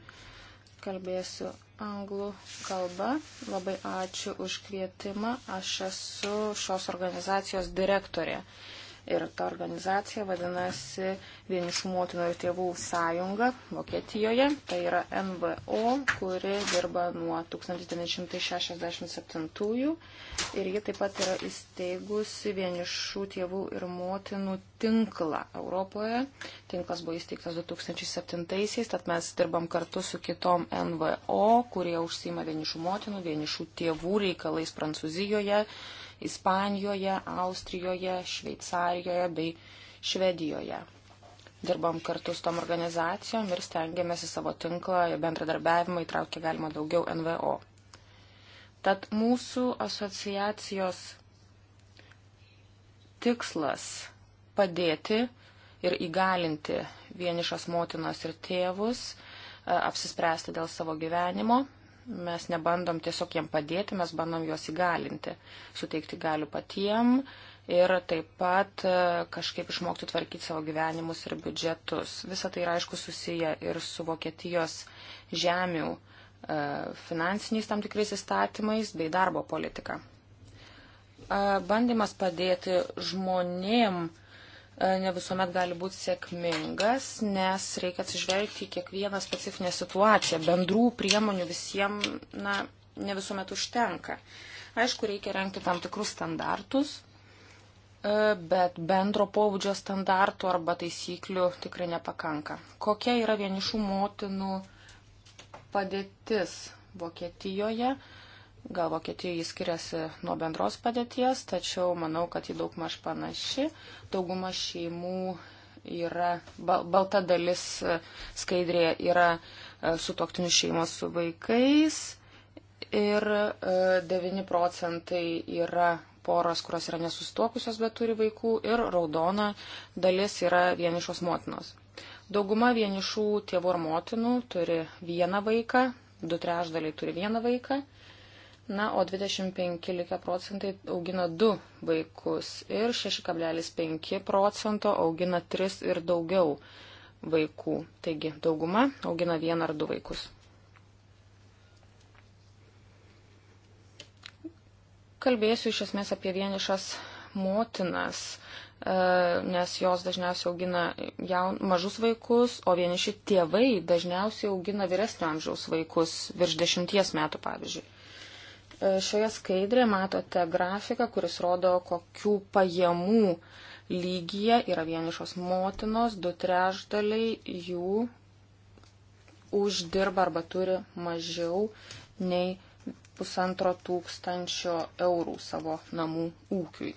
Kalbėsiu anglų kalba. Labai ačiū už kvietimą. Aš esu šios organizacijos direktorė. Uh, Ir ta organizacija vadinasi Vienišų motinų ir tėvų sąjunga Vokietijoje. Tai yra NVO, kuri dirba nuo 1967-ųjų. Ir ji taip pat yra įsteigusi Vienišų tėvų ir motinų tinklą Europoje. Tinklas buvo įsteigtas 2007-aisiais, tad mes dirbam kartu su kitom NVO, kurie užsima vienišų motinų, vienišų tėvų reikalais Prancūzijoje. Ispanijoje, Austrijoje, Šveicarijoje bei Švedijoje. Dirbom kartu su tom organizacijom ir stengiamės į savo tinklą ir bendradarbiavimą įtraukti galima daugiau NVO. Tad mūsų asociacijos tikslas padėti ir įgalinti vienišas motinas ir tėvus e, apsispręsti dėl savo gyvenimo Mes nebandom tiesiog jiem padėti, mes bandom juos įgalinti, suteikti galių patiem ir taip pat e, kažkaip išmokti tvarkyti savo gyvenimus ir biudžetus. Visą tai yra aišku susiję ir su Vokietijos žemių e, finansiniais tam tikrais įstatymais bei darbo politika. E, bandymas padėti žmonėm E, ne visuomet gali būti sėkmingas, nes reikia atsižvelgti į kiekvieną specifinę situaciją. Bendrų priemonių visiems na, ne visuomet užtenka. Aišku, reikia renkti tam tikrus standartus, e, bet bendro pobūdžio standartų arba taisyklių tikrai nepakanka. Kokia yra vienišų motinų padėtis Vokietijoje? Gal Vokietijoje jis skiriasi nuo bendros padėties, tačiau manau, kad jį daug maž panaši. Dauguma šeimų yra, bal, balta dalis e, skaidrėje yra e, sutoktinių šeimos su vaikais ir 9 e, procentai yra poros, kurios yra nesustokusios, bet turi vaikų ir raudona dalis yra vienišos motinos. Dauguma vienišų tėvų ar motinų turi vieną vaiką, du trešdaliai turi vieną vaiką Na, o 25 likę procentai augina 2 vaikus ir 6,5 procento augina 3 ir daugiau vaikų. Taigi dauguma augina 1 ar 2 vaikus. Kalbėsiu iš esmės apie vienišas motinas, e, nes jos dažniausiai augina jaun, mažus vaikus, o vieniši tėvai dažniausiai augina vyresnio amžiaus vaikus, virš dešimties metų pavyzdžiui. Šioje skaidrėje matote grafiką, kuris rodo, kokių pajamų lygyje yra vienišos motinos, du trešdaliai jų uždirba arba turi mažiau nei pusantro tūkstančio eurų savo namų ūkiui.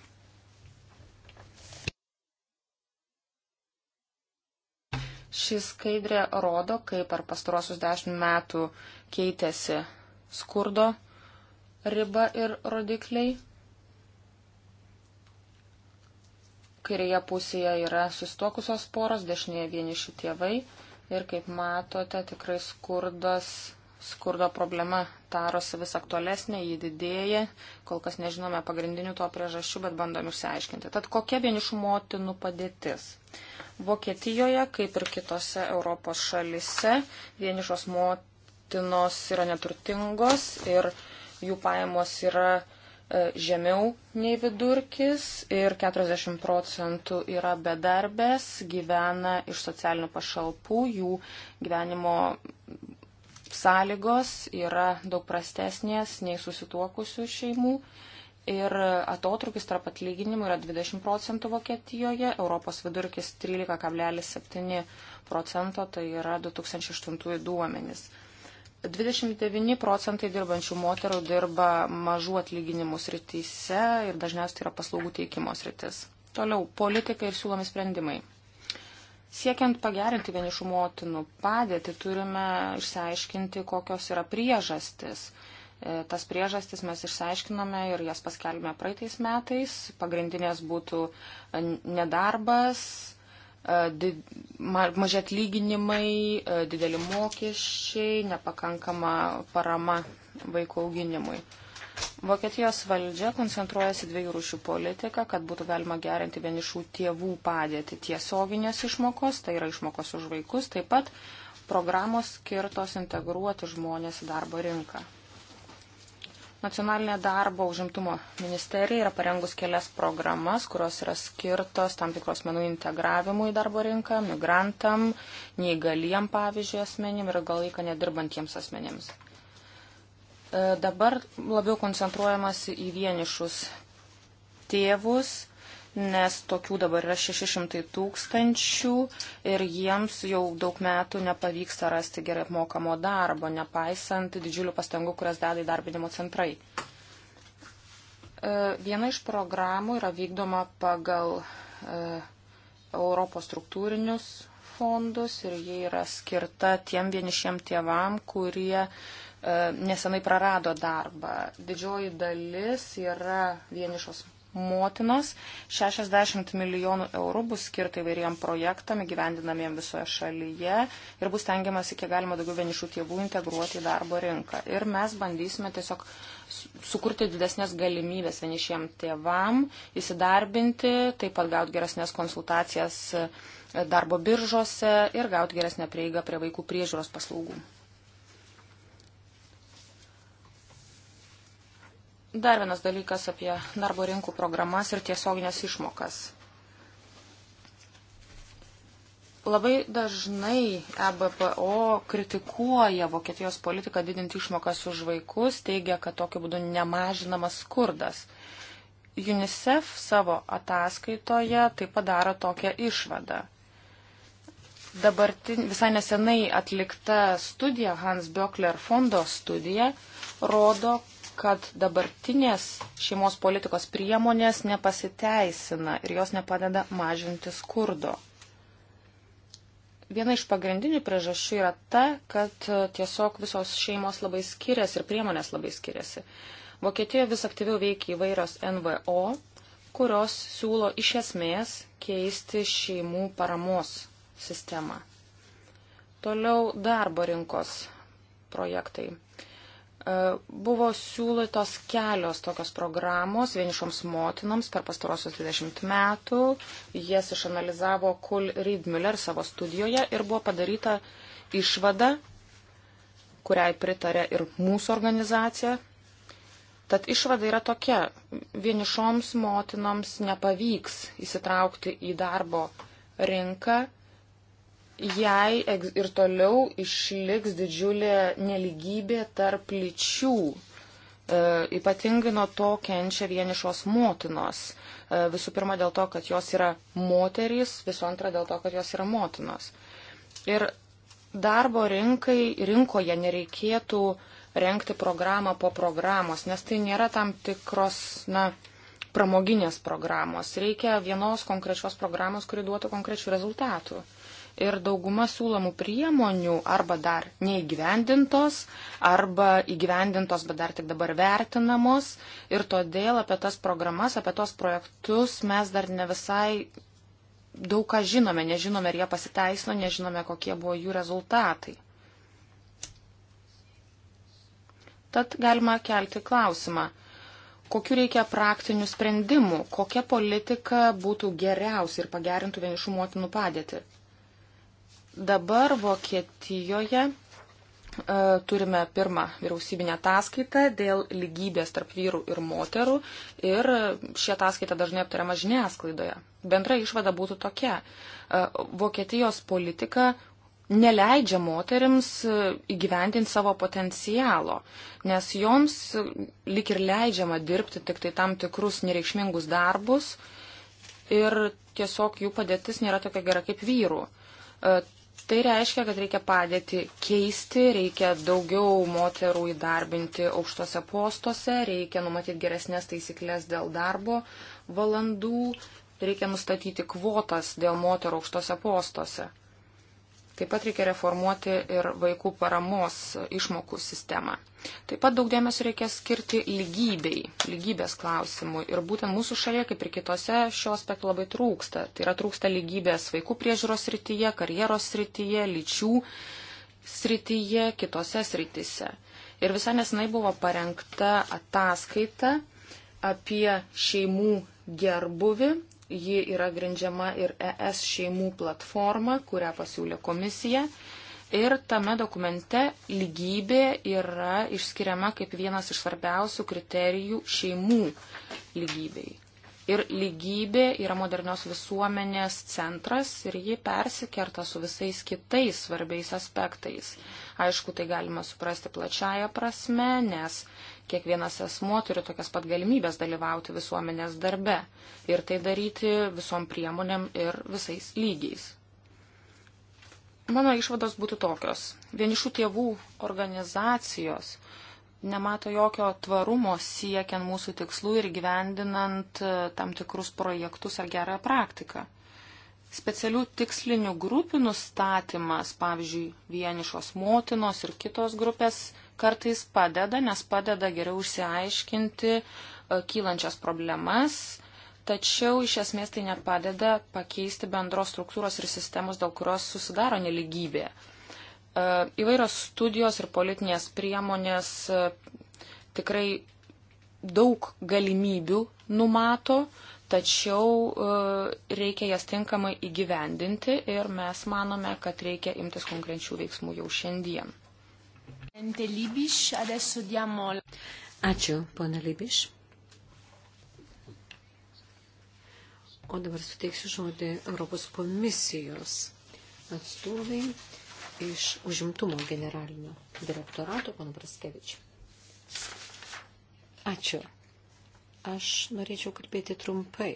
Ši skaidrė rodo, kaip per pastarosius dešimt metų keitėsi skurdo riba ir rodikliai. Kairėje pusėje yra sustokusios poros, dešinėje vieniši tėvai ir, kaip matote, tikrai skurdas, skurdo problema tarosi vis aktualesnė, jį didėja, kol kas nežinome pagrindinių to priežasčių, bet bandom išsiaiškinti. Tad kokia vienišų motinų padėtis? Vokietijoje, kaip ir kitose Europos šalise, vienišos motinos yra neturtingos ir jų pajamos yra e, žemiau nei vidurkis ir 40 procentų yra bedarbės, gyvena iš socialinių pašalpų, jų gyvenimo sąlygos yra daug prastesnės nei susituokusių šeimų. Ir atotrukis tarp atlyginimų yra 20 procentų Vokietijoje, Europos vidurkis 13,7 procento, tai yra 2008 duomenys. 29 procentai dirbančių moterų dirba mažų atlyginimų srityse ir dažniausiai tai yra paslaugų teikimo sritis. Toliau, politika ir siūlomi sprendimai. Siekiant pagerinti vienišų motinų padėtį, turime išsiaiškinti, kokios yra priežastis. E, tas priežastis mes išsiaiškinome ir jas paskelbėme praeitais metais. Pagrindinės būtų nedarbas, maži atlyginimai, dideli mokesčiai, nepakankama parama vaiko auginimui. Vokietijos valdžia koncentruojasi dviejų rūšių politiką, kad būtų galima gerinti vienišų tėvų padėtį tiesioginės išmokos, tai yra išmokos už vaikus, taip pat programos skirtos integruoti žmonės į darbo rinką. Nacionalinė darbo užimtumo ministerija yra parengus kelias programas, kurios yra skirtos tam tikros menų integravimui į darbo rinką, migrantam, neįgaliem pavyzdžiui asmenim ir gal laiką nedirbantiems asmenims. E, dabar labiau koncentruojamas į vienišus tėvus nes tokių dabar yra 600 tūkstančių ir jiems jau daug metų nepavyksta rasti gerai apmokamo darbo, nepaisant didžiulių pastangų, kurias deda įdarbinimo centrai. E, viena iš programų yra vykdoma pagal e, Europos struktūrinius fondus ir jie yra skirta tiem vienišiem tėvam, kurie e, nesenai prarado darbą. Didžioji dalis yra vienišos motinos. 60 milijonų eurų bus skirta įvairiem projektam įgyvendinamiem visoje šalyje ir bus tengiamas, kiek galima daugiau vienišų tėvų integruoti į darbo rinką. Ir mes bandysime tiesiog sukurti didesnės galimybės vienišiem tėvam įsidarbinti, taip pat gauti geresnės konsultacijas darbo biržose ir gauti geresnę prieigą prie vaikų priežiūros paslaugų. Dar vienas dalykas apie darbo rinkų programas ir tiesioginės išmokas. Labai dažnai EBPO kritikuoja Vokietijos politiką didinti išmokas už vaikus, teigia, kad tokiu būdu nemažinamas skurdas. UNICEF savo ataskaitoje taip padaro tokią išvadą. Dabartin, visai nesenai atlikta studija, Hans Böckler fondo studija, rodo, kad dabartinės šeimos politikos priemonės nepasiteisina ir jos nepadeda mažinti skurdo. Viena iš pagrindinių priežasčių yra ta, kad e, tiesiog visos šeimos labai skiriasi ir priemonės labai skiriasi. Vokietijoje vis aktyviau veikia įvairios NVO, kurios siūlo iš esmės keisti šeimų paramos sistemą. Toliau darbo rinkos projektai. E, buvo siūlytos kelios tokios programos vienišoms motinoms per pastarosius 20 metų. Jas išanalizavo Kul Riedmüller savo studijoje ir buvo padaryta išvada, kuriai pritarė ir mūsų organizacija. Tad išvada yra tokia. Vienišoms motinoms nepavyks įsitraukti į darbo rinką jei ir toliau išliks didžiulė neligybė tarp lyčių. E, ypatingai nuo to kenčia vienišos motinos. E, visų pirma dėl to, kad jos yra moterys, visų antra dėl to, kad jos yra motinos. Ir darbo rinkai, rinkoje nereikėtų renkti programą po programos, nes tai nėra tam tikros, na, pramoginės programos. Reikia vienos konkrečios programos, kuri duotų konkrečių rezultatų. Uh, ir dauguma siūlomų priemonių arba dar neįgyvendintos, arba įgyvendintos, bet dar tik dabar vertinamos. Ir todėl apie tas programas, apie tos projektus mes dar ne visai daug ką žinome, nežinome, ar jie pasiteisino, nežinome, kokie buvo jų rezultatai. Tad galima kelti klausimą, kokiu reikia praktinių sprendimų, kokia politika būtų geriausia ir pagerintų vienišų motinų padėtį. Dabar Vokietijoje e, turime pirmą vyriausybinę ataskaitą dėl lygybės tarp vyrų ir moterų ir ši ataskaita dažnai aptariama žiniasklaidoje. Bendra išvada būtų tokia. E, Vokietijos politika neleidžia moteriams e, įgyvendinti savo potencialo, nes joms e, lik ir leidžiama dirbti tik tai tam tikrus nereikšmingus darbus ir tiesiog jų padėtis nėra tokia gera kaip vyrų. E, Tai reiškia, kad reikia padėti keisti, reikia daugiau moterų įdarbinti aukštose postuose, reikia numatyti geresnės taisyklės dėl darbo valandų, reikia nustatyti kvotas dėl moterų aukštose postuose. Taip pat reikia reformuoti ir vaikų paramos išmokų sistemą. Taip pat daug dėmesio reikia skirti lygybei, lygybės klausimui. Ir būtent mūsų šalyje, kaip ir kitose, šio aspektu labai trūksta. Tai yra trūksta lygybės vaikų priežiūros srityje, karjeros srityje, lyčių srityje, kitose srityse. Ir visai nesnai buvo parengta ataskaita apie šeimų gerbuvi Ji yra grindžiama ir ES šeimų platforma, kurią pasiūlė komisija. Ir tame dokumente lygybė yra išskiriama kaip vienas iš svarbiausių kriterijų šeimų lygybei. Ir lygybė yra modernios visuomenės centras ir ji persikerta su visais kitais svarbiais aspektais. Aišku, tai galima suprasti plačiaja prasme, nes kiekvienas asmuo turi tokias pat galimybės dalyvauti visuomenės darbe ir tai daryti visom priemonėm ir visais lygiais. Mano išvados būtų tokios. Vienišų tėvų organizacijos nemato jokio tvarumo siekiant mūsų tikslų ir gyvendinant e, tam tikrus projektus ar gerą praktiką. Specialių tikslinių grupių nustatymas, pavyzdžiui, vienišos motinos ir kitos grupės, kartais padeda, nes padeda geriau užsiaiškinti e, kylančias problemas, tačiau iš esmės tai nepadeda pakeisti bendros struktūros ir sistemos, dėl kurios susidaro neligybė. E, įvairios studijos ir politinės priemonės e, tikrai daug galimybių numato, tačiau reikia jas tinkamai įgyvendinti ir mes manome, kad reikia imtis konkrečių veiksmų jau šiandien. Ačiū, ponė Libiš. O dabar suteiksiu žodį Europos komisijos atstovai iš užimtumo generalinio direktorato, panu Praskevičiu. Ačiū. Aš norėčiau kalbėti trumpai,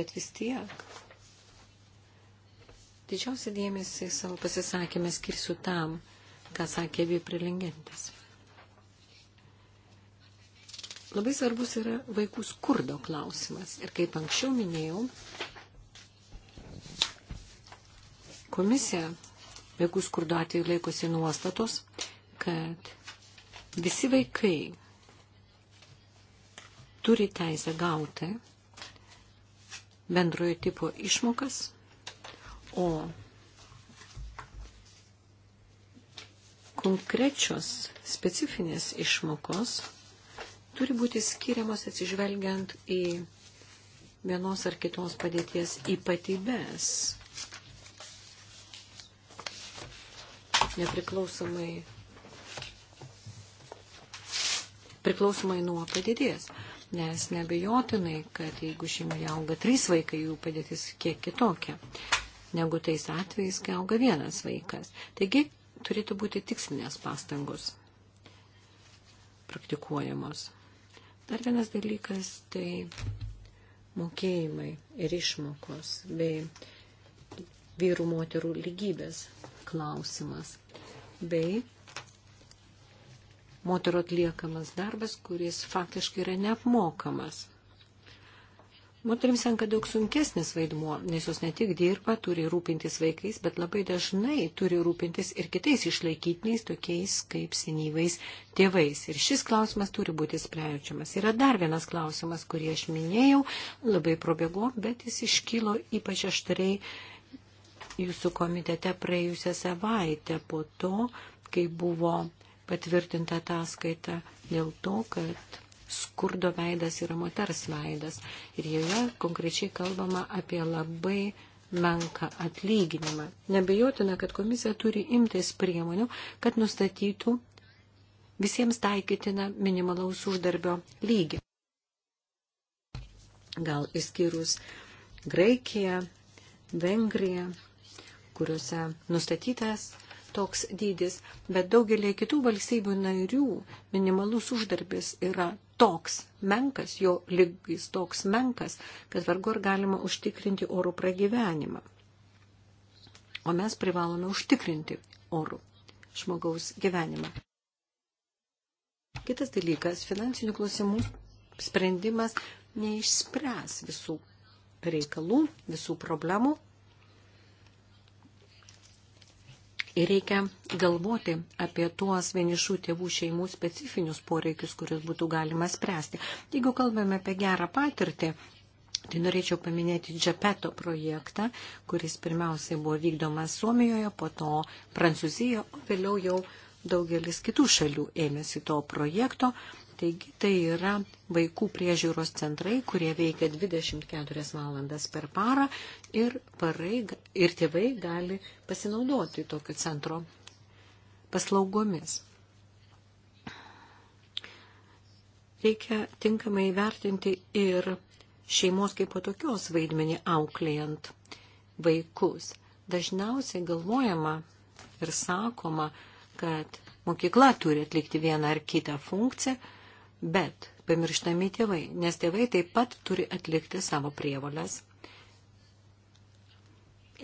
bet vis tiek. Didžiausia dėmesį savo pasisakymę skirsiu tam, ką sakė abi prelingentės. Labai svarbus yra vaikų skurdo klausimas. Ir kaip anksčiau minėjau, komisija vaikų skurdo atveju laikosi nuostatos, kad visi vaikai turi teisę gauti bendrojo tipo išmokas, o Konkrečios specifinės išmokos turi būti skiriamos atsižvelgiant į vienos ar kitos padėties ypatybės, nepriklausomai priklausomai nuo padėties. Nes nebejotinai, kad jeigu šeimoje auga trys vaikai, jų padėtis kiek kitokia negu tais atvejais, kai auga vienas vaikas. Taigi turėtų būti tikslinės pastangos praktikuojamos. Dar vienas dalykas tai mokėjimai ir išmokos bei vyrų moterų lygybės klausimas bei moterų atliekamas darbas, kuris faktiškai yra neapmokamas. Moterims tenka daug sunkesnis vaidmuo, nes jos ne tik dirba, turi rūpintis vaikais, bet labai dažnai turi rūpintis ir kitais išlaikytiniais, tokiais kaip senyvais tėvais. Ir šis klausimas turi būti sprendžiamas. Yra dar vienas klausimas, kurį aš minėjau, labai probėgo, bet jis iškylo ypač aštariai jūsų komitete praėjusią savaitę po to, kai buvo patvirtinta ataskaita dėl to, kad skurdo veidas yra moters veidas. Ir joje konkrečiai kalbama apie labai menką atlyginimą. Nebejotina, kad komisija turi imtis priemonių, kad nustatytų visiems taikytiną minimalaus uždarbio lygį. Gal išskyrus Graikiją, Vengriją, kuriuose nustatytas toks dydis, bet daugelį kitų valstybių narių minimalus uždarbis yra toks menkas, jo lygis toks menkas, kad vargu ar galima užtikrinti orų pragyvenimą. O mes privalome užtikrinti orų žmogaus gyvenimą. Kitas dalykas - finansinių klausimų sprendimas neišspręs visų reikalų, visų problemų, Ir reikia galvoti apie tuos vienišų tėvų šeimų specifinius poreikius, kuriuos būtų galima spręsti. Jeigu kalbame apie gerą patirtį, Tai norėčiau paminėti Džepeto projektą, kuris pirmiausiai buvo vykdomas Suomijoje, po to Prancūzijoje, o vėliau jau daugelis kitų šalių ėmėsi to projekto Taigi tai yra vaikų priežiūros centrai, kurie veikia 24 valandas per parą ir, parai, ir tėvai gali pasinaudoti tokio centro paslaugomis. Reikia tinkamai vertinti ir šeimos kaip po tokios vaidmenį auklėjant vaikus. Dažniausiai galvojama ir sakoma, kad mokykla turi atlikti vieną ar kitą funkciją, Bet pamirštami tėvai, nes tėvai taip pat turi atlikti savo prievolės.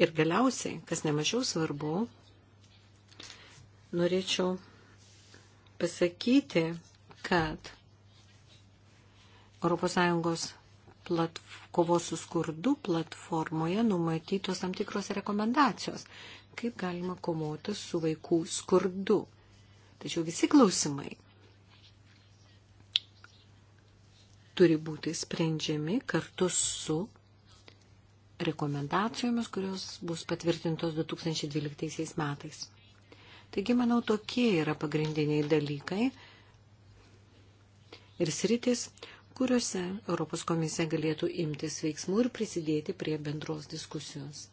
Ir galiausiai, kas nemažiau svarbu, norėčiau pasakyti, kad ES plat, kovos su skurdu platformoje numatytos tam tikros rekomendacijos, kaip galima komoti su vaikų skurdu. Tačiau visi klausimai turi būti sprendžiami kartu su rekomendacijomis, kurios bus patvirtintos 2012 metais. Taigi, manau, tokie yra pagrindiniai dalykai ir sritis, kuriuose Europos komisija galėtų imtis veiksmų ir prisidėti prie bendros diskusijos.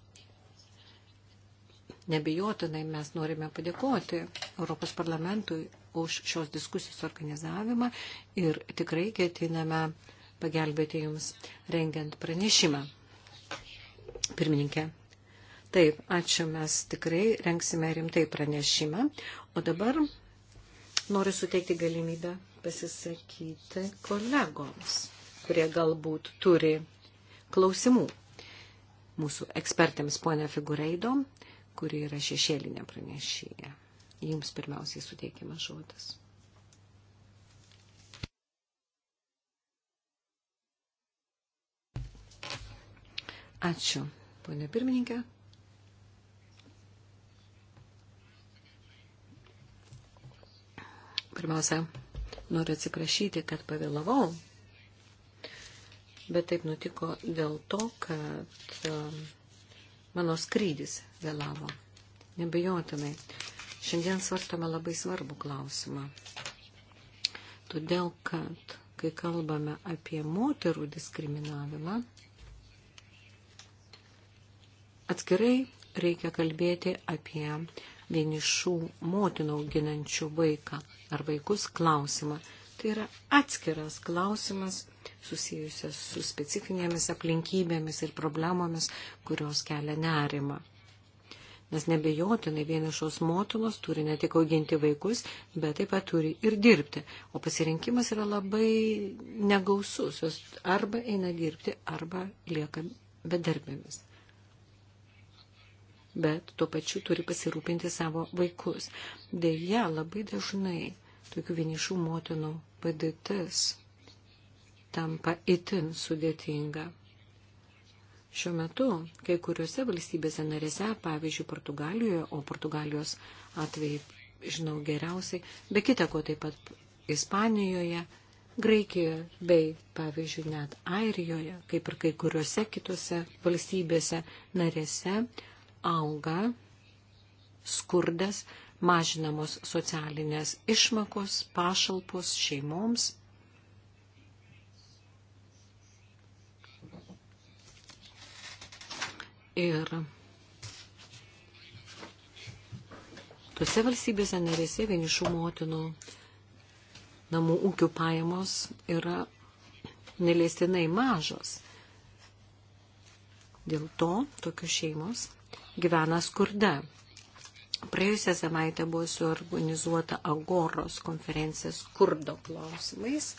Nebijotinai mes norime padėkoti Europos parlamentui už šios diskusijos organizavimą ir tikrai ketiname pagelbėti Jums rengiant pranešimą. Pirmininkė. Taip, ačiū, mes tikrai renksime rimtai pranešimą. O dabar noriu suteikti galimybę pasisakyti kolegoms, kurie galbūt turi klausimų mūsų ekspertėms, ponia Figureido, kuri yra šešėlinė pranešėja. Jums pirmiausiai suteikiamas žodis. Ačiū, ponė pirmininkė. Pirmiausia, noriu atsiprašyti, kad pavėlavau, bet taip nutiko dėl to, kad um, mano skrydis vėlavo. Nebejotinai. Šiandien svarstome labai svarbų klausimą. Todėl, kad kai kalbame apie moterų diskriminavimą, atskirai reikia kalbėti apie vienišų motinų auginančių vaiką ar vaikus klausimą. Tai yra atskiras klausimas susijusias su specifinėmis aplinkybėmis ir problemomis, kurios kelia nerimą nes nebejotinai vienišos motinos turi ne tik auginti vaikus, bet taip pat turi ir dirbti. O pasirinkimas yra labai negausus, jos arba eina dirbti, arba lieka bedarbėmis. Bet tuo pačiu turi pasirūpinti savo vaikus. Deja, labai dažnai tokių vienišų motinų padėtis tampa itin sudėtinga. Šiuo metu kai kuriuose valstybėse narėse, pavyzdžiui, Portugalijoje, o Portugalijos atvejai žinau geriausiai, be kita ko taip pat Ispanijoje, Graikijoje bei, pavyzdžiui, net Airijoje, kaip ir kai kuriuose kitose valstybėse narėse, auga skurdas, mažinamos socialinės išmokos, pašalpos šeimoms Ir tose valstybėse narėse vienišų motinų namų ūkių pajamos yra neleistinai mažos. Dėl to tokios šeimos gyvena skurde. Praėjusią savaitę buvo suorganizuota Agoros konferencija skurdo klausimais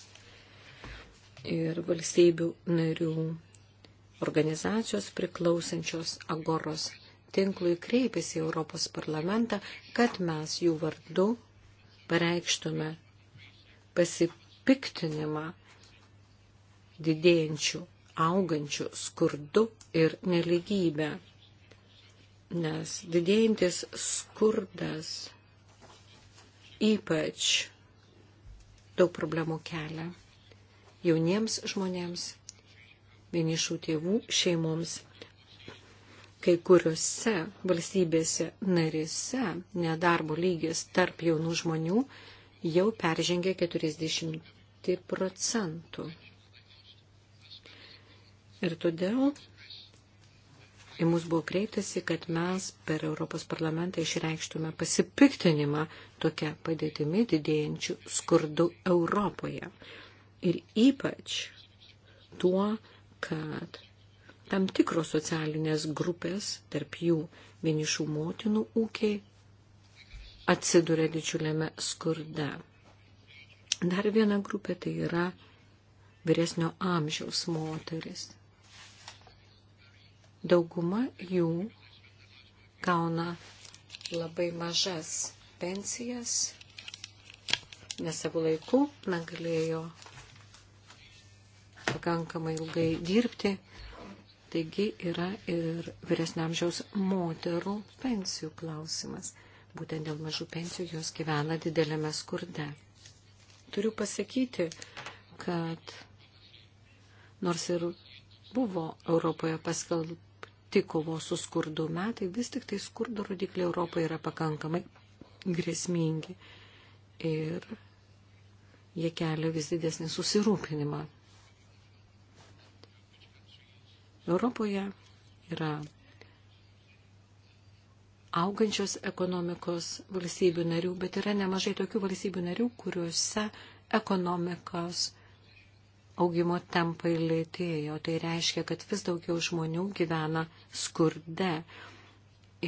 ir valstybių narių Organizacijos priklausančios Agoros tinklui kreipėsi į Europos parlamentą, kad mes jų vardu pareikštume pasipiktinimą didėjančių, augančių skurdu ir neligybę. Nes didėjantis skurdas ypač daug problemų kelia jauniems žmonėms vienišų tėvų šeimoms. Kai kuriuose valstybėse narėse nedarbo lygis tarp jaunų žmonių jau peržengė 40 procentų. Ir todėl į mus buvo kreiptasi, kad mes per Europos parlamentą išreikštume pasipiktinimą tokia padėtimi didėjančių skurdų Europoje. Ir ypač tuo, kad tam tikros socialinės grupės, tarp jų vienišų motinų ūkiai, atsiduria didžiuliame skurde. Dar viena grupė tai yra vyresnio amžiaus moteris. Dauguma jų gauna labai mažas pensijas, nes savo laiku negalėjo pakankamai ilgai dirbti. Taigi yra ir vyresniamžiaus moterų pensijų klausimas. Būtent dėl mažų pensijų jos gyvena didelėme skurde. Turiu pasakyti, kad nors ir buvo Europoje paskelbti kovos su skurdu metai, vis tik tai skurdo rodikliai Europoje yra pakankamai grėsmingi ir jie kelia vis didesnį susirūpinimą Europoje yra augančios ekonomikos valstybių narių, bet yra nemažai tokių valstybių narių, kuriuose ekonomikos augimo tempai lėtėjo. Tai reiškia, kad vis daugiau žmonių gyvena skurde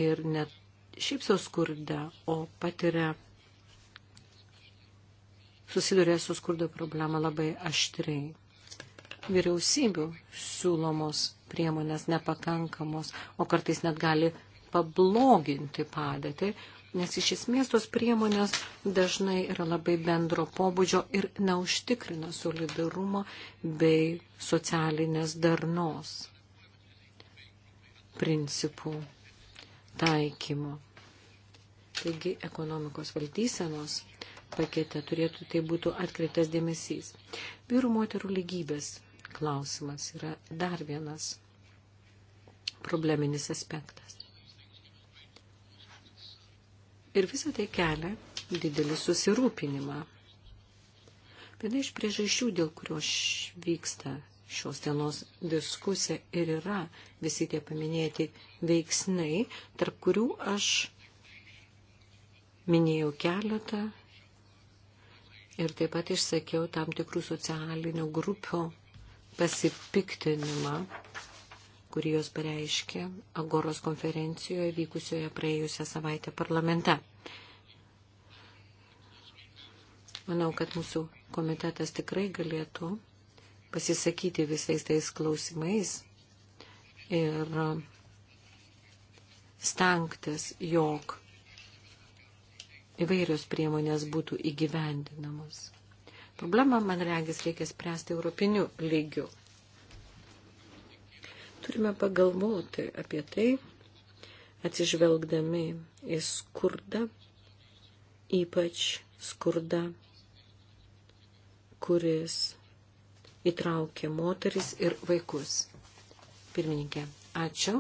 ir net šiaip jau skurde, o patiria susiduria su skurdo problema labai aštriai vyriausybių siūlomos priemonės nepakankamos, o kartais net gali pabloginti padėtį, nes iš esmės tos priemonės dažnai yra labai bendro pobūdžio ir neužtikrina solidarumo bei socialinės darnos principų taikymo. Taigi ekonomikos valdysenos pakete turėtų tai būtų atkreiptas dėmesys. Vyrų moterų lygybės klausimas yra dar vienas probleminis aspektas. Ir visą tai kelia didelį susirūpinimą. Viena iš priežasčių, dėl kurios vyksta šios dienos diskusija ir yra visi tie paminėti veiksniai, tarp kurių aš minėjau keletą ir taip pat išsakiau tam tikrų socialinių grupių pasipiktinimą, kurį jos pareiškė Agoros konferencijoje vykusioje praėjusią savaitę parlamente. Manau, kad mūsų komitetas tikrai galėtų pasisakyti visais tais klausimais ir stengtis, jog įvairios priemonės būtų įgyvendinamos. Problemą, man regis, reikia spręsti europiniu lygiu. Turime pagalvoti apie tai, atsižvelgdami į skurdą, ypač skurdą, kuris įtraukia moteris ir vaikus. Pirmininkė, ačiū.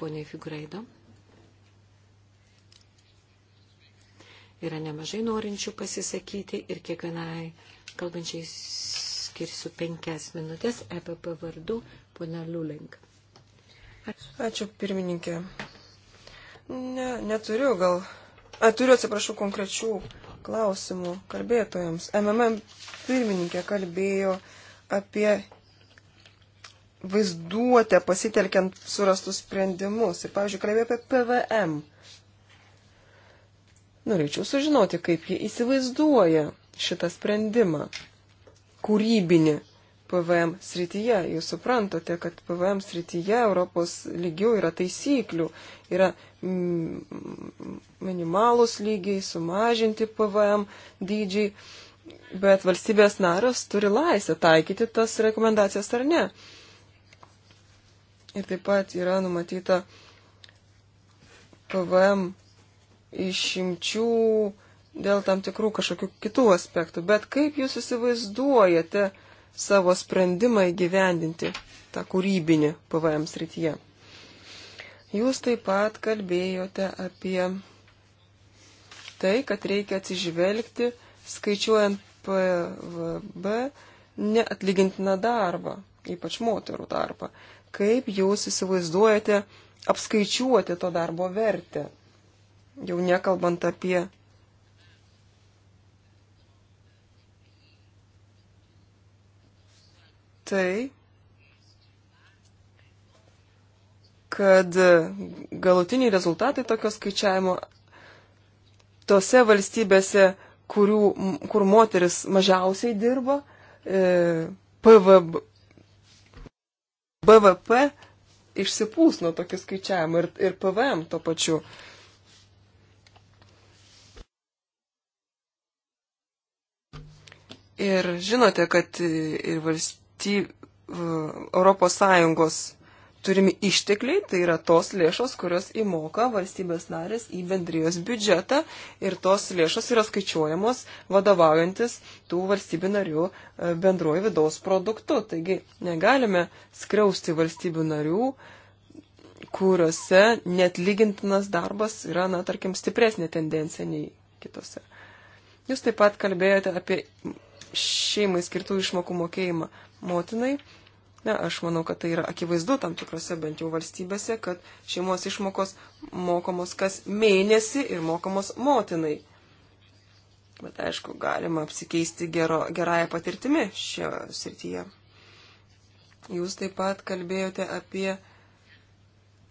Pone Figuraido. Yra nemažai norinčių pasisakyti ir kiekvienai kalbančiai skirsiu penkias minutės EPP vardu pona Liulink. Ačiū pirmininkė. Ne, neturiu gal. A, turiu, atsiprašau, konkrečių klausimų kalbėtojams. MMM pirmininkė kalbėjo apie vaizduotę pasitelkiant surastus sprendimus. Ir, pavyzdžiui, kalbėjo apie PVM Norėčiau sužinoti, kaip jie įsivaizduoja šitą sprendimą kūrybinį PVM srityje. Jūs suprantate, kad PVM srityje Europos lygių yra taisyklių, yra mm, minimalus lygiai, sumažinti PVM dydžiai, bet valstybės naras turi laisvę taikyti tas rekomendacijas ar ne. Ir taip pat yra numatyta PVM išimčių dėl tam tikrų kažkokių kitų aspektų. Bet kaip jūs įsivaizduojate savo sprendimą įgyvendinti tą kūrybinį PVM srityje? Jūs taip pat kalbėjote apie tai, kad reikia atsižvelgti, skaičiuojant PVB, neatlygintiną darbą, ypač moterų darbą. Kaip jūs įsivaizduojate apskaičiuoti to darbo vertę? Jau nekalbant apie tai, kad galutiniai rezultatai tokio skaičiavimo tose valstybėse, kurių, kur moteris mažiausiai dirba, e, PVB, BVP išsipūs nuo tokio skaičiavimo ir, ir PVM to pačiu. Ir žinote, kad ir valstyb... Europos Sąjungos turimi ištekliai, tai yra tos lėšos, kurios įmoka valstybės narės į bendrijos biudžetą ir tos lėšos yra skaičiuojamos vadovaujantis tų valstybių narių e, bendruoju vidaus produktu. Taigi negalime skriausti valstybių narių, kuriuose net lygintinas darbas yra, na, tarkim, stipresnė tendencija nei kitose. Jūs taip pat kalbėjote apie šeimai skirtų išmokų mokėjimą motinai. Na, aš manau, kad tai yra akivaizdu tam tikrose bent jau valstybėse, kad šeimos išmokos mokamos kas mėnesį ir mokamos motinai. Bet aišku, galima apsikeisti gero, gerąją patirtimį šioje srityje. Jūs taip pat kalbėjote apie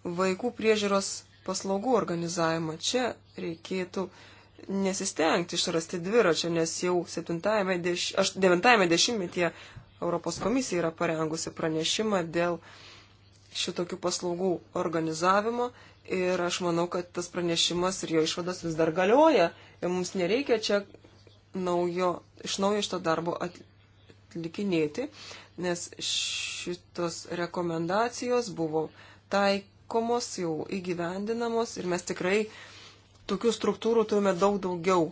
vaikų priežiūros paslaugų organizavimą. Čia reikėtų uh, nesistengti išrasti dviračio, nes jau 9-ame deš... dešimtmetyje Europos komisija yra parengusi pranešimą dėl šitokių paslaugų organizavimo ir aš manau, kad tas pranešimas ir jo išvadas vis dar galioja ir mums nereikia čia naujo, iš naujo šito darbo atlikinėti, nes šitos rekomendacijos buvo taikomos, jau įgyvendinamos ir mes tikrai uh, tokių struktūrų turime daug daugiau.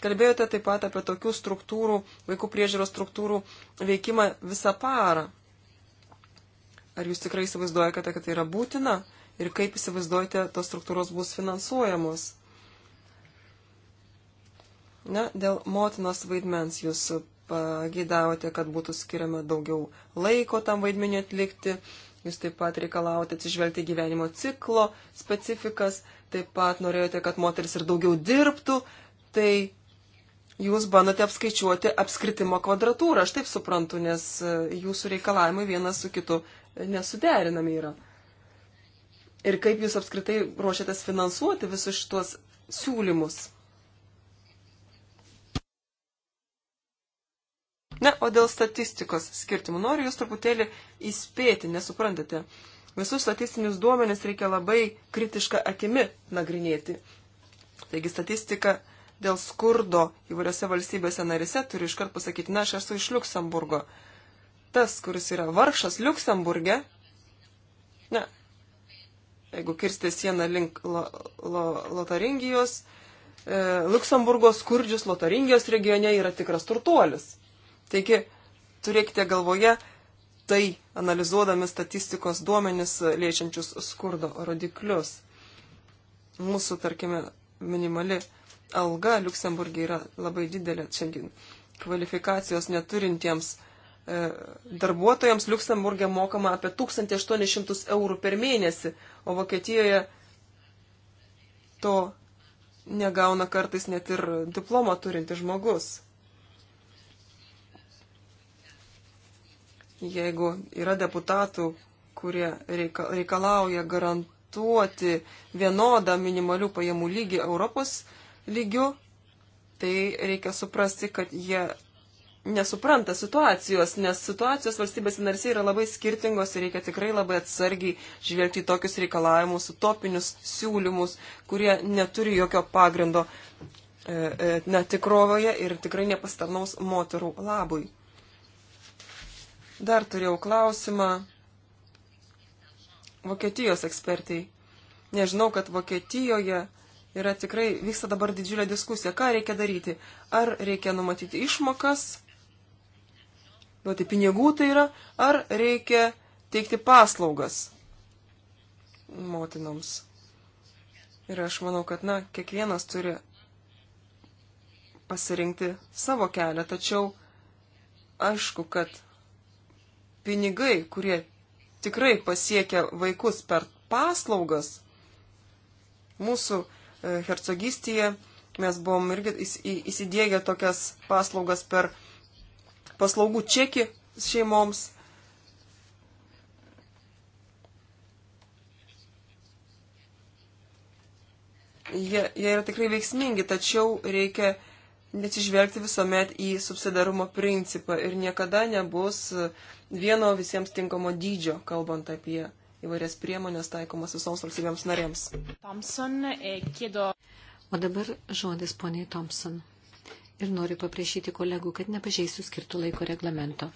Kalbėjote taip pat apie tokių struktūrų, vaikų priežiūros struktūrų veikimą visą parą. Ar jūs tikrai įsivaizduojate, kad tai yra būtina ir kaip įsivaizduojate, tos struktūros bus finansuojamos? Na, dėl motinos vaidmens jūs pagėdavote, kad būtų skiriama daugiau laiko tam vaidmeniu atlikti, jūs taip pat reikalavote atsižvelgti gyvenimo ciklo specifikas taip pat norėjote, kad moteris ir daugiau dirbtų, tai jūs bandote apskaičiuoti apskritimo kvadratūrą, aš taip suprantu, nes e, jūsų reikalavimai vienas su kitu nesuderinami yra. Ir kaip jūs apskritai ruošiatės finansuoti visus šitos siūlymus? Na, o dėl statistikos skirtimų noriu jūs truputėlį įspėti, nesuprantate. Uh, Visus statistinius duomenis reikia labai kritišką akimi nagrinėti. Taigi statistika dėl skurdo įvairiose valstybėse narise turi iškart pasakyti, na, aš esu iš Luksemburgo. Tas, kuris yra vargšas Luksemburge, ne, jeigu kirsti sieną link lo, lo, Lotaringijos, e, Luksemburgo skurdžius Lotaringijos regione yra tikras turtuolis. Taigi, turėkite galvoje, rimtai analizuodami statistikos duomenis liečiančius skurdo rodiklius. Mūsų, tarkime, minimali alga Luksemburgė yra labai didelė. Šiandien kvalifikacijos neturintiems e, darbuotojams Luksemburgė mokama apie 1800 eurų per mėnesį, o Vokietijoje to negauna kartais net ir diplomą turinti žmogus. Jeigu yra deputatų, kurie reikalauja garantuoti vienodą minimalių pajamų lygį Europos lygiu, tai reikia suprasti, kad jie nesupranta situacijos, nes situacijos valstybės narsiai yra labai skirtingos ir reikia tikrai labai atsargiai žvelgti į tokius reikalavimus, utopinius siūlymus, kurie neturi jokio pagrindo e, e, netikrovoje ir tikrai nepastarnaus moterų labui. Dar turėjau klausimą. Vokietijos ekspertai. Nežinau, kad Vokietijoje yra tikrai, vyksta dabar didžiulė diskusija, ką reikia daryti. Ar reikia numatyti išmokas, duoti pinigų tai yra, ar reikia teikti paslaugas motinoms. Ir aš manau, kad, na, kiekvienas turi pasirinkti savo kelią, tačiau aišku, kad pinigai, kurie tikrai pasiekia vaikus per paslaugas, mūsų e, hercogystėje mes buvom irgi įsidėgę tokias paslaugas per paslaugų čekį šeimoms. Jie, jie yra tikrai veiksmingi, tačiau reikia nesižvelgti visuomet į subsidarumo principą ir niekada nebus vieno visiems tinkamo dydžio, kalbant apie įvairias priemonės taikomas visoms valstybėms narėms. Thompson, e, kėdo. O dabar žodis poniai Thompson. Ir noriu paprašyti kolegų, kad nepažeisiu skirtų laiko reglamento.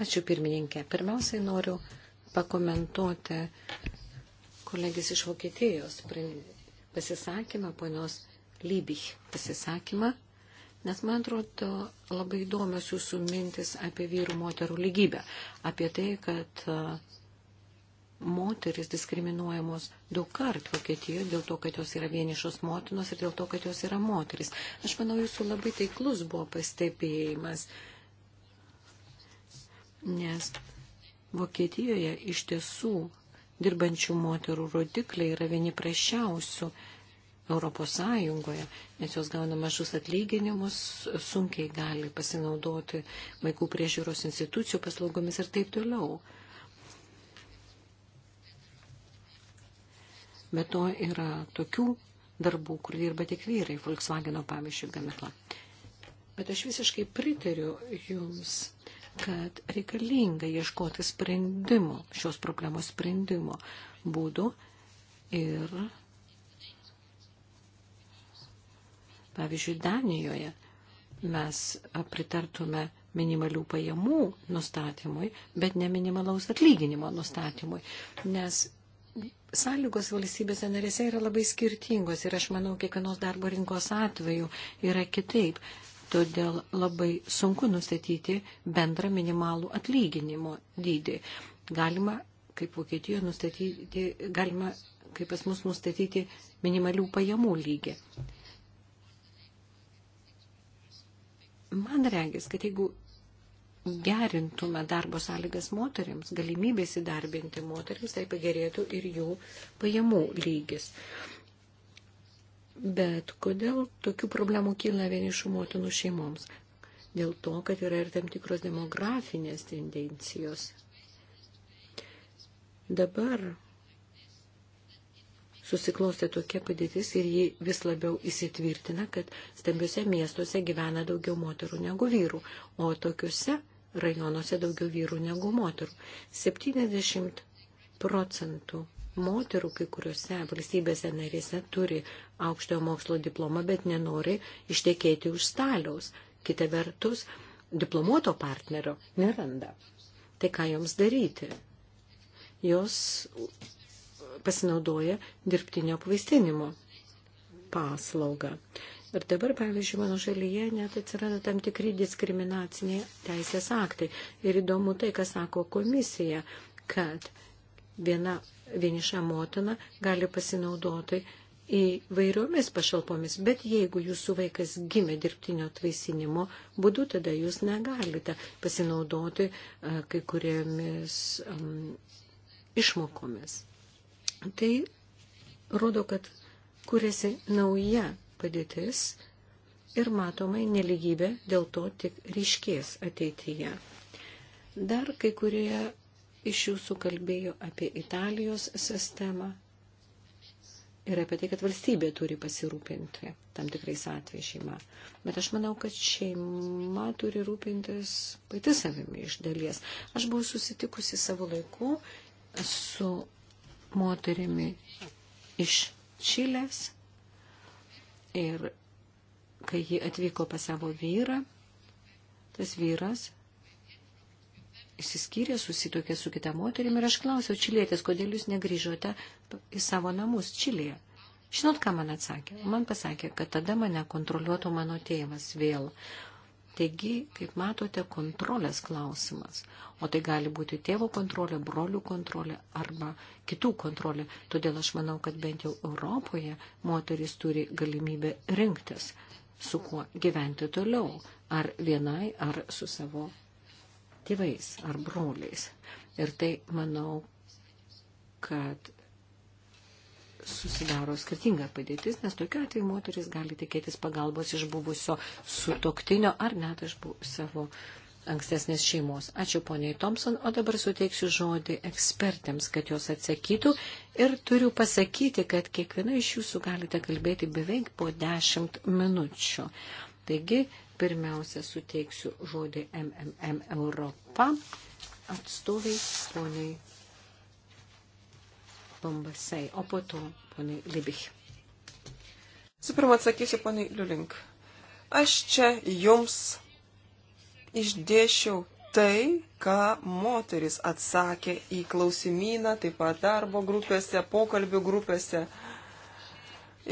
Ačiū pirmininkė. Pirmiausiai noriu pakomentuoti kolegės iš Vokietijos pasisakymą, ponios Lybich pasisakymą Nes man atrodo labai įdomios jūsų mintis apie vyrų moterų lygybę, apie tai, kad e, moteris diskriminuojamos daug kart Vokietijoje dėl to, kad jos yra vienišos motinos ir dėl to, kad jos yra moteris. Aš manau, jūsų labai taiklus buvo pastebėjimas, nes Vokietijoje iš tiesų dirbančių moterų rodikliai yra vieni prašiausių Europos Sąjungoje, nes jos gauna mažus atlyginimus, sunkiai gali pasinaudoti vaikų priežiūros institucijų paslaugomis ir taip toliau. Bet to yra tokių darbų, kur dirba tik vyrai, Volkswageno pavyzdžiui gamykla. Bet aš visiškai pritariu jums, kad reikalinga ieškoti sprendimo, šios problemos sprendimo būdų ir Pavyzdžiui, Danijoje mes pritartume minimalių pajamų nustatymui, bet ne minimalaus atlyginimo nustatymui, nes sąlygos valstybėse narėse yra labai skirtingos ir aš manau, kiekvienos darbo rinkos atveju yra kitaip. Todėl labai sunku nustatyti bendrą minimalų atlyginimo dydį. Galima, kaip Vokietijoje, nustatyti, galima, kaip pas mus, nustatyti minimalių pajamų lygį. Man regis, kad jeigu gerintume darbo sąlygas moteriams, galimybės įdarbinti moteriams, tai pagerėtų ir jų pajamų lygis. Bet kodėl tokių problemų kyla vienišų motinų šeimoms? Dėl to, kad yra ir tam tikros demografinės tendencijos. Dabar susiklostė tokia padėtis ir ji vis labiau įsitvirtina, kad stambiuose miestuose gyvena daugiau moterų negu vyrų, o tokiuose rajonuose daugiau vyrų negu moterų. 70 procentų moterų kai kuriuose valstybėse narėse turi aukštojo mokslo diplomą, bet nenori ištekėti už staliaus. Kita vertus, diplomuoto partnerio neranda. Tai ką joms daryti? Jos pasinaudoja dirbtinio apvaistinimo paslaugą. Ir dabar, pavyzdžiui, mano šalyje net atsirado tam tikri diskriminaciniai teisės aktai. Ir įdomu tai, kas sako komisija, kad viena vieniša motina gali pasinaudoti įvairiomis pašalpomis, bet jeigu jūsų vaikas gimė dirbtinio atvaisinimo būdu, tada jūs negalite pasinaudoti e, kai kuriomis um, išmokomis. Tai rodo, kad kuriasi nauja padėtis ir matomai neligybė dėl to tik ryškės ateityje. Dar kai kurie iš jūsų kalbėjo apie Italijos sistemą ir apie tai, kad valstybė turi pasirūpinti tam tikrais atvejais šeima. Bet aš manau, kad šeima turi rūpintis pati savimi iš dalies. Aš buvau susitikusi savo laiku su moterimi iš Čilės ir kai ji atvyko pas savo vyrą, tas vyras išsiskyrė, susitokė su kita moterimi ir aš klausiau čilietės, kodėl jūs negrįžote į savo namus Čilėje. Žinot, ką man atsakė? Man pasakė, kad tada mane kontroliuotų mano tėvas vėl. Taigi, kaip matote, kontrolės klausimas. O tai gali būti tėvo kontrolė, brolių kontrolė arba kitų kontrolė. Todėl aš manau, kad bent jau Europoje moteris turi galimybę rinktis, su kuo gyventi toliau. Ar vienai, ar su savo tėvais ar broliais. Ir tai, manau, kad susidaro skirtinga padėtis, nes tokiu atveju moteris gali tikėtis pagalbos iš buvusio sutoktinio ar net iš savo ankstesnės šeimos. Ačiū poniai Thompson, o dabar suteiksiu žodį ekspertėms, kad jos atsakytų ir turiu pasakyti, kad kiekviena iš jūsų galite kalbėti beveik po 10 minučių. Taigi, pirmiausia, suteiksiu žodį MMM Europa atstoviai poniai Lombasai, o po to ponai Libich. Su pirma atsakysiu ponai Liulink. Aš čia jums išdėšiau tai, ką moteris atsakė į klausimyną, taip pat darbo grupėse, pokalbių grupėse.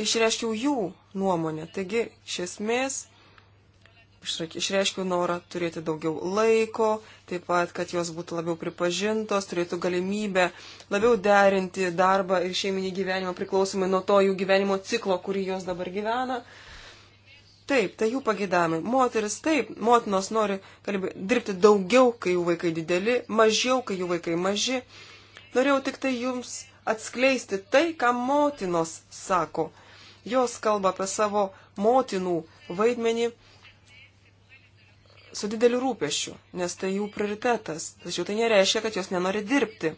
Išreiškiau jų nuomonę. Taigi, iš esmės, išreiškiau norą turėti daugiau laiko, taip pat, kad jos būtų labiau pripažintos, turėtų galimybę labiau derinti darbą ir šeiminį gyvenimą priklausomai nuo to jų gyvenimo ciklo, kurį jos dabar gyvena. Taip, tai jų pagėdami. Moteris, taip, motinos nori kalbė, dirbti daugiau, kai jų vaikai dideli, mažiau, kai jų vaikai maži. Norėjau tik tai jums atskleisti tai, ką motinos sako. Jos kalba apie savo motinų vaidmenį su dideliu rūpešiu, nes tai jų prioritetas. Tačiau tai nereiškia, kad jos nenori dirbti.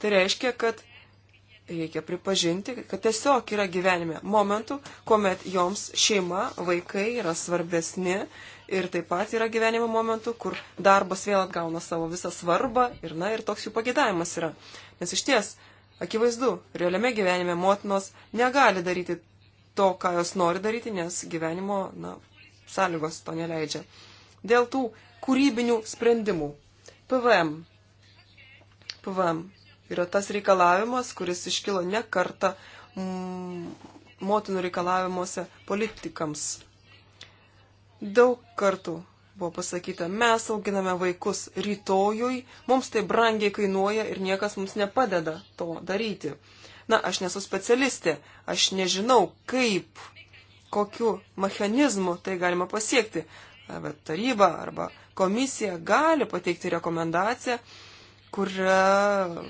Tai reiškia, kad reikia pripažinti, kad tiesiog yra gyvenime momentų, kuomet joms šeima, vaikai yra svarbesni ir taip pat yra gyvenimo momentų, kur darbas vėl atgauna savo visą svarbą ir, na, ir toks jų pagėdavimas yra. Nes iš ties, akivaizdu, realiame gyvenime motinos negali daryti to, ką jos nori daryti, nes gyvenimo, na, sąlygos to neleidžia dėl tų kūrybinių sprendimų. PVM. PVM yra tas reikalavimas, kuris iškilo ne kartą mm, motinų reikalavimuose politikams. Daug kartų buvo pasakyta, mes auginame vaikus rytojui, mums tai brangiai kainuoja ir niekas mums nepadeda to daryti. Na, aš nesu specialistė, aš nežinau, kaip, kokiu mechanizmu tai galima pasiekti, arba taryba arba komisija gali pateikti rekomendaciją, kuria e,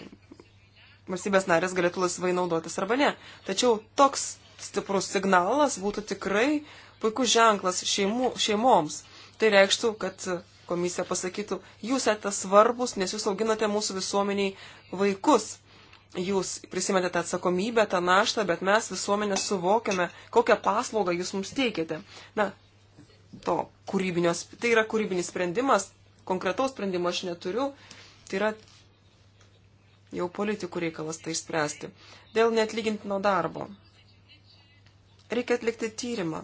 valstybės narės galėtų laisvai naudotis arba ne. Tačiau toks stiprus signalas būtų tikrai puikus ženklas šeimų, šeimoms. Tai reikštų, kad komisija pasakytų, jūs esate svarbus, nes jūs auginate mūsų visuomeniai vaikus. Jūs prisimate tą atsakomybę, tą naštą, bet mes visuomenė suvokiame, kokią paslaugą jūs mums teikėte. Na, to kūrybinio, tai yra kūrybinis sprendimas, konkretaus sprendimo aš neturiu, tai yra jau politikų reikalas tai spręsti. Dėl neatlygintino darbo. Reikia atlikti tyrimą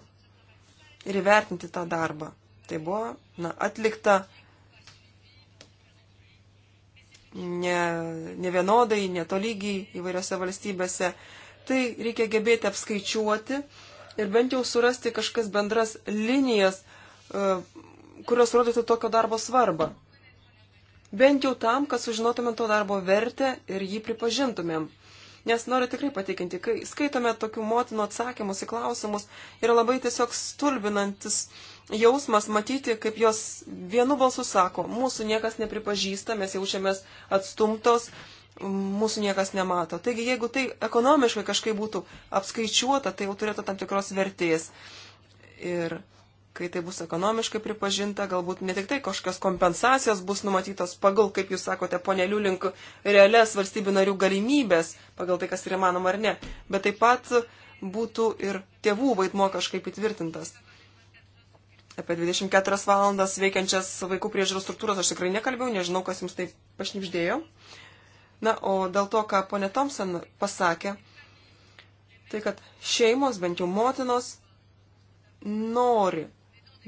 ir įvertinti tą darbą. Tai buvo na, atlikta ne, ne vienodai, netolygiai įvairiose valstybėse. Tai reikia gebėti apskaičiuoti, ir bent jau surasti kažkas bendras linijas, e, kurios rodytų tokio darbo svarbą. Bent jau tam, kad sužinotumėm to darbo vertę ir jį pripažintumėm. Nes noriu tikrai patikinti, kai skaitome tokių motinų atsakymus į klausimus, yra labai tiesiog stulbinantis jausmas matyti, kaip jos vienu balsu sako, mūsų niekas nepripažįsta, mes jaučiamės atstumtos, mūsų niekas nemato. Taigi, jeigu tai ekonomiškai kažkaip būtų apskaičiuota, tai jau turėtų tam tikros vertės. Ir kai tai bus ekonomiškai pripažinta, galbūt ne tik tai kažkokios kompensacijos bus numatytos pagal, kaip jūs sakote, ponelių link realias valstybių narių galimybės, pagal tai, kas yra manoma ar ne, bet taip pat būtų ir tėvų vaidmo kažkaip įtvirtintas. Apie 24 valandas veikiančias vaikų priežiūros struktūros aš tikrai nekalbėjau, nežinau, kas jums tai pašnipždėjo. Uh, Na, o dėl to, ką ponė Thompson pasakė, tai kad šeimos, bent jau motinos, nori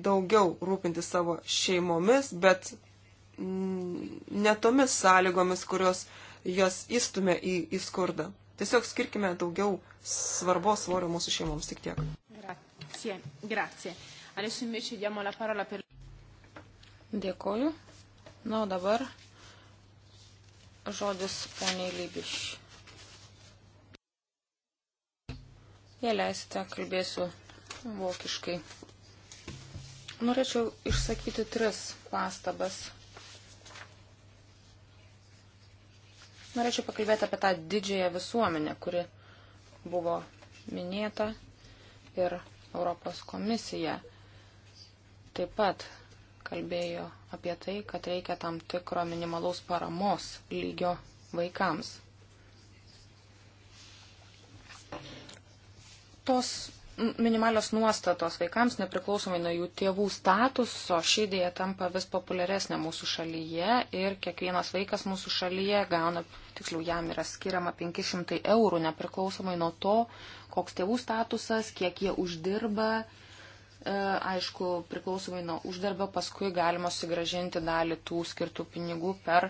daugiau rūpinti savo šeimomis, bet netomis sąlygomis, kurios jos įstumė į, į skurdą. Tiesiog skirkime daugiau svarbos svorio mūsų šeimoms, tik tiek. Grazie, grazie. Adesso invece diamo la parola per... Dėkoju. Na, o dabar žodis poniai Lybiš. Jei leisite, kalbėsiu vokiškai. Norėčiau išsakyti tris pastabas. Norėčiau pakalbėti apie tą didžiąją visuomenę, kuri buvo minėta ir Europos komisija taip pat kalbėjo apie tai, kad reikia tam tikro minimalaus paramos lygio vaikams. Tos minimalios nuostatos vaikams nepriklausomai nuo jų tėvų statuso, ši idėja tampa vis populiaresnė mūsų šalyje ir kiekvienas vaikas mūsų šalyje gauna, tiksliau jam yra skiriama 500 eurų nepriklausomai nuo to, koks tėvų statusas, kiek jie uždirba, E, aišku, priklausomai nuo uždarbio, paskui galima sugražinti dalį tų skirtų pinigų per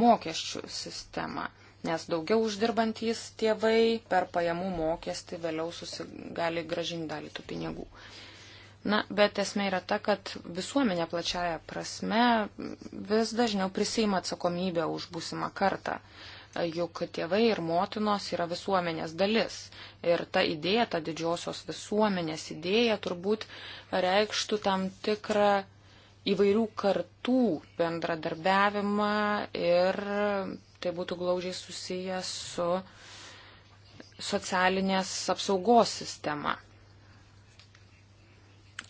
mokesčių sistemą. Nes daugiau uždirbantys tėvai per pajamų mokestį vėliau susi... gali gražinti dalį tų pinigų. Na, bet esmė yra ta, kad visuomenė plačiaja prasme vis dažniau prisima atsakomybę už būsimą kartą. Uh, juk tėvai ir motinos yra visuomenės dalis. Ir ta idėja, ta didžiosios visuomenės idėja turbūt reikštų tam tikrą įvairių kartų bendradarbiavimą ir tai būtų glaudžiai susijęs su socialinės apsaugos sistema.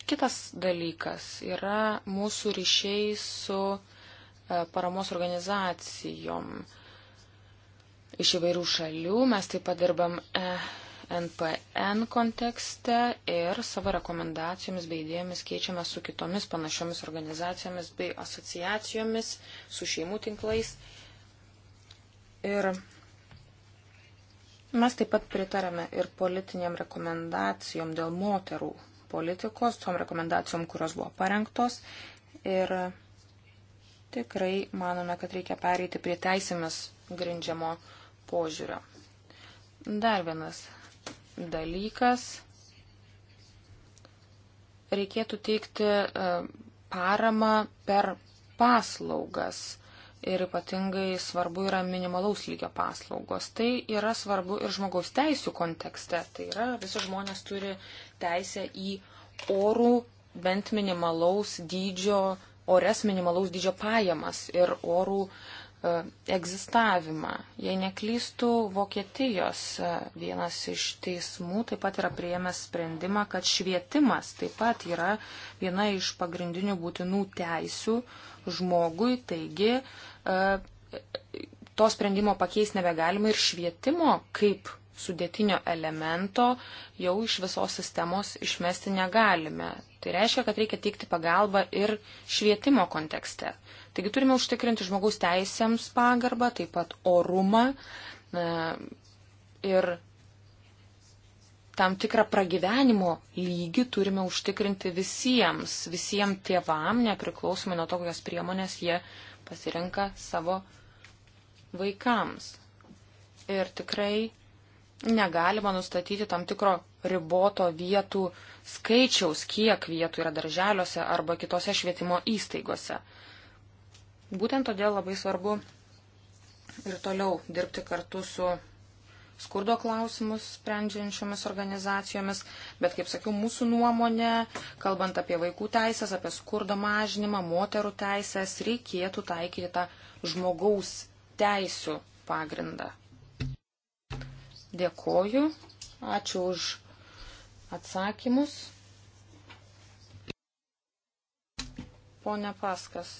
Kitas dalykas yra mūsų ryšiai su e, paramos organizacijom iš įvairių šalių. Mes taip pat dirbam NPN e kontekste ir savo rekomendacijomis bei idėjomis keičiame su kitomis panašiomis organizacijomis bei asociacijomis, su šeimų tinklais. Ir Mes taip pat pritarame ir politiniam rekomendacijom dėl moterų politikos, tom rekomendacijom, kurios buvo parengtos. Ir tikrai manome, kad reikia pereiti prie teisėmis grindžiamo požiūrio. Dar vienas dalykas. Reikėtų teikti e, paramą per paslaugas ir ypatingai svarbu yra minimalaus lygio paslaugos. Tai yra svarbu ir žmogaus teisų kontekste. Tai yra, visi žmonės turi teisę į orų bent minimalaus dydžio, ores minimalaus dydžio pajamas ir orų uh, E, egzistavimą. Jei neklystų, Vokietijos e, vienas iš teismų taip pat yra prieėmęs sprendimą, kad švietimas taip pat yra viena iš pagrindinių būtinų teisių žmogui, taigi e, to sprendimo pakeis nebegalima ir švietimo kaip sudėtinio elemento jau iš visos sistemos išmesti negalime. Tai reiškia, kad reikia teikti pagalbą ir švietimo kontekste. Taigi turime užtikrinti žmogaus teisėms pagarbą, taip pat orumą e, ir tam tikrą pragyvenimo lygį turime užtikrinti visiems, visiems tėvam, nepriklausomai nuo to, kokias priemonės jie pasirenka savo vaikams. Ir tikrai negalima nustatyti tam tikro riboto vietų skaičiaus, kiek vietų yra darželiuose arba kitose švietimo įstaigose. Būtent todėl labai svarbu ir toliau dirbti kartu su skurdo klausimus sprendžiančiomis organizacijomis, bet, kaip sakiau, mūsų nuomonė, kalbant apie vaikų teisės, apie skurdo mažinimą, moterų teisės, reikėtų taikyti tą žmogaus teisų pagrindą. Dėkoju, ačiū už atsakymus. Pone Paskas.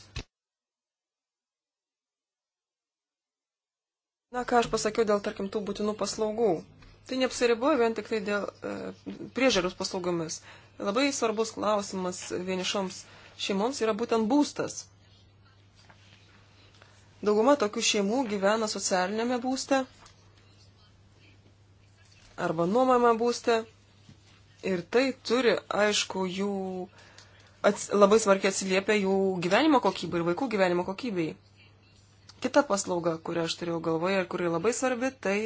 Na, ką aš pasakiau dėl, tarkim, tų būtinų paslaugų. Tai neapsiriboja vien tik tai dėl e, priežarius paslaugomis. Labai svarbus klausimas vienišoms šeimoms yra būtent būstas. Dauguma tokių šeimų gyvena socialinėme būste arba nuomame būste ir tai turi, aišku, jų ats, labai smarkiai atsiliepia jų gyvenimo kokybė ir vaikų gyvenimo kokybei kita paslauga, kurią aš turėjau galvoje ir kuri labai svarbi, tai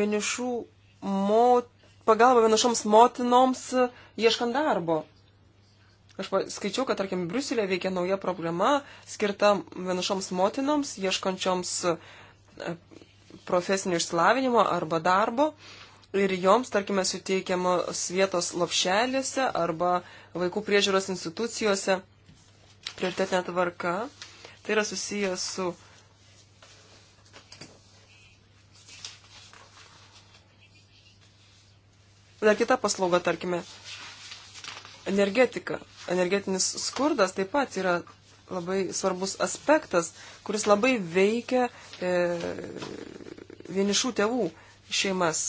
vienišų mot... pagalba vienišoms motinoms ieškant darbo. Aš skaičiau, kad, tarkim, Bruselė veikia nauja programa skirta vienišoms motinoms ieškančioms e, profesinio išsilavinimo arba darbo. Ir joms, tarkime, suteikiamos vietos lopšelėse arba vaikų priežiūros institucijose prioritetinė tvarka. Tai yra susijęs su dar kita paslauga, tarkime, energetika. Energetinis skurdas taip pat yra labai svarbus aspektas, kuris labai veikia e, vienišų tėvų šeimas.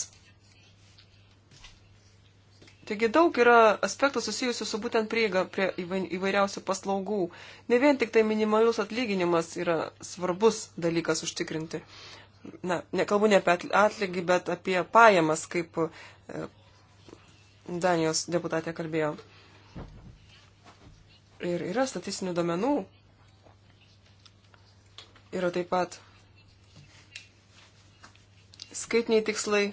Taigi daug yra aspektų susijusių su būtent prieiga prie įvairiausių paslaugų. Ne vien tik tai minimalus atlyginimas yra svarbus dalykas užtikrinti. Na, nekalbu ne apie atlygį, bet apie pajamas, kaip e, Danijos deputatė kalbėjo. Ir yra statistinių domenų. Yra taip pat skaitiniai tikslai,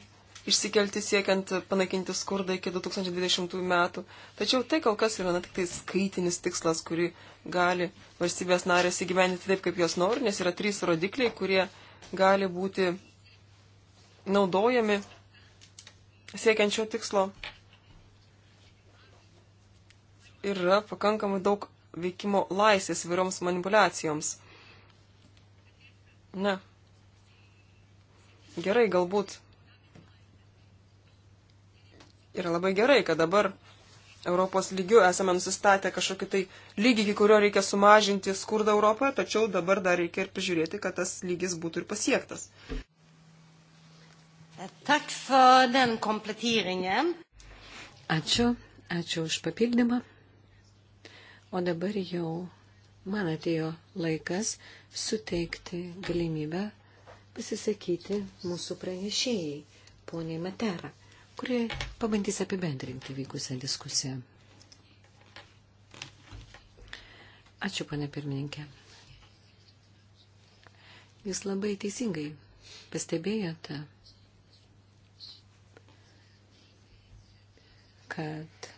išsikelti siekiant panaikinti skurdą iki 2020 metų. Tačiau tai kol kas yra na, tik tai skaitinis tikslas, kurį gali valstybės narės įgyveninti taip, kaip jos nori, nes yra trys rodikliai, kurie gali būti naudojami siekiančio tikslo. Yra pakankamai daug veikimo laisvės įvairioms manipulacijoms. Ne. Gerai, galbūt yra labai gerai, kad dabar Europos lygių esame nusistatę kažkokį tai lygį, iki kurio reikia sumažinti skurdą Europoje, tačiau dabar dar reikia ir pažiūrėti, kad tas lygis būtų ir pasiektas. Ačiū, ačiū už papildymą. O dabar jau man atėjo laikas suteikti galimybę pasisakyti mūsų pranešėjai, poniai Matera kurie pabandys apibendrinti vykusią diskusiją. Ačiū, pane pirmininkė. Jūs labai teisingai pastebėjote, kad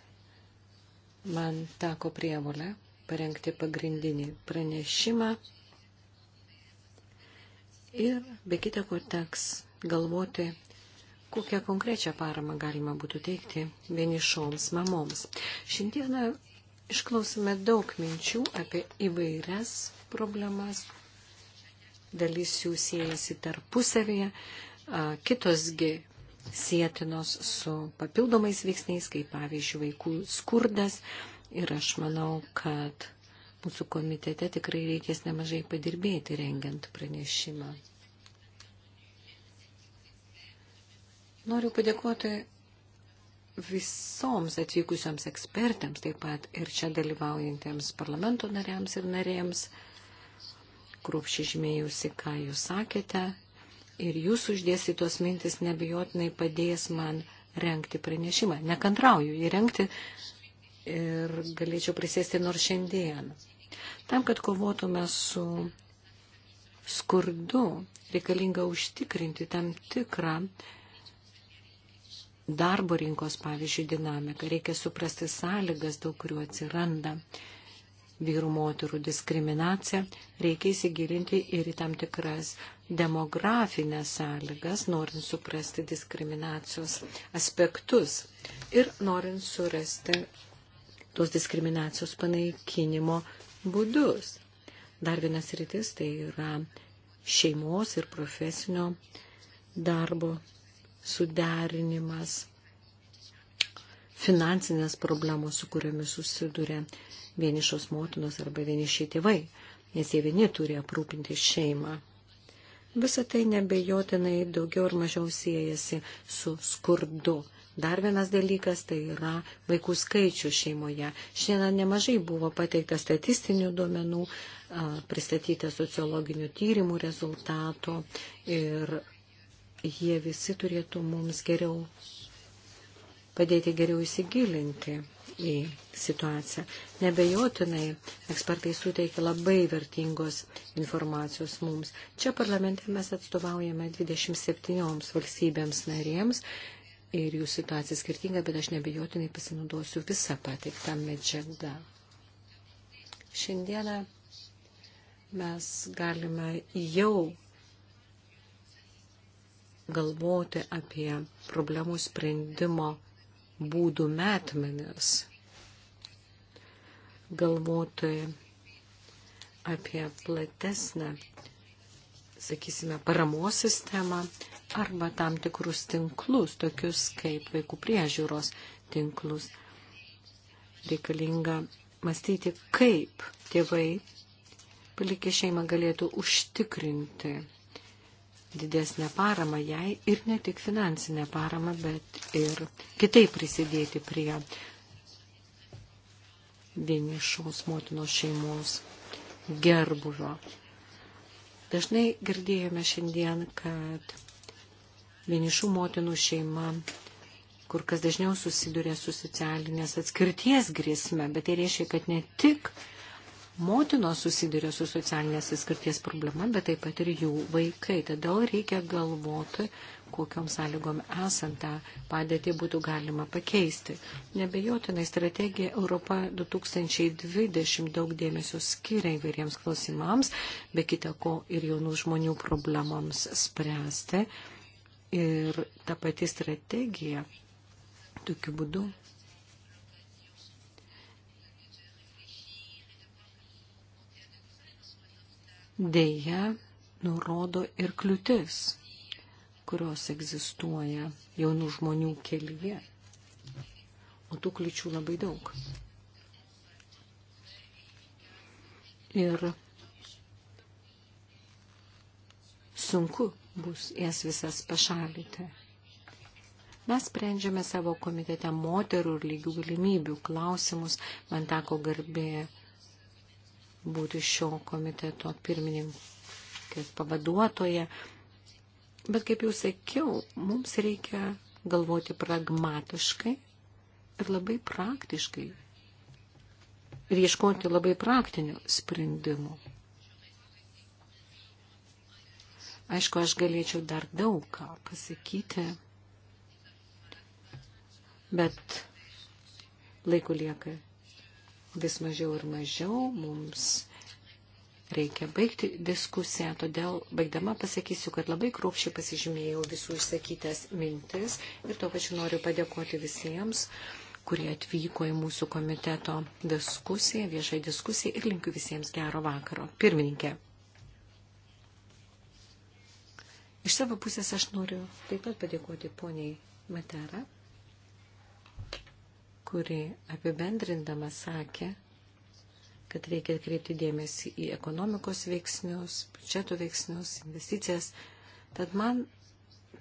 man teko prievolę parengti pagrindinį pranešimą ir be kita kur teks galvoti kokią konkrečią paramą galima būtų teikti vienišoms mamoms. Šiandieną išklausime daug minčių apie įvairias problemas. Dalis jų siejasi tarpusavėje, kitosgi sėtinos su papildomais veiksniais, kaip pavyzdžiui vaikų skurdas. Ir aš manau, kad mūsų komitete tikrai reikės nemažai padirbėti rengiant pranešimą. Noriu padėkoti visoms atvykusioms ekspertėms, taip pat ir čia dalyvaujantiems parlamento nariams ir narėms. Krupšiai žymėjusi, ką jūs sakėte. Ir jūsų uždėstytos mintis nebejotinai padės man renkti pranešimą. Nekantrauju jį renkti ir galėčiau prisėsti nors šiandien. Tam, kad kovotume su skurdu, reikalinga užtikrinti tam tikrą darbo rinkos, pavyzdžiui, dinamiką. Reikia suprasti sąlygas, dėl kurių atsiranda vyrų moterų diskriminacija. Reikia įsigilinti ir į tam tikras demografinės sąlygas, norint suprasti diskriminacijos aspektus ir norint surasti tos diskriminacijos panaikinimo būdus. Dar vienas rytis tai yra šeimos ir profesinio darbo suderinimas, finansinės problemos, su kuriomis susiduria vienišos motinos arba vienišiai tėvai, nes jie vieni turi aprūpinti šeimą. Visą tai nebejotinai daugiau ar mažiau siejasi su skurdu. Dar vienas dalykas tai yra vaikų skaičių šeimoje. Šiandien nemažai buvo pateikta statistinių duomenų, pristatyta sociologinių tyrimų rezultatų ir jie visi turėtų mums geriau padėti geriau įsigilinti į situaciją. Nebejotinai ekspertai suteikia labai vertingos informacijos mums. Čia parlamente mes atstovaujame 27 valstybėms narėms ir jų situacija skirtinga, bet aš nebejotinai pasinaudosiu visą pateiktą medžiagą. Šiandieną mes galime jau galvoti apie problemų sprendimo būdų metmenis, galvoti apie platesnę, sakysime, paramos sistemą arba tam tikrus tinklus, tokius kaip vaikų priežiūros tinklus. Reikalinga mąstyti, kaip tėvai palikę šeimą galėtų užtikrinti didesnę paramą jai ir ne tik finansinę paramą, bet ir kitaip prisidėti prie vienišaus motinos šeimos gerbuvio. Dažnai girdėjome šiandien, kad vienišų motinų šeima kur kas dažniau susiduria su socialinės atskirties grėsme, bet tai reiškia, kad ne tik motinos susiduria su socialinės įskirties problema, bet taip pat ir jų vaikai. Todėl reikia galvoti, kokiom sąlygom esant tą padėtį būtų galima pakeisti. Nebejotinai strategija Europa 2020 daug dėmesio skiria įvairiems klausimams, be kita ko ir jaunų žmonių problemams spręsti. Ir ta pati strategija tokiu būdu dėja nurodo ir kliūtis, kurios egzistuoja jaunų žmonių kelyje. O tų kliučių labai daug. Ir sunku bus jas visas pašalinti. Mes sprendžiame savo komitete moterų ir lygių galimybių klausimus. Man teko garbė būti šio komiteto pirmininkės pavaduotoje. Bet kaip jau sakiau, mums reikia galvoti pragmatiškai ir labai praktiškai. Ir ieškoti labai praktinių sprendimų. Aišku, aš galėčiau dar daug ką pasakyti, bet laiko lieka vis mažiau ir mažiau, mums reikia baigti diskusiją, todėl baigdama pasakysiu, kad labai kruopšiai pasižymėjau visų išsakytas mintis ir to pačiu noriu padėkoti visiems, kurie atvyko į mūsų komiteto diskusiją, viešai diskusiją ir linkiu visiems gero vakaro. Pirmininkė. Iš savo pusės aš noriu taip pat padėkoti poniai Matera kuri apibendrindama sakė, kad reikia kreipti dėmesį į ekonomikos veiksnius, biudžeto veiksnius, investicijas. Tad man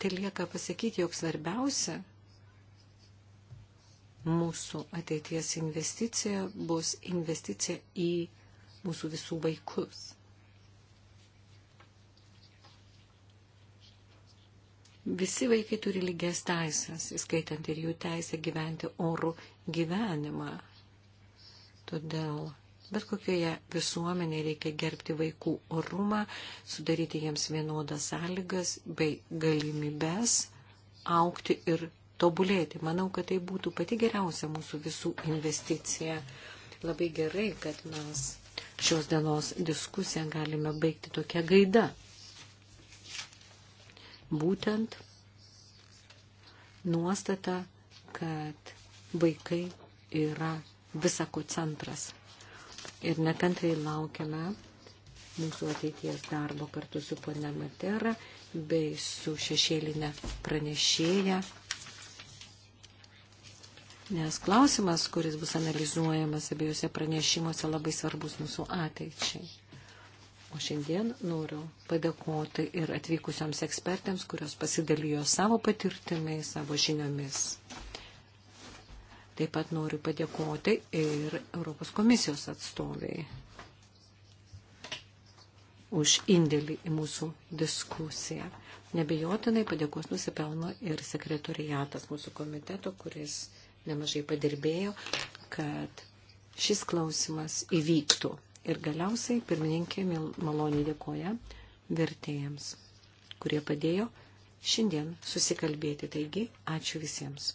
tai lieka pasakyti, jog svarbiausia mūsų ateities investicija bus investicija į mūsų visų vaikus. Visi vaikai turi lygias teisės, įskaitant ir jų teisę gyventi orų gyvenimą. Todėl bet kokioje visuomenėje reikia gerbti vaikų orumą, sudaryti jiems vienodas sąlygas bei galimybės aukti ir tobulėti. Manau, kad tai būtų pati geriausia mūsų visų investicija. Labai gerai, kad mes šios dienos diskusiją galime baigti tokia gaida. Būtent nuostata, kad Vaikai yra visako centras. Ir nekantrai laukiame mūsų ateities darbo kartu su ponia Matera bei su šešėlinė pranešėja. Nes klausimas, kuris bus analizuojamas abiejose pranešimuose, labai svarbus mūsų ateičiai. O šiandien noriu padėkoti ir atvykusioms ekspertėms, kurios pasidalijo savo patirtimai, savo žiniomis. Taip pat noriu padėkoti ir Europos komisijos atstoviai už indėlį į mūsų diskusiją. Nebejotinai padėkos nusipelno ir sekretoriatas mūsų komiteto, kuris nemažai padirbėjo, kad šis klausimas įvyktų. Ir galiausiai pirmininkė maloniai dėkoja vertėjams, kurie padėjo šiandien susikalbėti. Taigi, ačiū visiems.